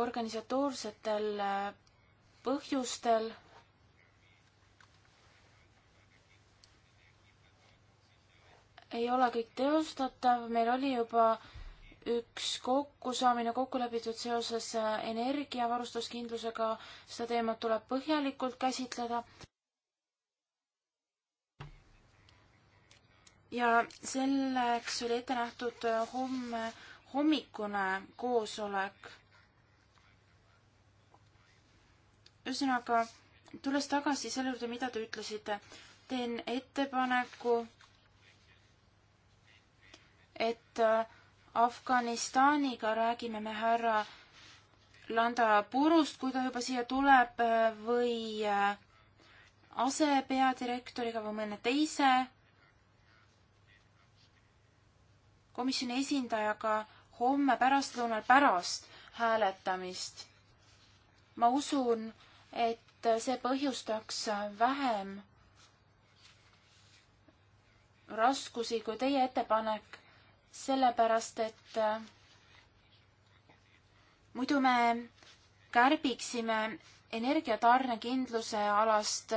organisatoorsetel äh, põhjustel ei ole kõik teostatav, meil oli juba üks kokkusaamine kokku lepitud seoses äh, energiavarustuskindlusega, seda teemat tuleb põhjalikult käsitleda ja selleks oli ette nähtud äh, homme hommikune koosolek. ühesõnaga, tulles tagasi selle juurde, mida te ütlesite, teen ettepaneku, et äh, Afganistaniga räägime me härra Landa Purust, kui ta juba siia tuleb, äh, või asepeadirektoriga või mõne teise komisjoni esindajaga homme pärastlõunal pärast hääletamist. ma usun, et see põhjustaks vähem raskusi kui teie ettepanek, sellepärast et muidu me kärbiksime energiatarnekindluse alast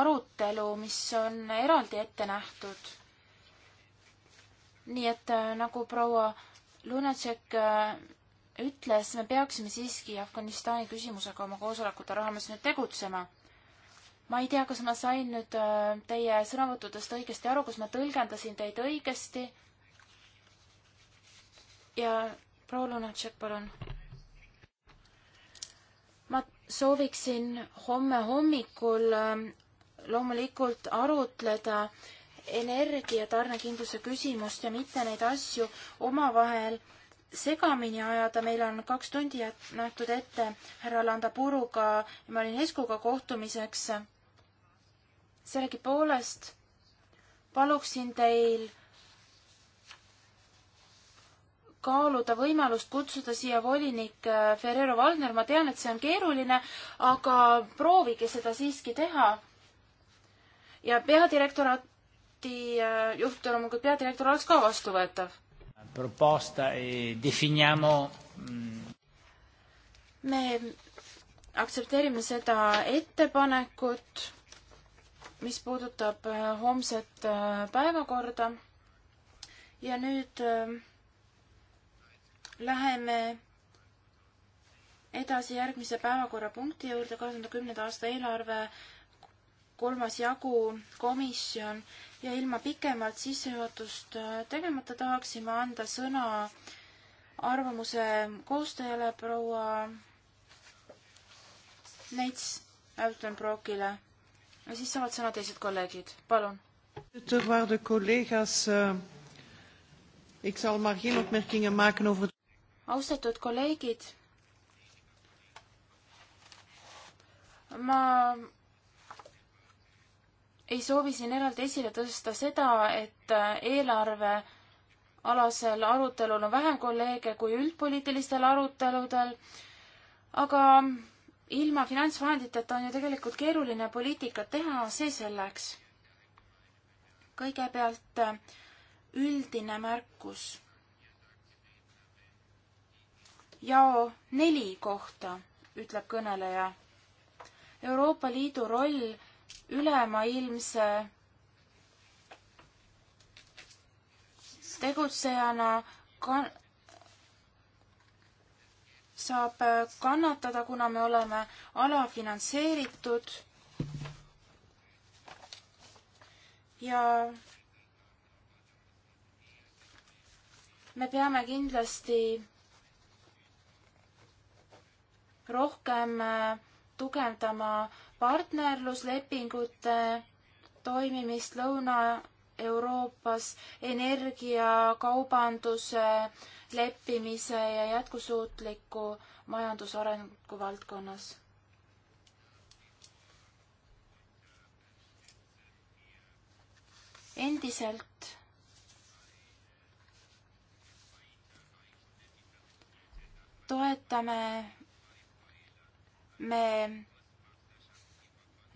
arutelu, mis on eraldi ette nähtud nii et äh, nagu proua Lunatšek äh, ütles, me peaksime siiski Afganistani küsimusega oma koosolekute raames nüüd tegutsema. ma ei tea, kas ma sain nüüd äh, teie sõnavõttudest õigesti aru, kas ma tõlgendasin teid õigesti. ja proua Lunatšek, palun. ma sooviksin homme hommikul loomulikult arutleda äh, energiatarnekindluse küsimust ja mitte neid asju omavahel segamini ajada, meil on kaks tundi nähtud ette härra Landapuruga ja Marinescuga kohtumiseks. sellegipoolest paluksin teil kaaluda võimalust kutsuda siia volinik äh, Ferrero Valner, ma tean, et see on keeruline, aga proovige seda siiski teha. ja peadirektoraat ameti äh, juhtivloomulikult peadirektor oleks ka vastuvõetav.
proposta e definiamo mm,
me aktsepteerime seda ettepanekut, mis puudutab äh, homset äh, päevakorda. ja nüüd läheme edasi järgmise päevakorrapunkti juurde, kahe tuhande kümnenda aasta eelarve kolmas jagu komisjon ja ilma pikemalt sissejuhatust äh, tegemata tahaksime anda sõna arvamuse koostajale proua Neits Elfenbrokile ja siis saavad sõna teised kolleegid, palun. Äh, austatud kolleegid, ma ei soovi siin eraldi esile tõsta seda, et eelarve alasel arutelul on vähem kolleege kui üldpoliitilistel aruteludel, aga ilma finantsvahenditeta on ju tegelikult keeruline poliitikat teha, see selleks. kõigepealt äh, üldine märkus. jao neli kohta, ütleb kõneleja. Euroopa Liidu roll ülemaailmse tegutsejana kan saab kannatada, kuna me oleme alafinantseeritud ja me peame kindlasti rohkem äh, tugevdama partnerluslepingute toimimist Lõuna-Euroopas, energiakaubanduse leppimise ja jätkusuutliku majandusarengu valdkonnas. endiselt toetame me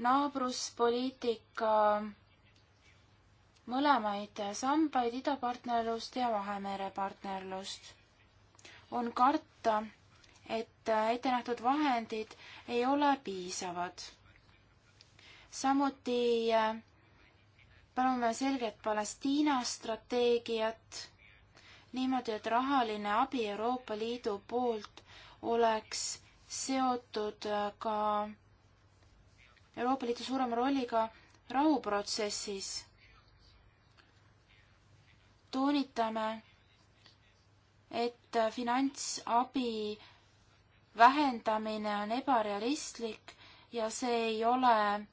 naabruspoliitika mõlemaid sambaid, idapartnerlust ja Vahemere partnerlust. on karta, et ettenähtud vahendid ei ole piisavad. samuti eh, palume selget Palestiina strateegiat, niimoodi, et rahaline abi Euroopa Liidu poolt oleks seotud eh, ka Euroopa Liidu suurema rolliga rahuprotsessis. toonitame, et finantsabi vähendamine on ebarealistlik ja see ei ole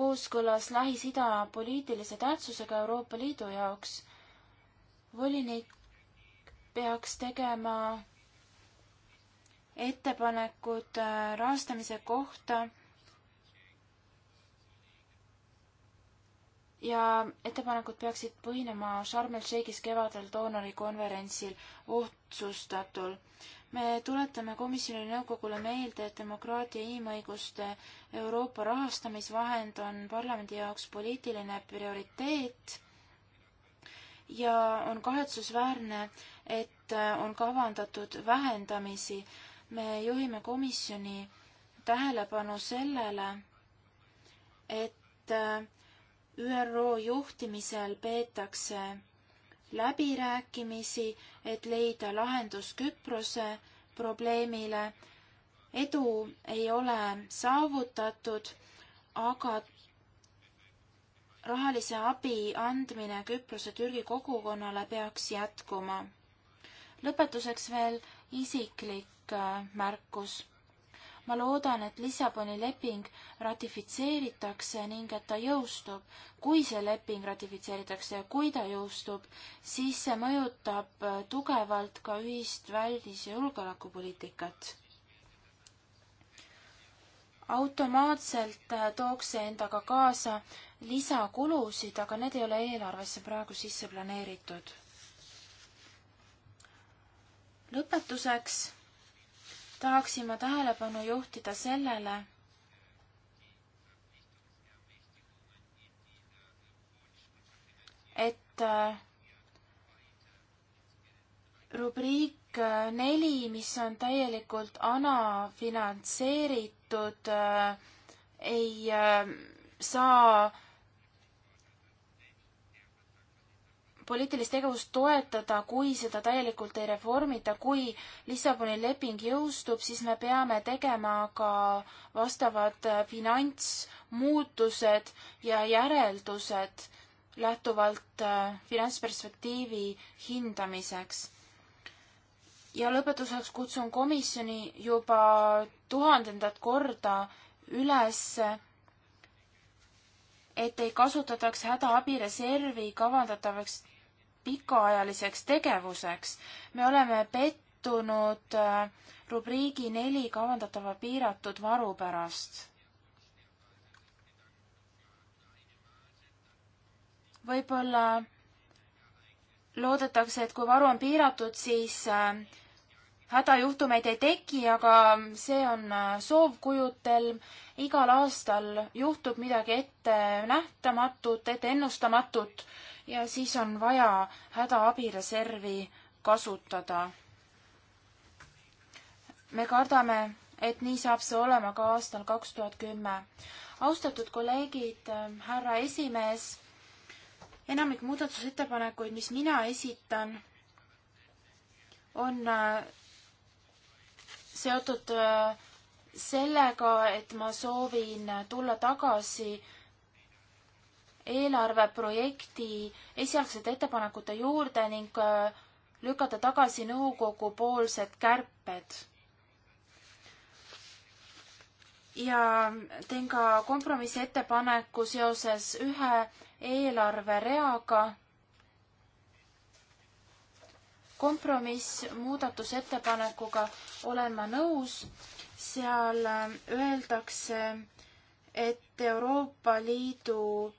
kooskõlas Lähis-Ida poliitilise tähtsusega Euroopa Liidu jaoks. volinik peaks tegema ettepanekud äh, rahastamise kohta ja ettepanekud peaksid põhinema Sharm el Sheikhis kevadel doonorikonverentsil otsustatul. me tuletame komisjoni nõukogule meelde, et demokraatia inimõiguste Euroopa rahastamisvahend on parlamendi jaoks poliitiline prioriteet ja on kahetsusväärne, et on kavandatud vähendamisi. me juhime komisjoni tähelepanu sellele, et ÜRO juhtimisel peetakse läbirääkimisi, et leida lahendus Küprose probleemile. edu ei ole saavutatud, aga rahalise abi andmine Küprose Türgi kogukonnale peaks jätkuma. lõpetuseks veel isiklik äh, märkus ma loodan, et Lissaboni leping ratifitseeritakse ning et ta jõustub. kui see leping ratifitseeritakse ja kui ta jõustub, siis see mõjutab äh, tugevalt ka ühist välis- ja julgeolekupoliitikat. automaatselt äh, tooks see endaga kaasa lisakulusid, aga need ei ole eelarvesse praegu sisse planeeritud. lõpetuseks tahaksin ma tähelepanu juhtida sellele, et äh, rubriik äh, neli, mis on täielikult anafinantseeritud, äh, ei saa poliitilist tegevust toetada, kui seda täielikult ei reformita, kui Lissaboni leping jõustub, siis me peame tegema ka vastavad finantsmuutused ja järeldused lähtuvalt äh, finantsperspektiivi hindamiseks. ja lõpetuseks kutsun komisjoni juba tuhandendat korda üles et ei kasutataks hädaabireservi kavandatavaks pikaajaliseks tegevuseks. me oleme pettunud äh, rubriigi neli kavandatava piiratud varu pärast. võib-olla loodetakse, et kui varu on piiratud, siis äh, hädajuhtumeid ei teki, aga see on äh, soovkujutelm. igal aastal juhtub midagi ettenähtamatut, ettennustamatut ja siis on vaja hädaabireservi kasutada. me kardame, et nii saab see olema ka aastal kaks tuhat kümme. austatud kolleegid, äh, härra esimees, enamik muudatusettepanekuid, mis mina esitan, on äh, seotud äh, sellega, et ma soovin tulla tagasi äh, eelarveprojekti esialgsete ettepanekute juurde ning äh, lükata tagasi nõukogu poolsed kärped. ja teen ka kompromissettepaneku seoses ühe eelarvereaga. kompromiss muudatusettepanekuga olen ma nõus, seal äh, öeldakse, et Euroopa Liidu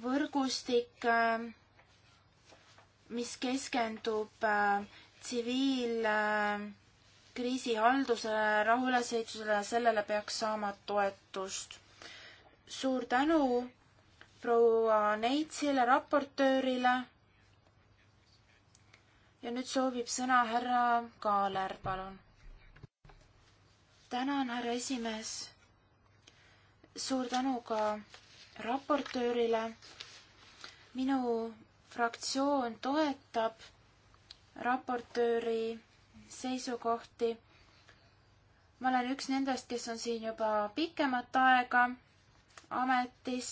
võrgustik, äh, mis keskendub äh, tsiviilkriisihaldusele, äh, rahuülesõitsusele, sellele peaks saama toetust. suur tänu proua Neitsile, raportöörile. ja nüüd soovib sõna härra Kaaler, palun. tänan, härra esimees. suur tänu ka raportöörile. minu fraktsioon toetab raportööri seisukohti. ma olen üks nendest, kes on siin juba pikemat aega ametis.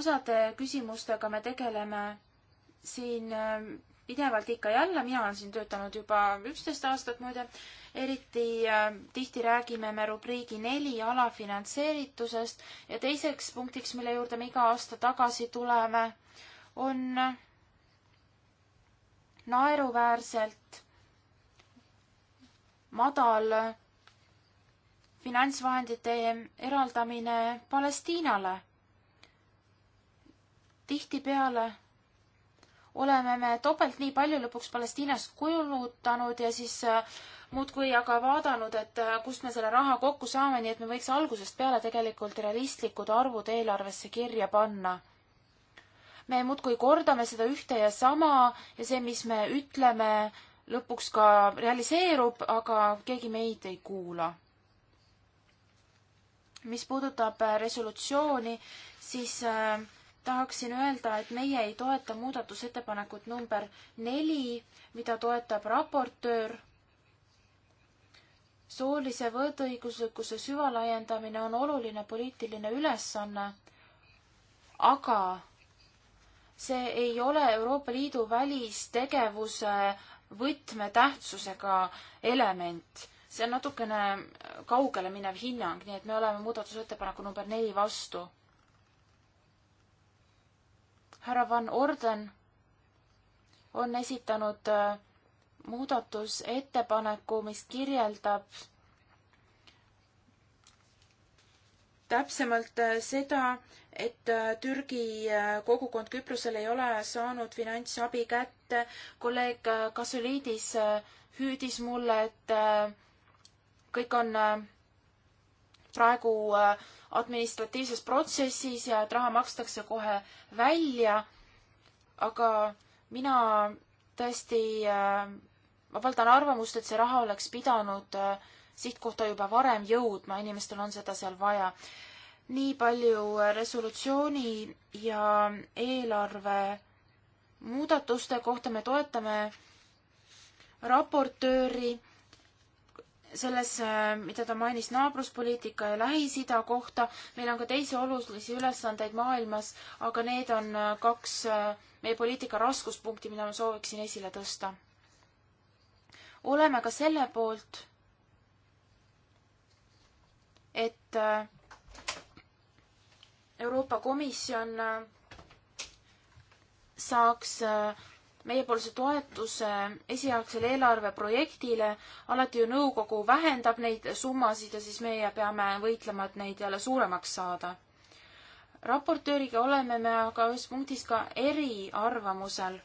osade küsimustega me tegeleme siin äh, pidevalt ikka jälle, mina olen siin töötanud juba üksteist aastat muide, eriti äh, tihti räägime me rubriigi neli alafinantseeritusest ja teiseks punktiks, mille juurde me iga aasta tagasi tuleme, on naeruväärselt madal finantsvahendite eraldamine Palestiinale. tihtipeale oleme me topelt nii palju lõpuks Palestiinast kulutanud ja siis äh, muudkui aga vaadanud, et äh, kust me selle raha kokku saame, nii et me võiks algusest peale tegelikult realistlikud arvud eelarvesse kirja panna. me muudkui kordame seda ühte ja sama ja see, mis me ütleme, lõpuks ka realiseerub, aga keegi meid ei kuula. mis puudutab äh, resolutsiooni, siis äh, tahaksin öelda, et meie ei toeta muudatusettepanekut number neli, mida toetab raportöör. soolise võrdõiguslikkuse süvalaiendamine on oluline poliitiline ülesanne, aga see ei ole Euroopa Liidu välistegevuse võtmetähtsusega element. see on natukene kaugele minev hinnang, nii et me oleme muudatusettepaneku number neli vastu härra Van Orden on esitanud äh, muudatusettepaneku, mis kirjeldab täpsemalt äh, seda, et äh, Türgi kogukond Küprosel ei ole saanud finantsabi kätte. kolleeg Kasuliidis hüüdis mulle, et kõik on praegu äh, administratiivses protsessis ja et raha makstakse kohe välja. aga mina tõesti äh, avaldan arvamust, et see raha oleks pidanud äh, sihtkohta juba varem jõudma, inimestel on seda seal vaja. nii palju resolutsiooni ja eelarve muudatuste kohta me toetame raportööri selles, äh, mida ta mainis naabruspoliitika ja Lähis-Ida kohta, meil on ka teisi olulisi ülesandeid maailmas, aga need on äh, kaks äh, meie poliitika raskuspunkti, mida ma sooviksin esile tõsta. oleme ka selle poolt, et Euroopa Komisjon saaks meiepoolse toetuse esialgsele eelarveprojektile, alati ju nõukogu vähendab neid summasid ja siis meie peame võitlema, et neid jälle suuremaks saada. raportööriga oleme me aga ühes punktis ka eriarvamusel.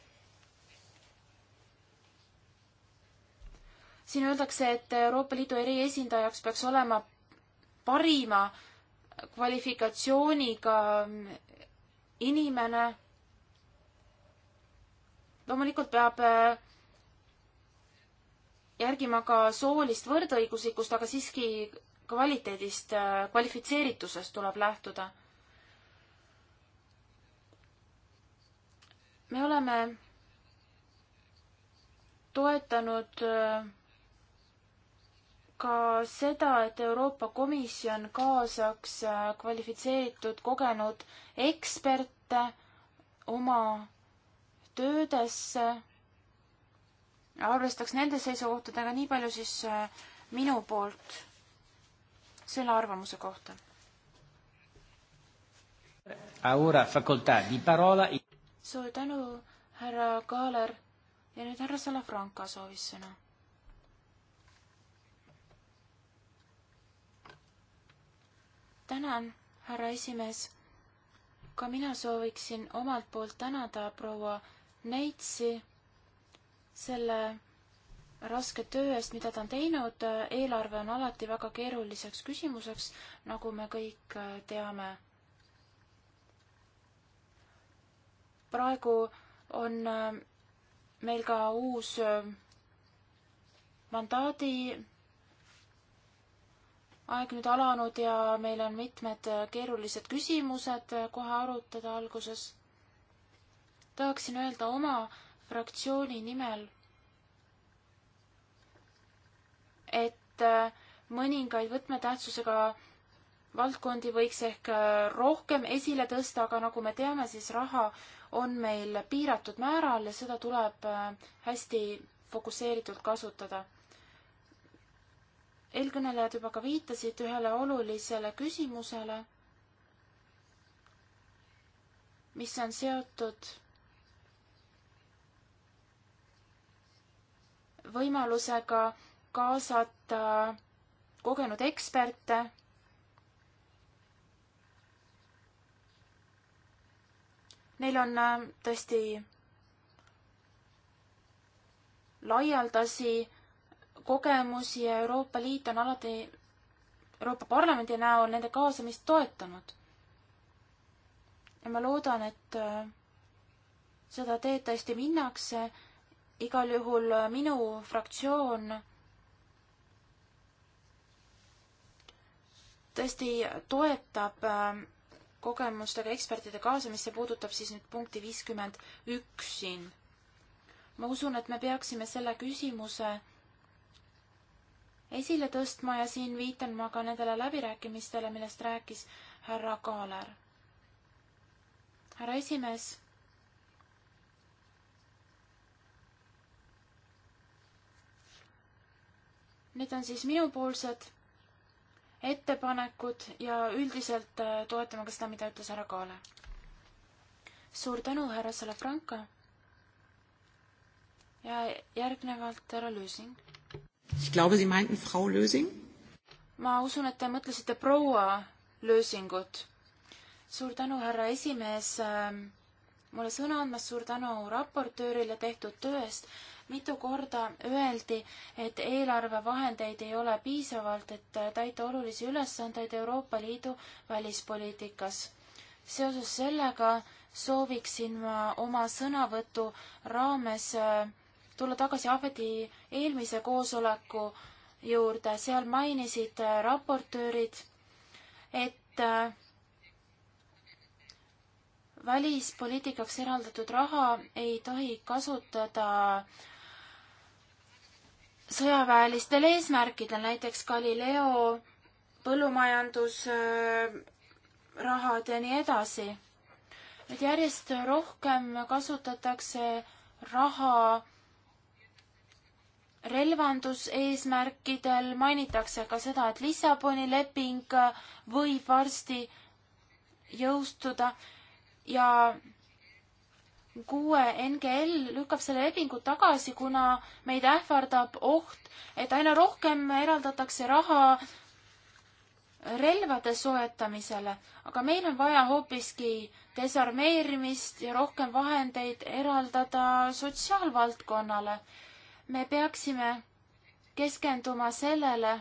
siin öeldakse, et Euroopa Liidu eriesindajaks peaks olema parima kvalifikatsiooniga inimene loomulikult peab äh, järgima ka soolist võrdõiguslikkust, aga siiski kvaliteedist, äh, kvalifitseeritusest tuleb lähtuda. me oleme toetanud äh, ka seda, et Euroopa Komisjon kaasaks kvalifitseeritud kogenud eksperte oma töödesse, arvestaks nende seisukohtadega, nii palju siis äh, minu poolt selle arvamuse kohta. suur tänu, härra Kaaler ja nüüd härra Salafranca soovis sõna tänan, härra esimees. ka mina sooviksin omalt poolt tänada proua Neitsi selle raske töö eest, mida ta on teinud, eelarve on alati väga keeruliseks küsimuseks, nagu me kõik äh, teame. praegu on äh, meil ka uus äh, mandaadi aeg nüüd alanud ja meil on mitmed keerulised küsimused kohe arutada alguses tahaksin öelda oma fraktsiooni nimel, et äh, mõningaid võtmetähtsusega valdkondi võiks ehk äh, rohkem esile tõsta, aga nagu me teame, siis raha on meil piiratud määral ja seda tuleb äh, hästi fokusseeritult kasutada. eelkõnelejad juba ka viitasid ühele olulisele küsimusele, mis on seotud võimalusega kaasata kogenud eksperte. Neil on äh, tõesti laialdasi kogemusi ja Euroopa Liit on alati Euroopa Parlamendi näol nende kaasamist toetanud. ja ma loodan, et äh, seda teed tõesti minnakse igal juhul äh, minu fraktsioon tõesti toetab äh, kogemustega ekspertide kaasamist, see puudutab siis nüüd punkti viiskümmend üks siin. ma usun, et me peaksime selle küsimuse esile tõstma ja siin viitan ma ka nendele läbirääkimistele, millest rääkis härra Kaaler. härra esimees Need on siis minupoolsed ettepanekud ja üldiselt äh, toetame ka seda, mida ütles härra Kaale. suur tänu, härra Salafranca. ja järgnevalt härra Lösing. Ich glaube, Sie meinten Frau Lösing? ma usun, et te mõtlesite proua Lösingut. suur tänu, härra esimees, ähm, mulle sõna andmast, suur tänu raportöörile tehtud töö eest mitu korda öeldi, et eelarvevahendeid ei ole piisavalt, et täita olulisi ülesandeid Euroopa Liidu välispoliitikas. seoses sellega sooviksin ma oma sõnavõtu raames äh, tulla tagasi Ahveti eelmise koosoleku juurde, seal mainisid äh, raportöörid, et äh, välispoliitikaks eraldatud raha ei tohi kasutada sõjaväelistel eesmärkidel, näiteks Galileo põllumajandusrahad äh, ja nii edasi. et järjest rohkem kasutatakse raha relvanduseesmärkidel, mainitakse ka seda, et Lissaboni leping võib varsti jõustuda ja kuue NGL lükkab selle lepingu tagasi, kuna meid ähvardab oht, et aina rohkem eraldatakse raha relvade soetamisele, aga meil on vaja hoopiski desarmeerimist ja rohkem vahendeid eraldada sotsiaalvaldkonnale. me peaksime keskenduma sellele,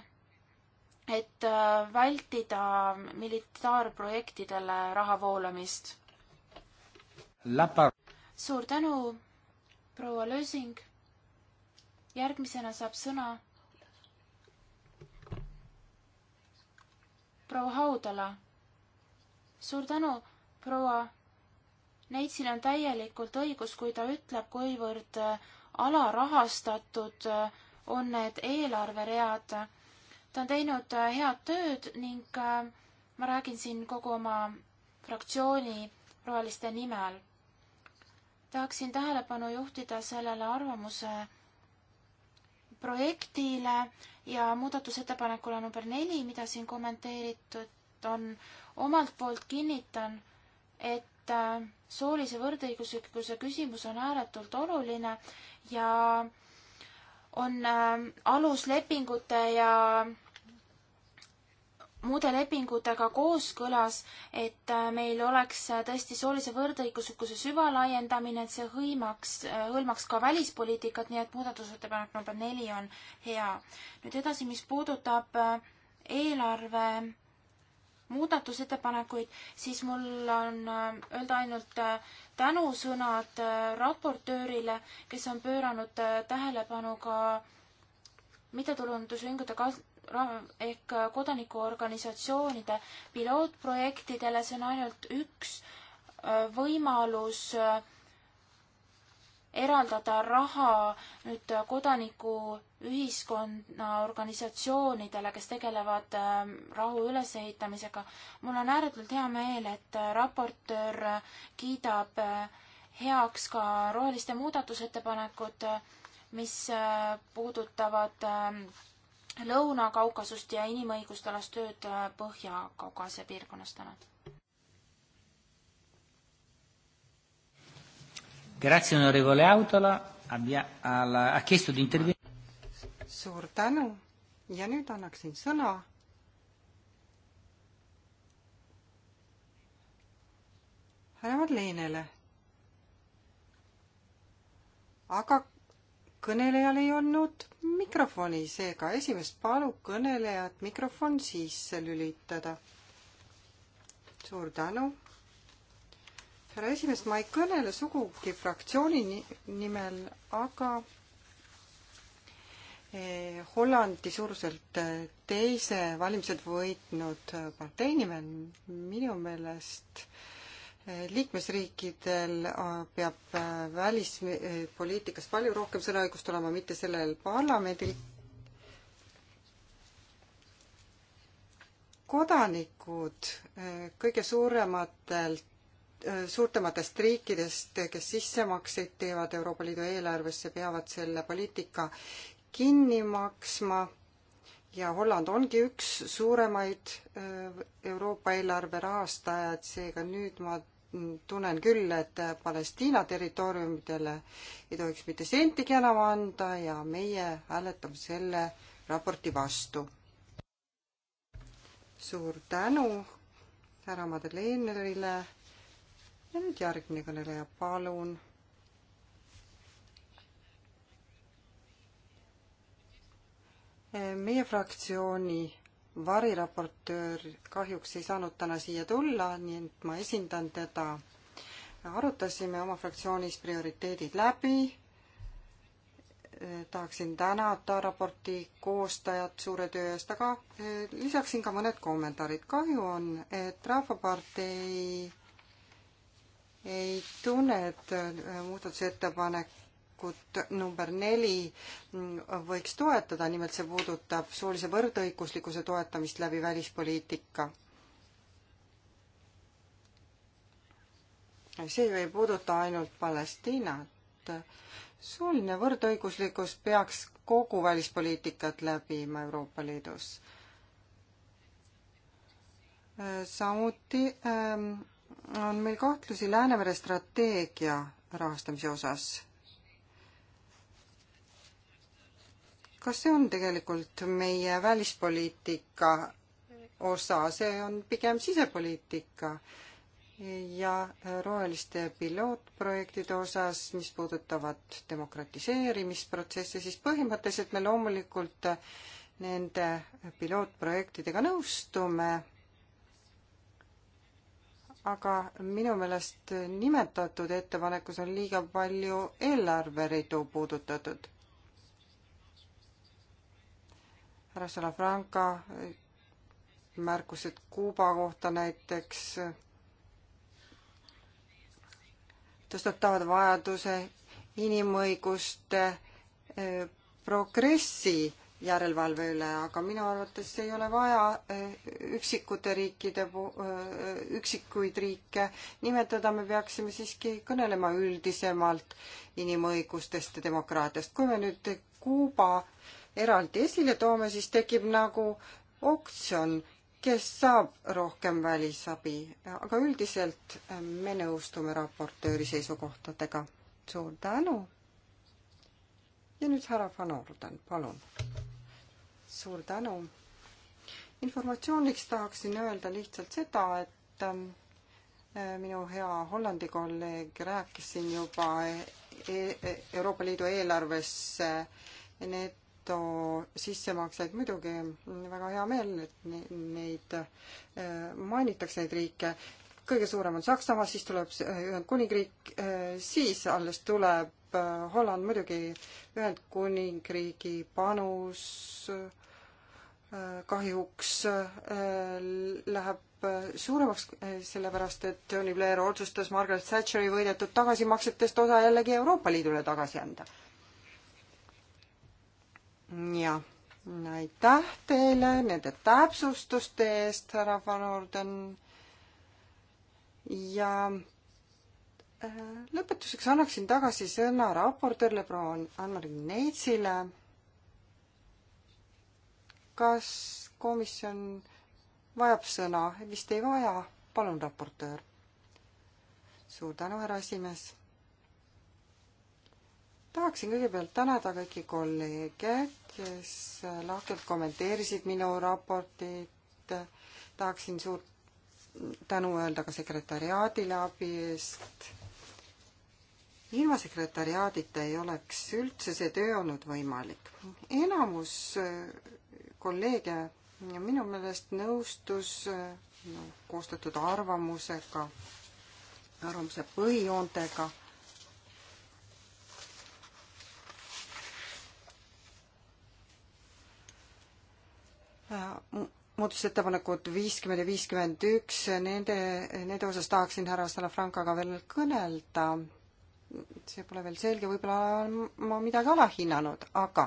et äh, vältida militaarprojektidele raha voolamist suur tänu, proua Lösing. järgmisena saab sõna proua Haudala. suur tänu, proua. Neitsil on täielikult õigus, kui ta ütleb, kuivõrd äh, alarahastatud äh, on need eelarveread. ta on teinud äh, head tööd ning ma räägin siin kogu oma fraktsiooni roheliste nimel tahaksin tähelepanu juhtida sellele arvamuse projektile ja muudatusettepanekule number neli, mida siin kommenteeritud on. omalt poolt kinnitan, et äh, soolise võrdõiguslikkuse küsimus on ääretult oluline ja on äh, aluslepingute ja muude lepingutega kooskõlas, et äh, meil oleks äh, tõesti soolise võrdõiguslikkuse süvalaiendamine, et see hõimaks, äh, hõlmaks ka välispoliitikat, nii et muudatusettepanek number neli on hea. nüüd edasi, mis puudutab eelarve muudatusettepanekuid, siis mul on öelda ainult tänusõnad raportöörile, kes on pööranud tähelepanu ka mittetulundusühingute kas-, ehk kodanikuorganisatsioonide pilootprojektidele, see on ainult üks äh, võimalus äh, eraldada raha nüüd kodanikuühiskonna organisatsioonidele, kes tegelevad äh, rahu ülesehitamisega. mul on ääretult hea meel, et raportöör kiidab heaks ka roheliste muudatusettepanekud, mis puudutavad äh, Lõuna-Kaukasust ja inimõiguste alast tööd äh, Põhja-Kaukaasia piirkonnas täna.
Grazie onorevole Autola, abbia, alla, ha chiesto di intervenire.
suur tänu ja nüüd annaksin sõna härra Marleenele. aga kõnelejal ei olnud mikrofoni, seega esimest palub kõnelejat mikrofon sisse lülitada. suur tänu. härra esimees, ma ei kõnele sugugi fraktsiooni nimel, aga eh, Hollandi suuruselt eh, teise valimised võitnud eh, partei nimel minu meelest äh, liikmesriikidel äh, peab äh, välispoliitikas palju rohkem sõnaõigust olema, mitte sellel parlamendil. kodanikud äh, kõige suurematelt, suurtematest riikidest, kes sissemakseid teevad Euroopa Liidu eelarvesse, peavad selle poliitika kinni maksma ja Holland ongi üks suuremaid äh, Euroopa eelarve rahastajaid, seega nüüd ma tunnen küll, et Palestiina territooriumidele ei tohiks mitte sentigi enam anda ja meie hääletame selle raporti vastu. suur tänu härra Madeleenile ja nüüd järgmine kõneleja, palun meie fraktsiooni variraportöör kahjuks ei saanud täna siia tulla, nii et ma esindan teda. arutasime oma fraktsioonis prioriteedid läbi. tahaksin tänada raporti koostajat suure töö eest, aga eh, lisaksin ka mõned kommentaarid. kahju on, et Rahvapartei ei tunne, et eh, muudatusettepanek ettepanekut number neli võiks toetada, nimelt see puudutab soolise võrdõiguslikkuse toetamist läbi välispoliitika. see ju ei puuduta ainult Palestiinat. sooline võrdõiguslikkus peaks kogu välispoliitikat läbima Euroopa Liidus. samuti ähm, on meil kahtlusi Läänemere strateegia rahastamise osas. kas see on tegelikult meie välispoliitika osa, see on pigem sisepoliitika ja roheliste pilootprojektide osas, mis puudutavad demokratiseerimisprotsesse, siis põhimõtteliselt me loomulikult nende pilootprojektidega nõustume, aga minu meelest nimetatud ettepanekus on liiga palju eelarveridu puudutatud härra Salafranca märkused Kuuba kohta näiteks tõstatavad vajaduse inimõiguste eh, progressi järelevalve üle, aga minu arvates ei ole vaja eh, üksikute riikide, eh, üksikuid riike nimetada, me peaksime siiski kõnelema üldisemalt inimõigustest ja demokraatiast. kui me nüüd Kuuba äh, eraldi esile toome, siis tekib nagu oksjon, kes saab rohkem välisabi, aga üldiselt eh, me nõustume raportööri seisukohtadega. suur tänu. ja nüüd härra Van Orden, palun. suur tänu. informatsiooniks tahaksin öelda lihtsalt seda, et eh, minu hea Hollandi kolleeg rääkis siin juba e-, e-, Euroopa Liidu eelarvesse need NATO sissemakseid, muidugi väga hea meel, et neid äh, mainitakse, neid riike. kõige suurem on Saksamaa, siis tuleb äh, Ühendkuningriik, äh, siis alles tuleb Holland, muidugi Ühendkuningriigi panus kahjuks läheb suuremaks, sellepärast et Tony Blair otsustas Margaret Thatcheri võidetud tagasimaksetest osa jällegi Euroopa Liidule tagasi anda jah, aitäh teile nende täpsustuste eest, härra Van Orden. ja äh, lõpetuseks annaksin tagasi sõna raportöörile proua Ann-Mari Neitsile. kas komisjon vajab sõna, vist ei vaja, palun raportöör. suur tänu, härra esimees tahaksin kõigepealt tänada kõiki kolleege, kes lahkelt kommenteerisid minu raportit, tahaksin suurt tänu öelda ka sekretäriaadile abi eest. ilma sekretäriaadita ei oleks üldse see töö olnud võimalik. enamus kolleege minu meelest nõustus no, koostatud arvamusega, arvamuse põhijoontega Äh, muudatusettepanekud viiskümmend ja viiskümmend üks, nende, nende osas tahaksin härra Salafrankaga veel kõnelda. see pole veel selge, võib-olla olen ma midagi alahinnanud, aga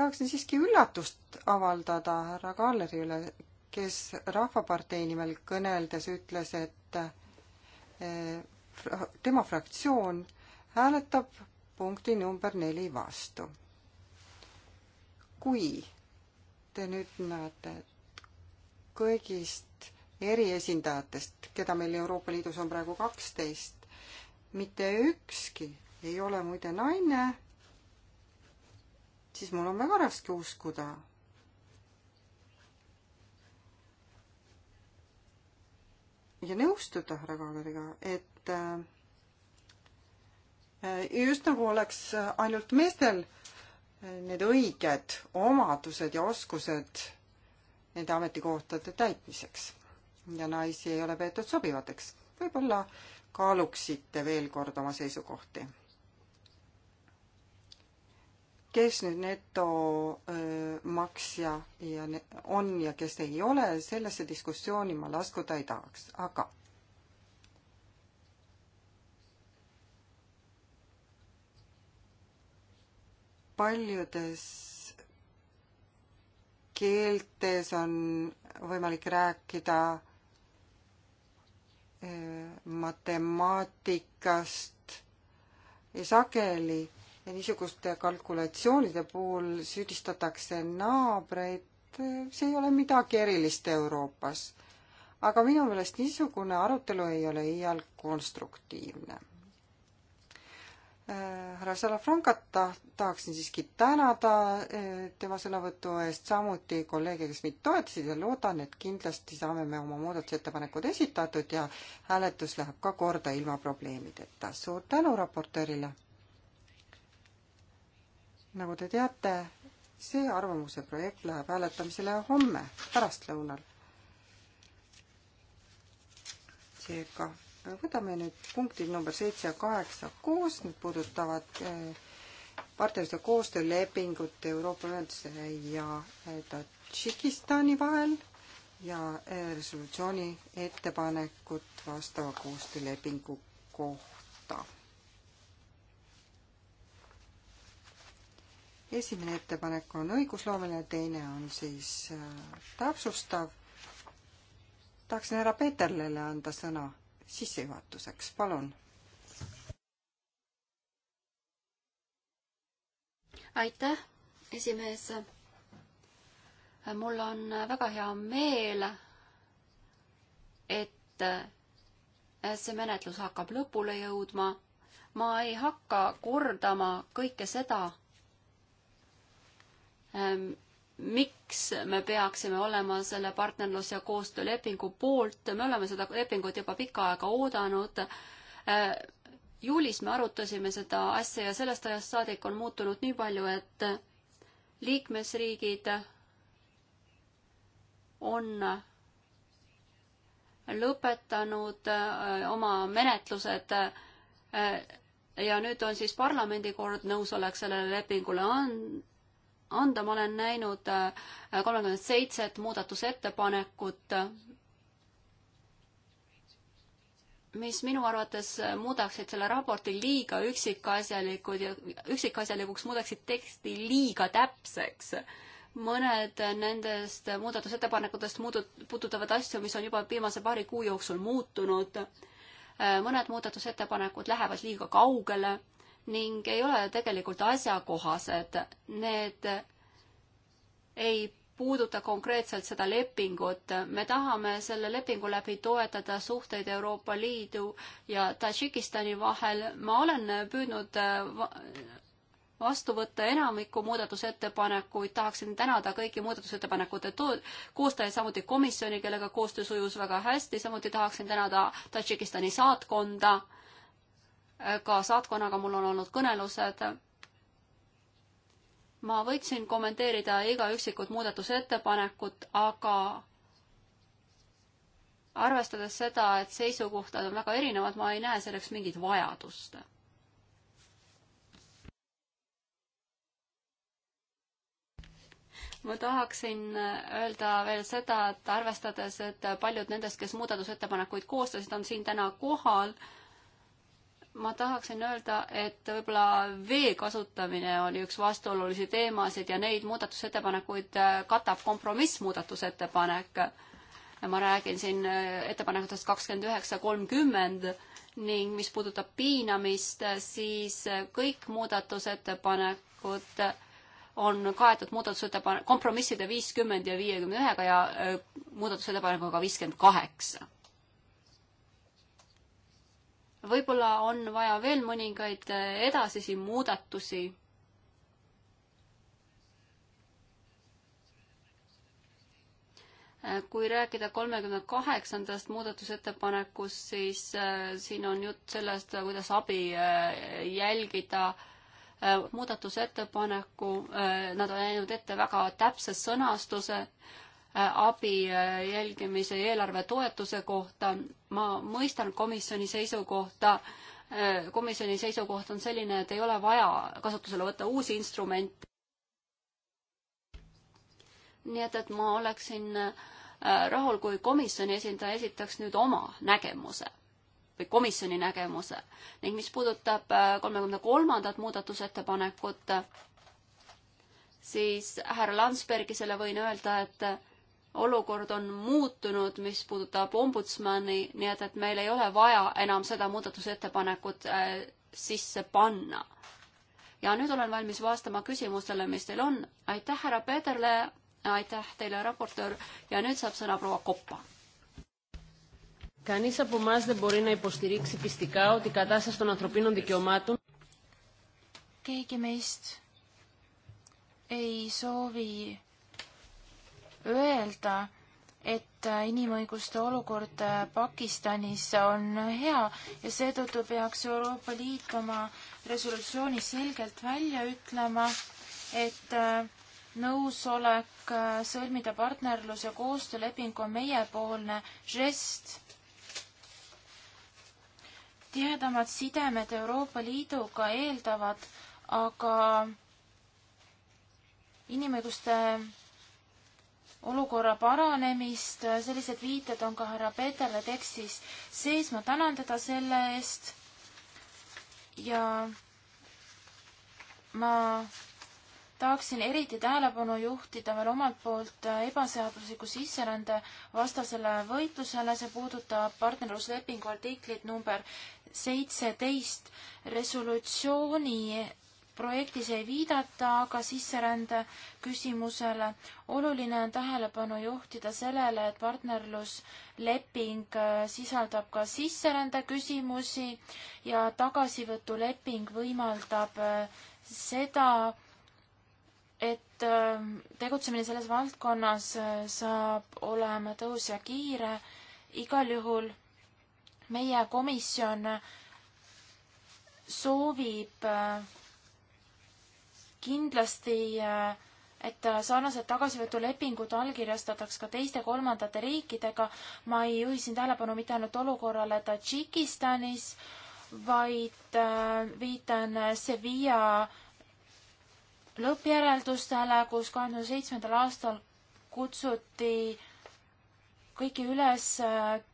tahaksin siiski üllatust avaldada härra Kalleri üle, kes Rahvapartei nimel kõneldes ütles, et eh, tema fraktsioon hääletab punkti number neli vastu kui te nüüd näete, et kõigist eriesindajatest, keda meil Euroopa Liidus on praegu kaksteist, mitte ükski ei ole muide naine, siis mul on väga raske uskuda. ja nõustuda härra Kaageriga, et äh, just nagu oleks ainult meestel äh, need õiged omadused ja oskused nende ametikohtade täitmiseks. ja naisi ei ole peetud sobivateks. võib-olla kaaluksite veel kord oma seisukohti. kes nüüd netomaksja ja on ja kes ei ole, sellesse diskussiooni ma laskuda ei tahaks, aga paljudes keeltes on võimalik rääkida eh, matemaatikast ja sageli ja niisuguste kalkulatsioonide puhul süüdistatakse naabreid, see ei ole midagi erilist Euroopas. aga minu meelest niisugune arutelu ei ole iial konstruktiivne härra Salafrankat ta-, tahaksin siiski tänada eh, tema sõnavõtu eest, samuti kolleege, kes mind toetasid ja loodan, et kindlasti saame me oma muudatusettepanekud esitatud ja hääletus läheb ka korda ilma probleemideta. suur tänu raportöörile! nagu te teate, see arvamuse projekt läheb hääletamisele homme pärastlõunal. seega võtame nüüd punktid number seitse ja kaheksa koos, need puudutavad eh, partnerluse koostöölepingut Euroopa Ühenduse ja eh, Tadžikistani vahel ja eh, resolutsiooni ettepanekut vastava koostöölepingu kohta. esimene ettepanek on õigusloomeline, teine on siis täpsustav. tahaksin härra Peterlele anda sõna sissejuhatuseks, palun. aitäh,
esimees. mul on väga hea meel, et see menetlus hakkab lõpule jõudma. ma ei hakka kordama kõike seda, miks me peaksime olema selle partnerlus- ja koostöölepingu poolt, me oleme seda lepingut juba pikka aega oodanud. Äh, juulis me arutasime seda asja ja sellest ajast saadik on muutunud nii palju, et liikmesriigid on lõpetanud äh, oma menetlused äh, ja nüüd on siis parlamendi kord nõusolek sellele lepingule and-, anda, ma olen näinud äh, kolmekümmend seitset muudatusettepanekut, mis minu arvates muudaksid selle raporti liiga üksikasjalikud ja üksikasjalikuks muudaksid teksti liiga täpseks. mõned nendest muudatusettepanekutest muudu-, puudutavad asju, mis on juba viimase paari kuu jooksul muutunud, äh, mõned muudatusettepanekud lähevad liiga kaugele ning ei ole tegelikult asjakohased. Need ei puuduta konkreetselt seda lepingut. me tahame selle lepingu läbi toetada suhteid Euroopa Liidu ja Tadžikistani vahel. ma olen püüdnud äh, vastu võtta enamikku muudatusettepanekuid, tahaksin tänada kõiki muudatusettepanekute koostajaid, samuti komisjoni, kellega koostöö sujus väga hästi, samuti tahaksin tänada Tadžikistani saatkonda ka saatkonnaga mul on olnud kõnelused. ma võiksin kommenteerida iga üksikut muudatusettepanekut, aga arvestades seda, et seisukohtad on väga erinevad, ma ei näe selleks mingit vajadust ma tahaksin öelda veel seda, et arvestades, et paljud nendest, kes muudatusettepanekuid koostasid, on siin täna kohal, ma tahaksin öelda, et võib-olla vee kasutamine oli üks vastuolulisi teemasid ja neid muudatusettepanekuid äh, katab kompromissmuudatusettepanek. ma räägin siin äh, ettepanekutest kakskümmend üheksa, kolmkümmend ning mis puudutab piinamist, siis äh, kõik muudatusettepanekud on kaetud muudatusettepanek, kompromisside viiskümmend ja viiekümne ühega ja muudatusettepanekuga viiskümmend kaheksa võib-olla on vaja veel mõningaid eh, edasisi muudatusi. Eh, kui rääkida kolmekümne kaheksandast muudatusettepanekust, siis eh, siin on jutt sellest, kuidas abi jälgida muudatusettepaneku, nad on näinud ette väga täpse sõnastuse, abi äh, jälgimise ja eelarve toetuse kohta. ma mõistan komisjoni seisukohta. Äh, komisjoni seisukoht on selline, et ei ole vaja kasutusele võtta uusi instrumente. nii et, et ma oleksin äh, rahul, kui komisjoni esindaja esitaks nüüd oma nägemuse või komisjoni nägemuse ning mis puudutab kolmekümne kolmandat muudatusettepanekut, siis härra Landsbergisele võin öelda, et olukord on muutunud, mis puudutab ombudsmani, nii et, et meil ei ole vaja enam seda muudatusettepanekut äh, sisse panna. ja nüüd olen valmis vastama küsimustele, mis teil on. aitäh härra Peeterle, aitäh teile, raportöör, ja nüüd saab sõna proua
Koppa. Κανείς από εμά δεν μπορεί να υποστηρίξει πιστικά ότι η κατάσταση των ανθρωπίνων δικαιωμάτων keegi meist ei soovi öelda, et inimõiguste olukord Pakistanis on hea ja seetõttu peaks Euroopa Liit oma resolutsioonis selgelt välja ütlema, et äh, nõusolek äh, sõlmida partnerlus- ja koostööleping on meiepoolne žest. tihedamad sidemed Euroopa Liiduga eeldavad aga inimõiguste olukorra paranemist, sellised viited on ka härra Peterle tekstis sees, ma tänan teda selle eest ja ma tahaksin eriti tähelepanu juhtida veel omalt poolt ebaseadusliku sisserände vastasele võitlusele, see puudutab partnerluslepingu artiklit number seitseteist. resolutsiooni projektis ei viidata aga sisserände küsimusele. oluline on tähelepanu juhtida sellele, et partnerlusleping äh, sisaldab ka sisserände küsimusi ja tagasivõtuleping võimaldab äh, seda, et äh, tegutsemine selles valdkonnas saab olema tõus ja kiire. igal juhul meie komisjon soovib äh, kindlasti, äh, et äh, sarnased tagasivõtulepingud allkirjastataks ka teiste kolmandate riikidega. ma ei juhi siin tähelepanu mitte ainult olukorrale Tadžikistanis, vaid äh, viitan Sevilla lõppjäreldustele, kus kahekümne seitsmendal aastal kutsuti kõiki üles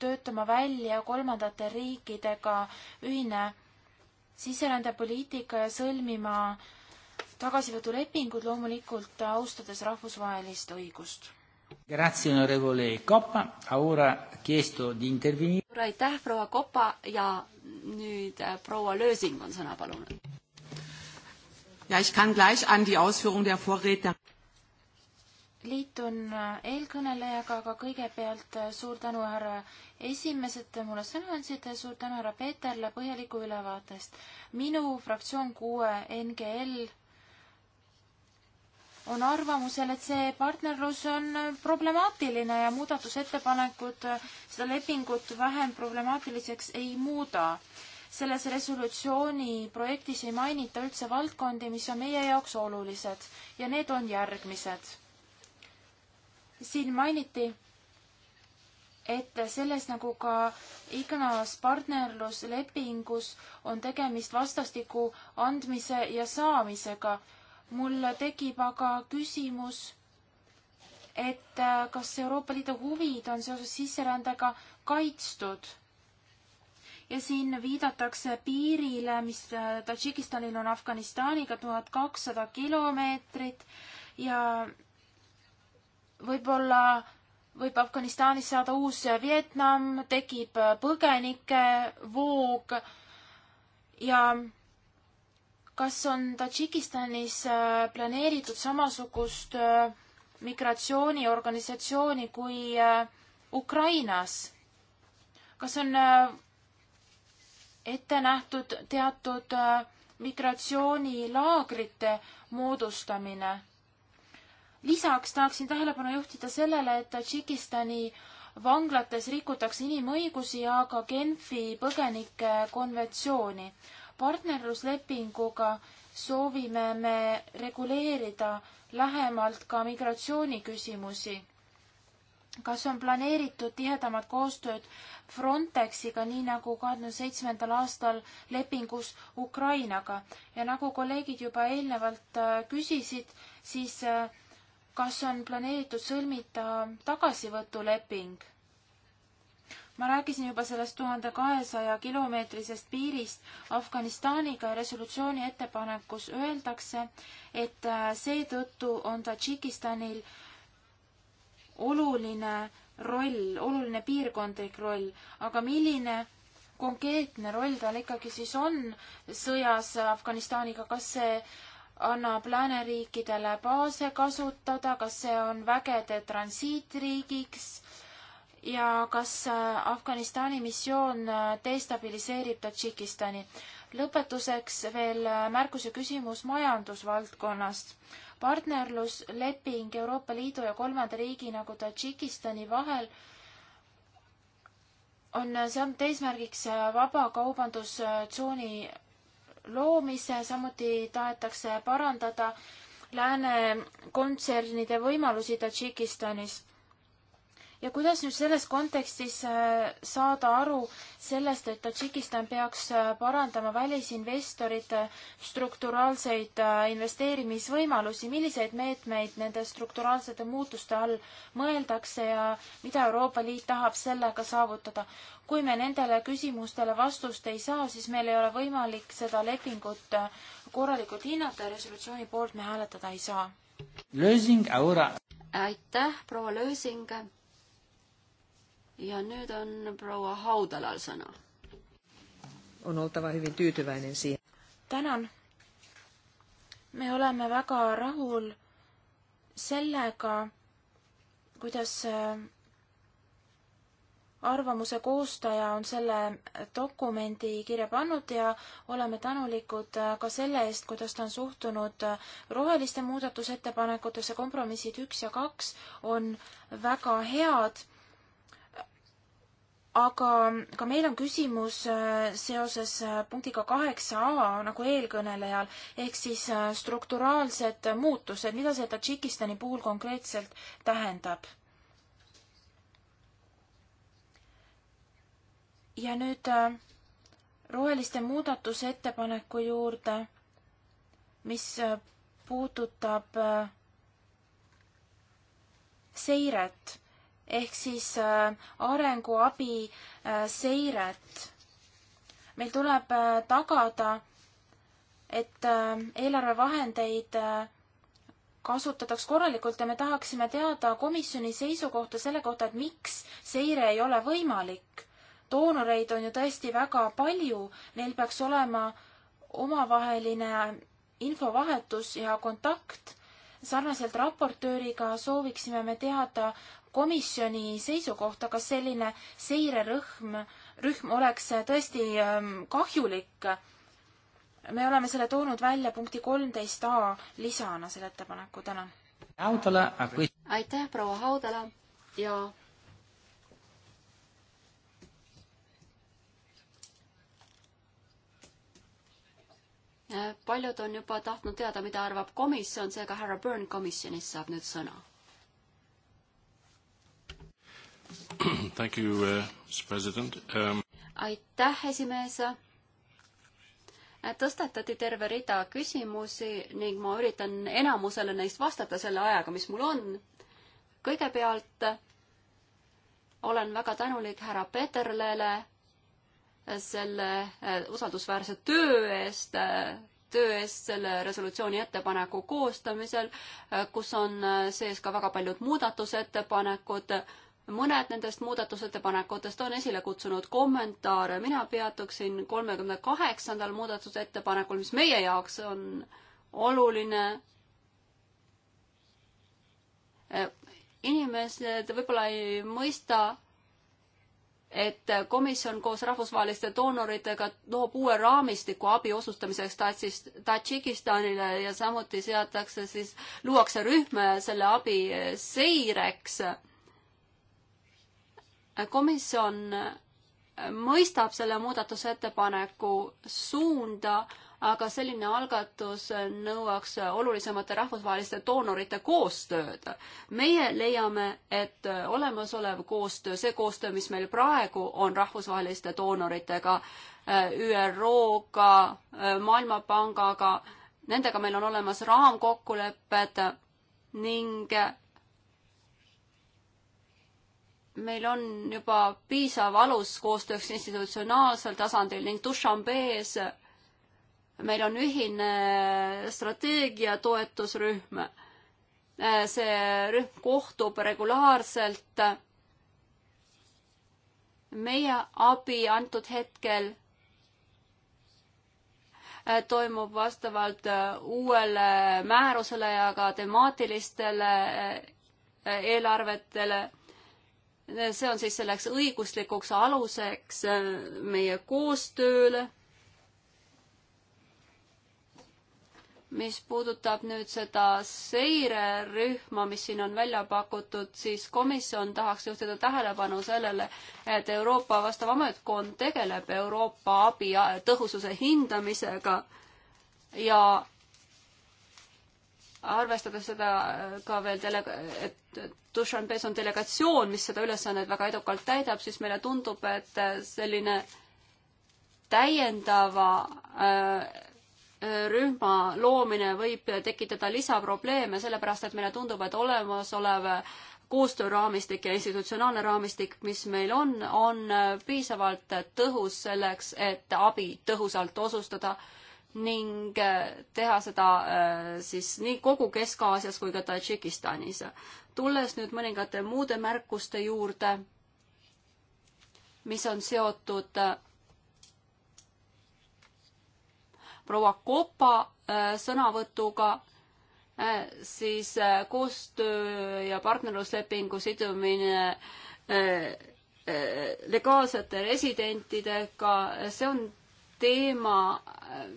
töötama välja kolmandate riikidega ühine sisserändepoliitika ja sõlmima äh, tagasivõtulepingud loomulikult austades rahvusvahelist õigust.
Grazie onorevole Coppa, ora chiesto di intervenire.
aitäh, proua Coppa ja nüüd
äh, proua Lösing on sõna palunud.
Ja ich kann gleich an die Ausführung der Vorredner
liitun äh, eelkõnelejaga, aga kõigepealt äh, suur tänu, härra esimees, et te mulle sõna andsite, suur tänu härra Peeterle põhjaliku ülevaatest. minu fraktsioon kuue NGL on arvamusel, et see partnerlus on problemaatiline ja muudatusettepanekud seda lepingut vähem problemaatiliseks ei muuda. selles resolutsiooni projektis ei mainita üldse valdkondi, mis on meie jaoks olulised ja need on järgmised. siin mainiti, et selles nagu ka igas partnerluslepingus on tegemist vastastiku andmise ja saamisega mul tekib aga küsimus, et äh, kas Euroopa Liidu huvid on seoses sisserändega kaitstud? ja siin viidatakse piirile, mis äh, Tadžikistanil on Afganistaniga tuhat kakssada kilomeetrit ja võib-olla võib Afganistanis saada uus Vietnam, tekib äh, põgenikevoog ja kas on Tadžikistanis äh, planeeritud samasugust äh, migratsiooniorganisatsiooni kui äh, Ukrainas? kas on ette nähtud teatud migratsioonilaagrite moodustamine? lisaks tahaksin tähelepanu juhtida sellele, et Tadžikistani vanglates rikutakse inimõigusi ja ka Genfi põgenike konventsiooni partnerluslepinguga soovime me reguleerida lähemalt ka migratsiooniküsimusi. kas on planeeritud tihedamat koostööd Frontexiga, nii nagu kahekümne seitsmendal aastal lepingus Ukrainaga ja nagu kolleegid juba eelnevalt äh, küsisid, siis äh, kas on planeeritud sõlmida tagasivõtuleping ma rääkisin juba sellest tuhande kahesaja kilomeetrisest piirist Afganistaniga ja resolutsiooni ettepanekus öeldakse, et äh, seetõttu on Tadžikistanil oluline roll, oluline piirkondlik roll, aga milline konkreetne roll tal ikkagi siis on sõjas Afganistaniga, kas see annab lääneriikidele baase kasutada, kas see on vägede transiitriigiks ja kas äh, Afganistani missioon äh, destabiliseerib Tadžikistani. lõpetuseks veel äh, märkus ja küsimus majandusvaldkonnast. partnerlusleping Euroopa Liidu ja kolmanda riigi nagu Tadžikistani vahel on seadnud eesmärgiks vabakaubandustsooni loomise, samuti tahetakse parandada lääne kontsernide võimalusi Tadžikistanis ja kuidas nüüd selles kontekstis äh, saada aru sellest, et Tadžikistan peaks äh, parandama välisinvestorite äh, strukturaalseid investeerimisvõimalusi, milliseid meetmeid nende strukturaalsete muutuste all mõeldakse ja mida Euroopa Liit tahab sellega saavutada? kui me nendele küsimustele vastust ei saa, siis meil ei ole võimalik seda lepingut korralikult hinnata ja resolutsiooni poolt me hääletada ei saa. aitäh, proua Lösing!
ja nüüd on proua Haudalal sõna.
on oltava hyvin tyytyväinen siihen.
tänan. me oleme väga rahul sellega, kuidas äh, arvamuse koostaja on selle dokumendi kirja pannud ja oleme tänulikud äh, ka selle eest, kuidas ta on suhtunud äh, roheliste muudatusettepanekutesse, kompromissid üks ja kaks on väga head aga ka meil on küsimus äh, seoses äh, punktiga kaheksa A nagu eelkõnelejal, ehk siis äh, strukturaalsed muutused, mida see Tadžikistani puhul konkreetselt tähendab? ja nüüd roheliste muudatusettepaneku juurde, mis puudutab seiret ehk siis äh, arenguabi äh, seiret. meil tuleb äh, tagada, et eelarvevahendeid kasutataks korralikult ja me tahaksime teada komisjoni seisukohta selle kohta, et miks seire ei ole võimalik. doonoreid on ju tõesti väga palju, neil peaks olema omavaheline infovahetus ja kontakt. sarnaselt raportööriga sooviksime me teada komisjoni seisukohta, kas selline seirerühm, rühm oleks tõesti ähm, kahjulik. me oleme selle toonud välja punkti kolmteist A lisana, selle ettepaneku, tänan. aitäh, proua Haudala ja
paljud on juba tahtnud teada, mida arvab komisjon, seega härra Byrne komisjonist saab nüüd sõna
Thank you, uh, president um....
aitäh, esimees. tõstatati terve rida küsimusi ning ma üritan enamusele neist vastata selle ajaga, mis mul on. kõigepealt olen väga tänulik härra Peterlele selle äh, usaldusväärse töö eest, äh, töö eest selle resolutsiooni ettepaneku koostamisel, äh, kus on sees ka väga paljud muudatusettepanekud mõned nendest muudatusettepanekutest on esile kutsunud kommentaare, mina peatuksin kolmekümne kaheksandal muudatusettepanekul, mis meie jaoks on oluline. inimesed võib-olla ei mõista, et komisjon koos rahvusvaheliste doonoritega loob uue raamistiku abi osustamiseks Tadžikistanile ja samuti seatakse siis, luuakse rühm selle abi seireks komisjon äh, mõistab selle muudatusettepaneku suunda, aga selline algatus nõuaks olulisemate rahvusvaheliste doonorite koostööd. meie leiame, et olemasolev koostöö, see koostöö, mis meil praegu on rahvusvaheliste doonoritega, äh, ÜRO-ga, äh, Maailmapangaga, nendega meil on olemas raamkokkulepped ning meil on juba piisav alus koostööks institutsionaalsel tasandil ning Dušanbees meil on ühine strateegia toetusrühm. see rühm kohtub regulaarselt. meie abi antud hetkel toimub vastavalt uuele määrusele ja ka temaatilistele eelarvetele see on siis selleks õiguslikuks aluseks äh, meie koostööle. mis puudutab nüüd seda seirerühma, mis siin on välja pakutud, siis komisjon tahaks juhtida tähelepanu sellele, et Euroopa vastav ametkond tegeleb Euroopa abi tõhususe hindamisega ja arvestades seda äh, ka veel delega-, et Dušan Pes on delegatsioon, mis seda ülesannet väga edukalt täidab, siis meile tundub, et äh, selline täiendava äh, rühma loomine võib tekitada lisaprobleeme, sellepärast et meile tundub, et olemasolev koostööraamistik ja institutsionaalne raamistik, mis meil on, on piisavalt tõhus selleks, et abi tõhusalt osustada ning äh, teha seda äh, siis nii kogu Kesk-Aasias kui ka Tadžikistanis. tulles nüüd mõningate muude märkuste juurde, mis on seotud äh, proua Kopa sõnavõtuga, siis koostöö ja partnerluslepingu sidumine legaalsete residentidega, see on teema,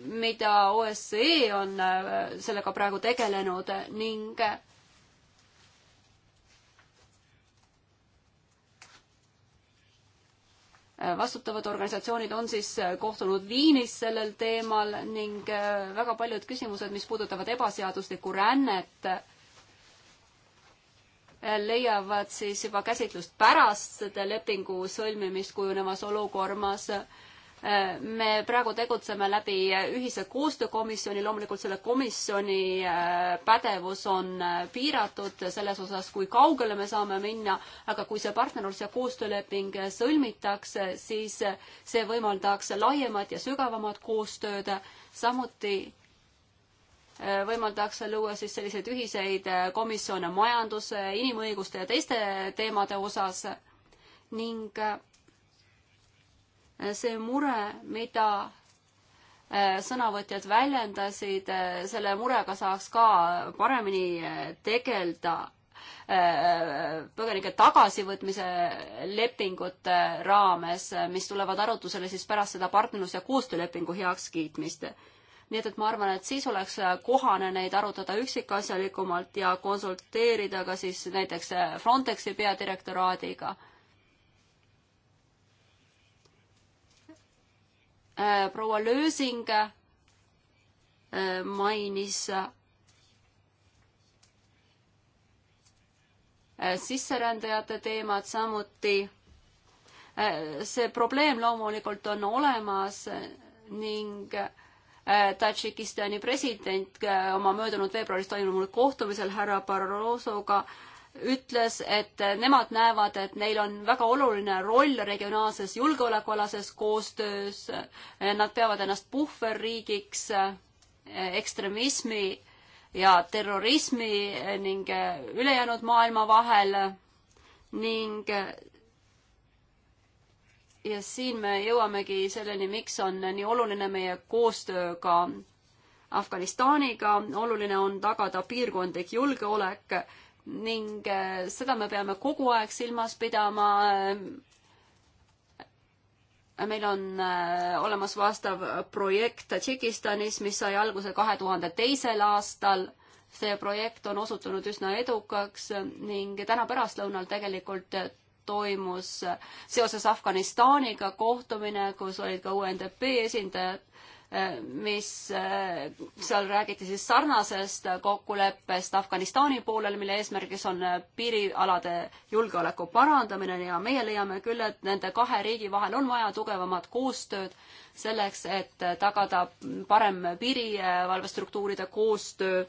mida OSCE on äh, sellega praegu tegelenud ning äh, vastutavad organisatsioonid on siis äh, kohtunud Viinis sellel teemal ning väga paljud küsimused, mis puudutavad ebaseaduslikku rännet, leiavad siis juba käsitlust pärast selle lepingu sõlmimist kujunevas olukorras me praegu tegutseme läbi ühise koostöökomisjoni, loomulikult selle komisjoni äh, pädevus on äh, piiratud selles osas, kui kaugele me saame minna, aga kui see partnerlus ja koostööleping sõlmitakse, siis see võimaldaks laiemat ja sügavamat koostööd, samuti äh, võimaldatakse luua siis selliseid ühiseid komisjone majanduse, inimõiguste ja teiste teemade osas ning see mure, mida äh, sõnavõtjad väljendasid, äh, selle murega saaks ka paremini äh, tegeleda põgenike tagasivõtmise lepingute raames, mis tulevad arutusele siis pärast seda partnerlus- ja koostöölepingu heakskiitmist. nii et, et ma arvan, et siis oleks kohane neid arutada üksikasjalikumalt ja konsulteerida ka siis näiteks Frontexi peadirektoraadiga Äh, proua Lösing äh, mainis äh, sisserändajate teemad samuti. see probleem loomulikult on olemas ning Tadžikistani president oma möödunud veebruaris toimunud kohtumisel härra Barrosoga ütles, et nemad näevad, et neil on väga oluline roll regionaalses julgeolekualases koostöös. Nad peavad ennast puhverriigiks ekstremismi ja terrorismi ning ülejäänud maailma vahel ning ja siin me jõuamegi selleni, miks on nii oluline meie koostöö ka Afganistaniga, oluline on tagada piirkondlik julgeolek ning äh, seda me peame kogu aeg silmas pidama. Äh, meil on äh, olemas vastav projekt Tšekistanis, mis sai alguse kahe tuhande teisel aastal see projekt on osutunud üsna edukaks ning täna pärastlõunal tegelikult toimus seoses Afganistaniga kohtumine, kus olid ka UNDP esindajad Äh, mis, äh, seal räägiti siis sarnasest kokkuleppest Afganistani poolel, mille eesmärgiks on äh, piirialade julgeoleku parandamine ja meie leiame küll, et nende kahe riigi vahel on vaja tugevamat koostööd selleks, et tagada parem piirivalvestruktuuride koostöö.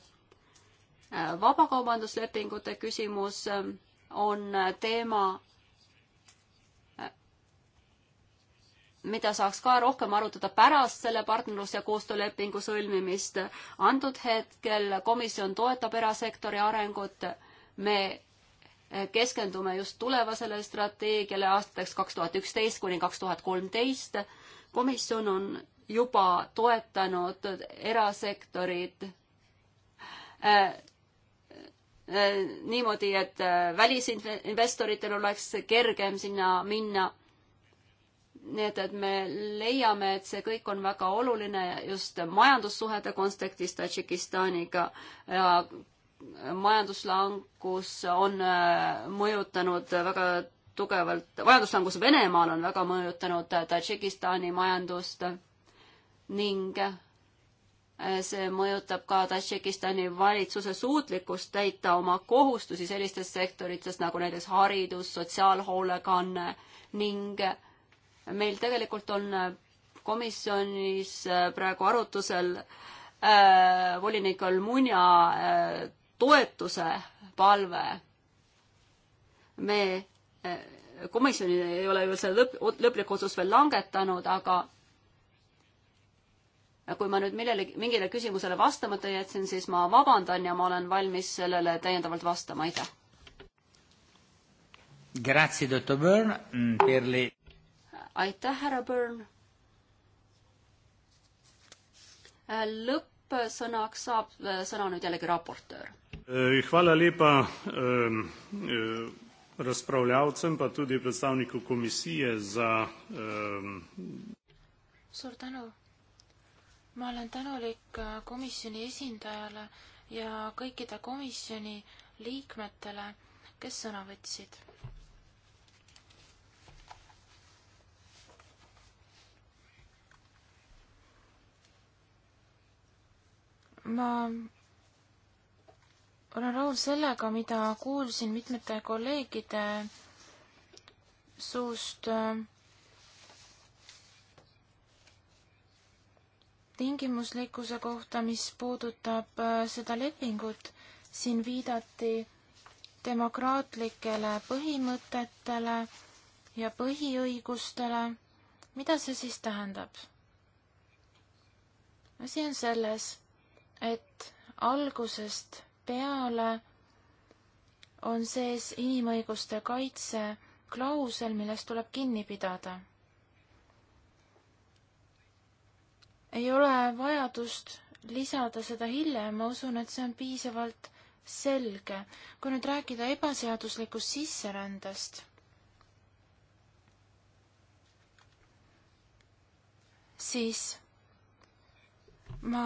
vabakaubanduslepingute küsimus on teema, mida saaks ka rohkem arutada pärast selle partnerlus- ja koostöölepingu sõlmimist. antud hetkel komisjon toetab erasektori arengut. me keskendume just tulevasele strateegiale aastateks kaks tuhat üksteist kuni kaks tuhat kolmteist. komisjon on juba toetanud erasektorit eh, eh, niimoodi, et välisinvestoritel oleks kergem sinna minna nii et, et me leiame, et see kõik on väga oluline just majandussuhete kontekstis Tadžikistaniga ja majanduslangus on äh, mõjutanud väga tugevalt, majanduslangus Venemaal on väga mõjutanud äh, Tadžikistani majandust ning äh, see mõjutab ka Tadžikistani valitsuse suutlikkust täita oma kohustusi sellistes sektorites nagu näiteks haridus, sotsiaalhoolekanne ning äh, meil tegelikult on äh, komisjonis äh, praegu arutusel äh, volinik Almunia äh, toetuse palve. me äh,, komisjon ei ole ju seda lõpp, lõplikku otsust veel langetanud, aga kui ma nüüd millele, mingile küsimusele vastamata jätsin, siis ma vabandan ja ma olen valmis sellele täiendavalt vastama, aitäh.
Grazie, doktor Byrne, mm, per le
aitäh, härra Byrne. Äh, lõppsõnaks saab äh, sõna nüüd jällegi raportöör.
Äh,
hvala lepa ähm, razpravljavcem pa tudi predstavniku
komisije za ähm,
suur tänu. ma olen tänulik komisjoni esindajale ja kõikide komisjoni liikmetele, kes sõna võtsid ma olen rahul sellega, mida kuulsin mitmete kolleegide suust äh, tingimuslikkuse kohta, mis puudutab äh, seda lepingut. siin viidati demokraatlikele põhimõtetele ja põhiõigustele. mida see siis tähendab? asi on selles et algusest peale on sees inimõiguste kaitse klausel, millest tuleb kinni pidada. ei ole vajadust lisada seda hiljem, ma usun, et see on piisavalt selge. kui nüüd rääkida ebaseaduslikust sisserändest, siis ma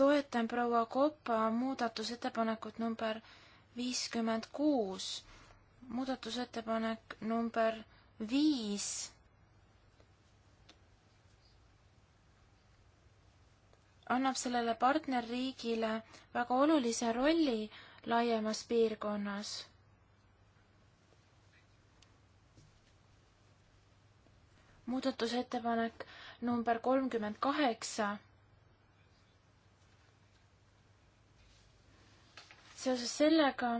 toetan proua Koppa muudatusettepanekut number viiskümmend kuus. muudatusettepanek number viis annab sellele partnerriigile väga olulise rolli laiemas piirkonnas. muudatusettepanek number kolmkümmend kaheksa seoses sellega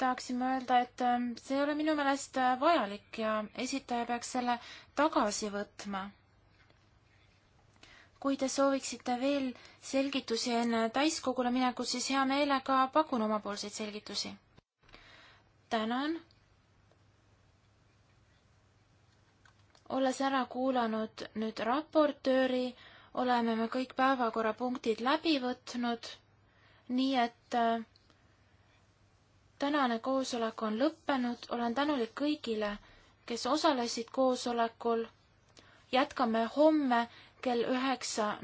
tahaksin ma öelda, et ähm, see ei ole minu meelest äh, vajalik ja esitaja peaks selle tagasi võtma. kui te sooviksite veel selgitusi enne täiskogule minekut, siis hea meelega pakun omapoolseid selgitusi. tänan. olles ära kuulanud nüüd raportööri, oleme me kõik päevakorrapunktid läbi võtnud, nii et äh, tänane koosolek on lõppenud, olen tänulik kõigile, kes osalesid koosolekul. jätkame homme kell üheksa.